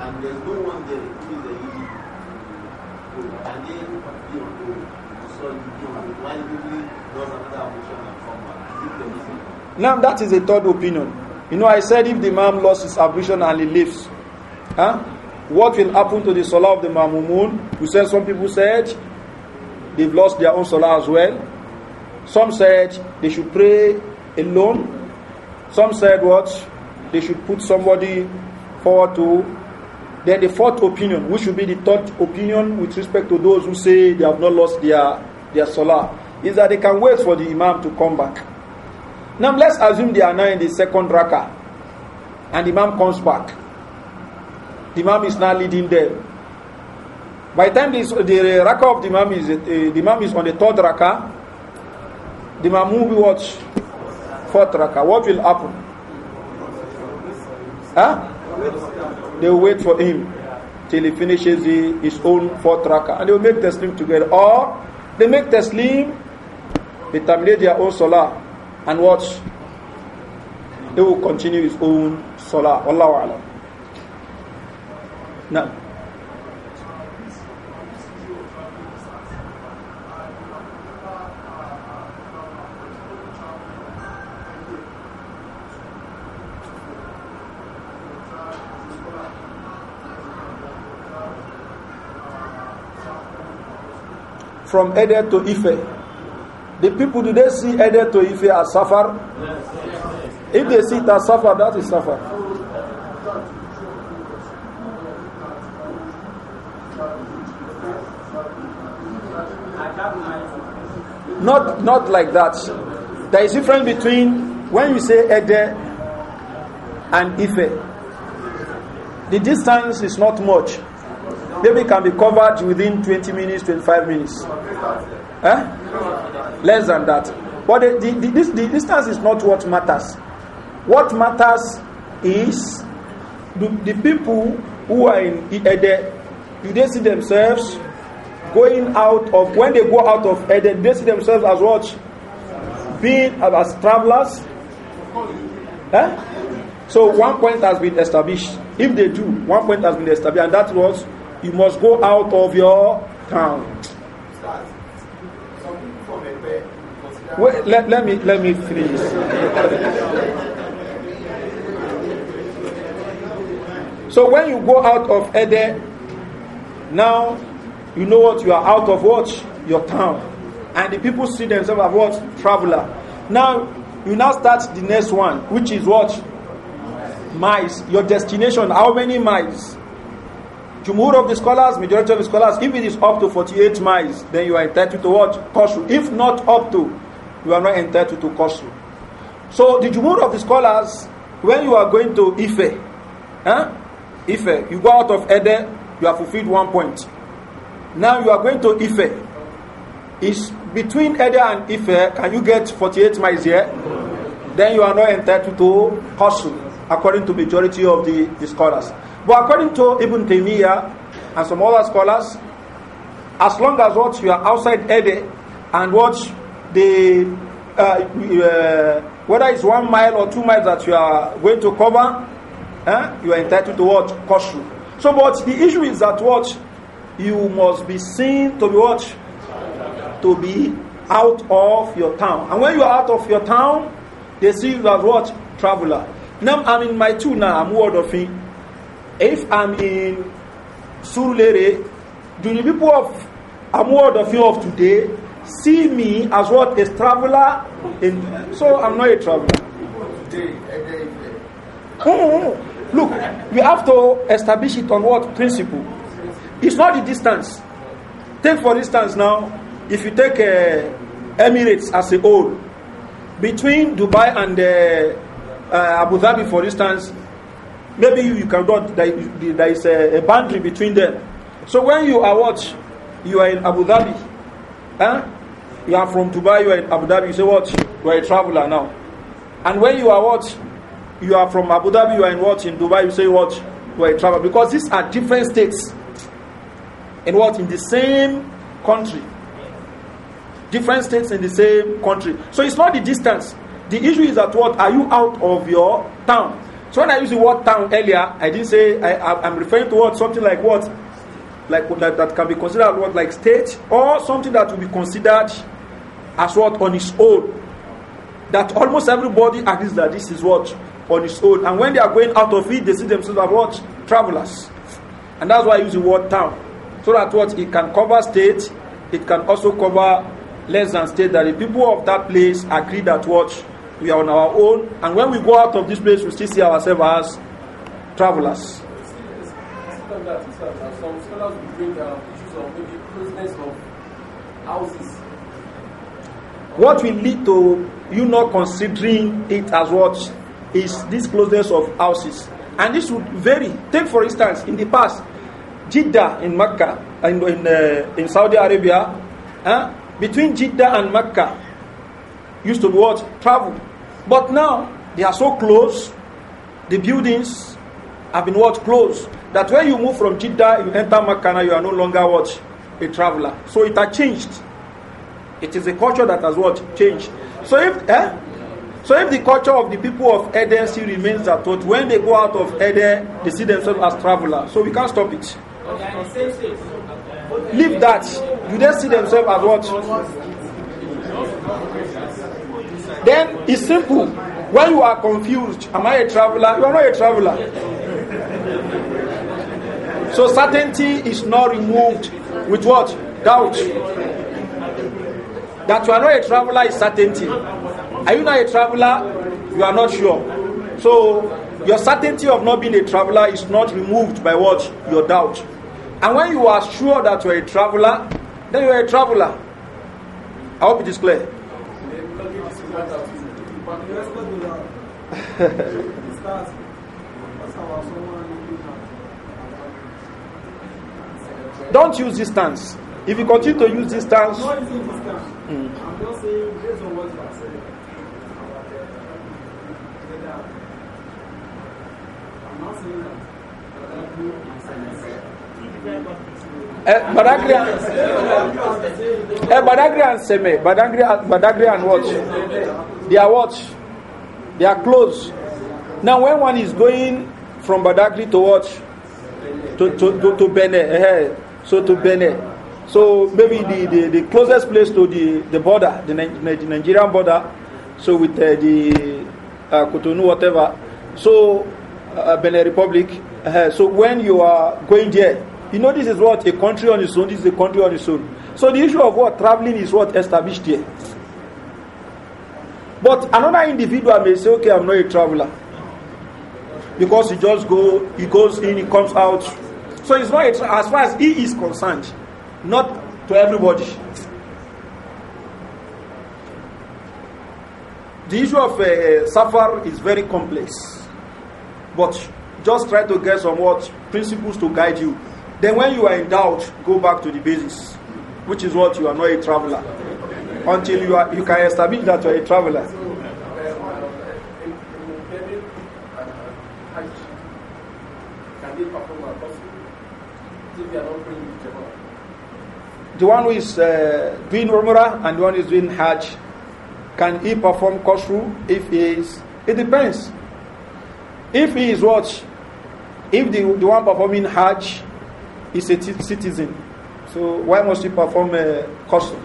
and there's no one there Now that is a third opinion. You know, I said if the man lost his ambition and he leaves, huh? what will happen to the solar of the Mamumun? We said some people said they've lost their own solar as well. Some said they should pray alone. Some said what? They should put somebody forward to Then the fourth opinion, which should be the third opinion with respect to those who say they have not lost their, their salah, is that they can wait for the imam to come back. Now let's assume they are now in the second raka, and the imam comes back. The imam is now leading them. By the time the the raka of the imam is, uh, the imam is on the third raka, the imam will be watch Fourth raka. What will happen? Huh? They will wait for him till he finishes the, his own four rakah. And they will make taslim together. Or they make taslim, they terminate their own salah. And watch. They will continue his own salah. Allahu alam. Now. from Ede to Ife. The people, do they see Ede to Ife as suffer. If they see that suffer, that is suffer. Not, not like that. There is difference between when you say Ede and Ife. The distance is not much. Maybe can be covered within 20 minutes, 25 minutes. Eh? Less than that. But the, the, the, this, the distance is not what matters. What matters is the, the people who are in Ede, do they see themselves going out of, when they go out of Ede, do they see themselves as what? Being as travelers? Eh? So one point has been established. If they do, one point has been established, and that was you must go out of your town. Wait, let, let me let me finish. so when you go out of Ede, now you know what you are out of what your town, and the people see themselves as what traveler. Now you now start the next one, which is what miles. Your destination, how many miles? Jumhur of the scholars, majority of the scholars, if it is up to 48 miles, then you are entitled to what? Kosru. If not up to, you are not entitled to Kosru. So the Jumhur of the scholars, when you are going to Ife, huh? Ife, you go out of Eden, you have fulfilled one point. Now you are going to Ife. Is between Eden and Ife, can you get 48 miles here? Then you are not entitled to Kosru, according to majority of the, the scholars. But according to Ibn Taymiyyah and some other scholars, as long as what you are outside Ede and what the uh, uh, whether it's one mile or two miles that you are going to cover, eh, you are entitled to what caution. So, but the issue is that what you must be seen to be what to be out of your town. And when you are out of your town, they see you as what traveler. Now I'm in my two now. I'm word of him. If I'm in Surulere, do the people of Amuod of you of today see me as what a traveler? In, so I'm not a traveler. Mm-hmm. Look, we have to establish it on what principle? It's not the distance. Take for instance now, if you take uh, Emirates as a whole, between Dubai and uh, uh, Abu Dhabi, for instance, maybe you, can cannot, there is a, a, boundary between them. So when you are what? You are in Abu Dhabi. Huh? You are from Dubai, you are in Abu Dhabi. You say what? You are a traveler now. And when you are what? You are from Abu Dhabi, you are in what? In Dubai, you say what? You are a traveler. Because these are different states. In what? In the same country. Different states in the same country. So it's not the distance. The issue is that what? Are you out of your town? So when I use the word town earlier, I didn't say I, am referring to what something like what, like that, that can be considered what like state or something that will be considered as what on its own. That almost everybody agrees that this is what on its own, and when they are going out of it, they see themselves as what travelers, and that's why I use the word town, so that what it can cover state, it can also cover less than state. That the people of that place agree that what we are on our own, and when we go out of this place, we still see ourselves as travelers. What will lead to you not considering it as what is this closeness of houses? And this would vary. Take, for instance, in the past, Jeddah in Mecca, in, in, uh, in Saudi Arabia, eh, between Jeddah and Mecca, used to what? Travel. But now they are so close, the buildings have been what? Closed. That when you move from Jeddah, you enter Makana. you are no longer what? A traveler. So it has changed. It is a culture that has what? Changed. So if eh? So if the culture of the people of Eden still remains that what when they go out of Eden, they see themselves as travelers. So we can't stop it. Leave that. Do they see themselves as what? Then it's simple. When you are confused, am I a traveler? You are not a traveler. So certainty is not removed with what? Doubt. That you are not a traveler is certainty. Are you not a traveler? You are not sure. So your certainty of not being a traveler is not removed by what? Your doubt. And when you are sure that you are a traveler, then you are a traveler. I hope it is clear. Don't use distance. If you continue to use distance, no, distance. Mm. I'm just saying based on what you are saying I'm not saying that that Uh, eh, Badagrian. Uh, eh, Badagrian Seme. Badagrian, Badagrian watch. They are watch. They are close. Now, when one is going from Badagri to watch, to, to, to, to Bene, eh, so to Bene. So maybe the, the, the, closest place to the, the border, the, Nigerian border, so with uh, the uh, whatever. So, uh, Benin Republic. Uh, so when you are going there, you know, this is what a country on its own, this is a country on its own. So the issue of what traveling is what established here. But another individual may say, okay, I'm not a traveler. Because he just go, he goes in, he comes out. So it's not as far as he is concerned, not to everybody. The issue of uh, safar is very complex, but just try to get some what principles to guide you. Then when you are in doubt, go back to the basis, which is what you are not a traveler. Until you are you can establish that you are a traveler. The one who is uh, doing Umrah and the one who is doing Hajj, can he perform Kosru if he is? It depends. If he is what? If the, the one performing Hajj is a citizen. So why must he perform a custom?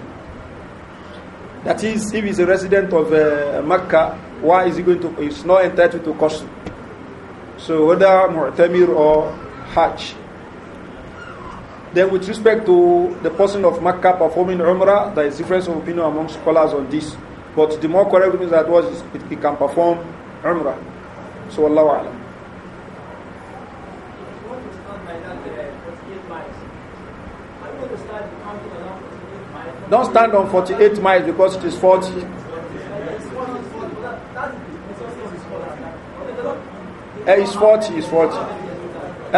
That is, if he's a resident of uh, Mecca, why is he going to? He's not entitled to custom. So whether Mu'tamir or Hajj. Then with respect to the person of Makkah performing Umrah, there is difference of opinion among scholars on this. But the more correct is that was he can perform Umrah. So Allah Alam. Don't stand on 48 miles because it is 40. Eh, it's 40, it's 40. Eh?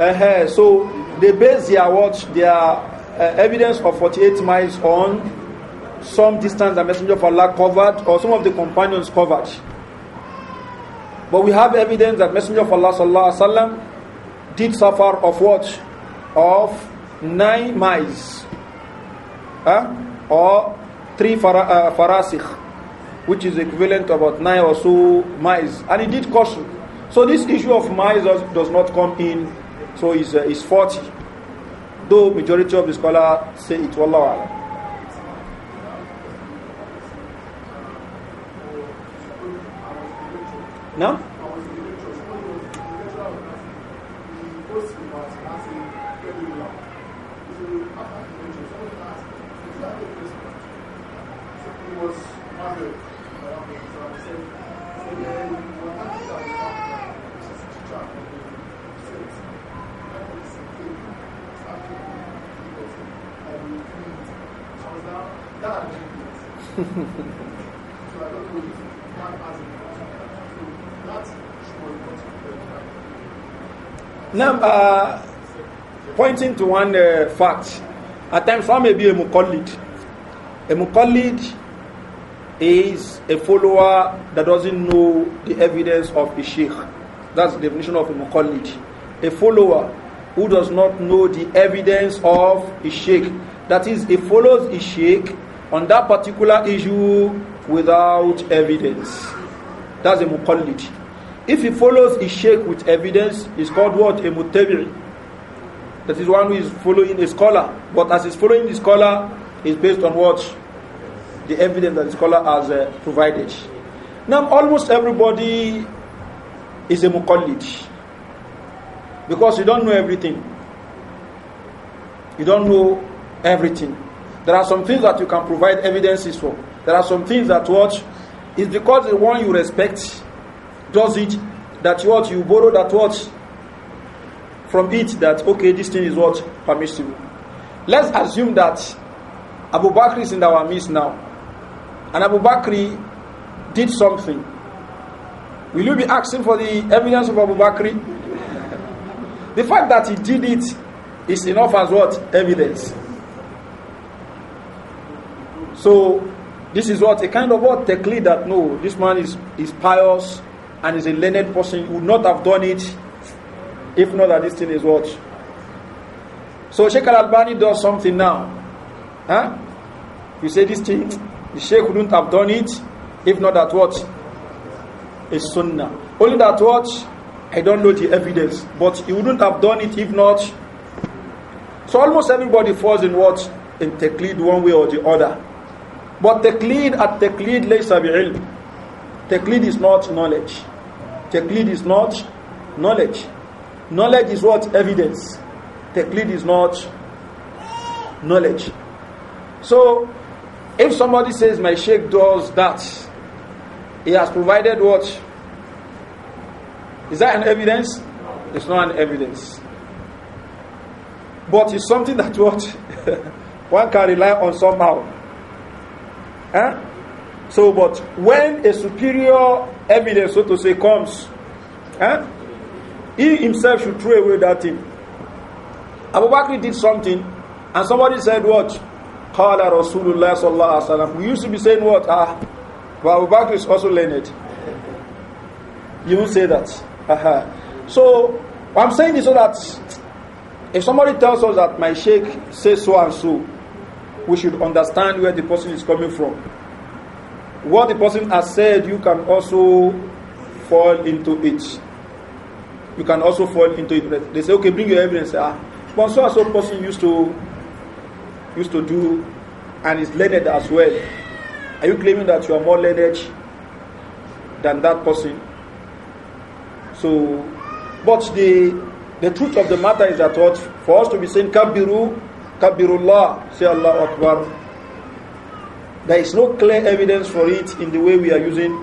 Uh-huh. So they base their watch, their uh, evidence of 48 miles on some distance the Messenger of Allah covered or some of the companions covered. But we have evidence that Messenger of Allah sallallahu alaihi wasallam did suffer of what? Of nine miles. huh? or three fara, uh, farasikh, which is equivalent to about nine or so miles. And it did cost. So this issue of miles does not come in, so it's, uh, it's 40. Though majority of the scholars say it, Wallahu Alam. Now. Now, uh, pointing to one uh, fact, at times one may be a muqallid. A muqallid is a follower that doesn't know the evidence of the sheikh. That's the definition of a muqallid. A follower who does not know the evidence of a sheikh. That is, he follows a sheikh on that particular issue without evidence. That's a muqallid. If he follows his sheikh with evidence, he's called what? A mutabi. That is one who is following a scholar. But as he's following the scholar, is based on what? The evidence that the scholar has uh, provided. Now, almost everybody is a muqallid. Because you don't know everything. You don't know everything. There are some things that you can provide evidences for. There are some things that what is because the one you respect does it that what you borrow that what from it that okay this thing is what permissible let's assume that abu bakr is in our midst now and abu bakr did something will you be asking for the evidence of abu bakr the fact that he did it is enough as what evidence so this is what a kind of what tecli that no this man is is pious and is a learned person, would not have done it if not that this thing is what. So Sheikh Al Albani does something now. Huh? You say this thing, the Sheikh wouldn't have done it if not that what? A sunnah. Only that what? I don't know the evidence, but he wouldn't have done it if not. So almost everybody falls in what? In taklid one way or the other. But taklid at taklid lay sabiil. Taklid is not knowledge. Taqlid is not knowledge. Knowledge is what? Evidence. Taqlid is not knowledge. So, if somebody says, My sheikh does that, he has provided what? Is that an evidence? It's not an evidence. But it's something that what? one can rely on somehow. Huh? Eh? So, but when a superior evidence, so to say, comes, eh? he himself should throw away that thing. Abu Bakr did something, and somebody said, What? Qala Rasulullah sallallahu alaihi wasallam. We used to be saying, What? Ah, but Abu Bakr is also learned. You will say that. Aha. So, I'm saying this so that if somebody tells us that my sheikh says so and so, we should understand where the person is coming from what the person has said, you can also fall into it. You can also fall into it. They say, okay, bring your evidence. Ah, but so as so person used to used to do and is learned as well. Are you claiming that you are more learned than that person? So, but the the truth of the matter is that what for us to be saying kabiru kabirullah say Allah Akbar There is no clear evidence for it in the way we are using,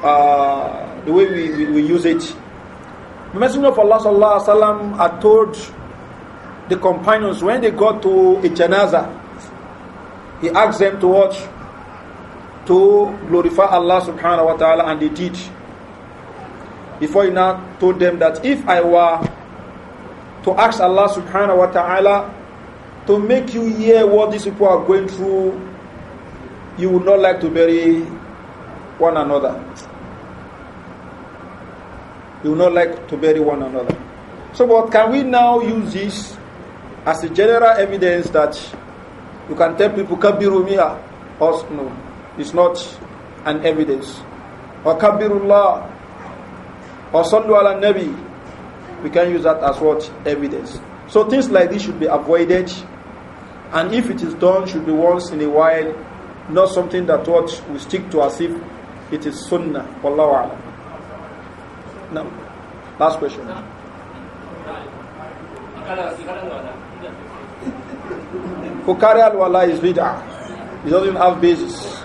uh, the way we, we, we use it. The Messenger of Allah sallallahu alaihi wasallam had told the companions when they got to a janaza, he asked them to watch, to glorify Allah subhanahu wa taala, and they did. Before he now told them that if I were to ask Allah subhanahu wa taala to make you hear what these people are going through you would not like to bury one another. You would not like to bury one another. So, but can we now use this as a general evidence that you can tell people Kabirumia? Us no, it's not an evidence. Or Kabirullah or Sallu ala Nabi. We can use that as what? Evidence. So things like this should be avoided. And if it is done, should be once in a while not something that what we stick to as if it is sunnah. Wallahu alam. Now, Last question. Fukari al-wala is bid'ah. It doesn't have basis.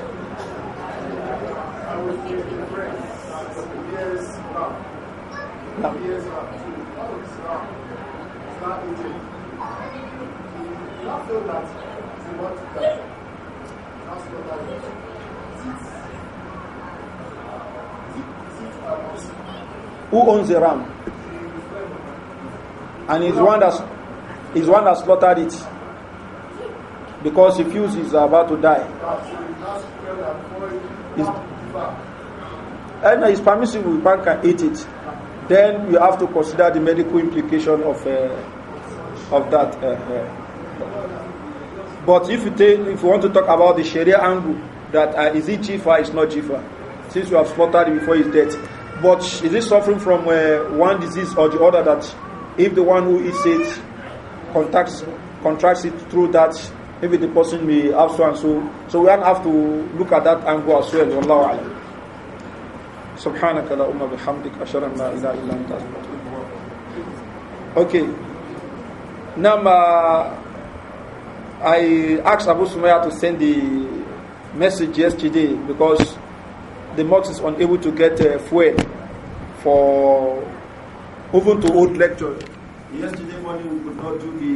Who owns the ram? And he's one that is one that slaughtered it because he feels he's about to die. It's, and it's permissible one can eat it. Then you have to consider the medical implication of uh, of that. Uh, uh. But if you take, if you want to talk about the Sharia angle, that uh, is it jifa, it's not jifa, since you have slaughtered before his death But is he suffering from uh, one disease or the other that if the one who eats it contacts, contracts it through that, maybe the person may have so and so. So we have to look at that angle as well. Wallahu alam. سبحانك اللهم بحمدك أشهد أن لا إله Okay. Now uh, I asked Abu Sumaya to send the message yesterday because the mosque is unable to get uh, fuel for even to hold lecture. Yesterday morning we could not do the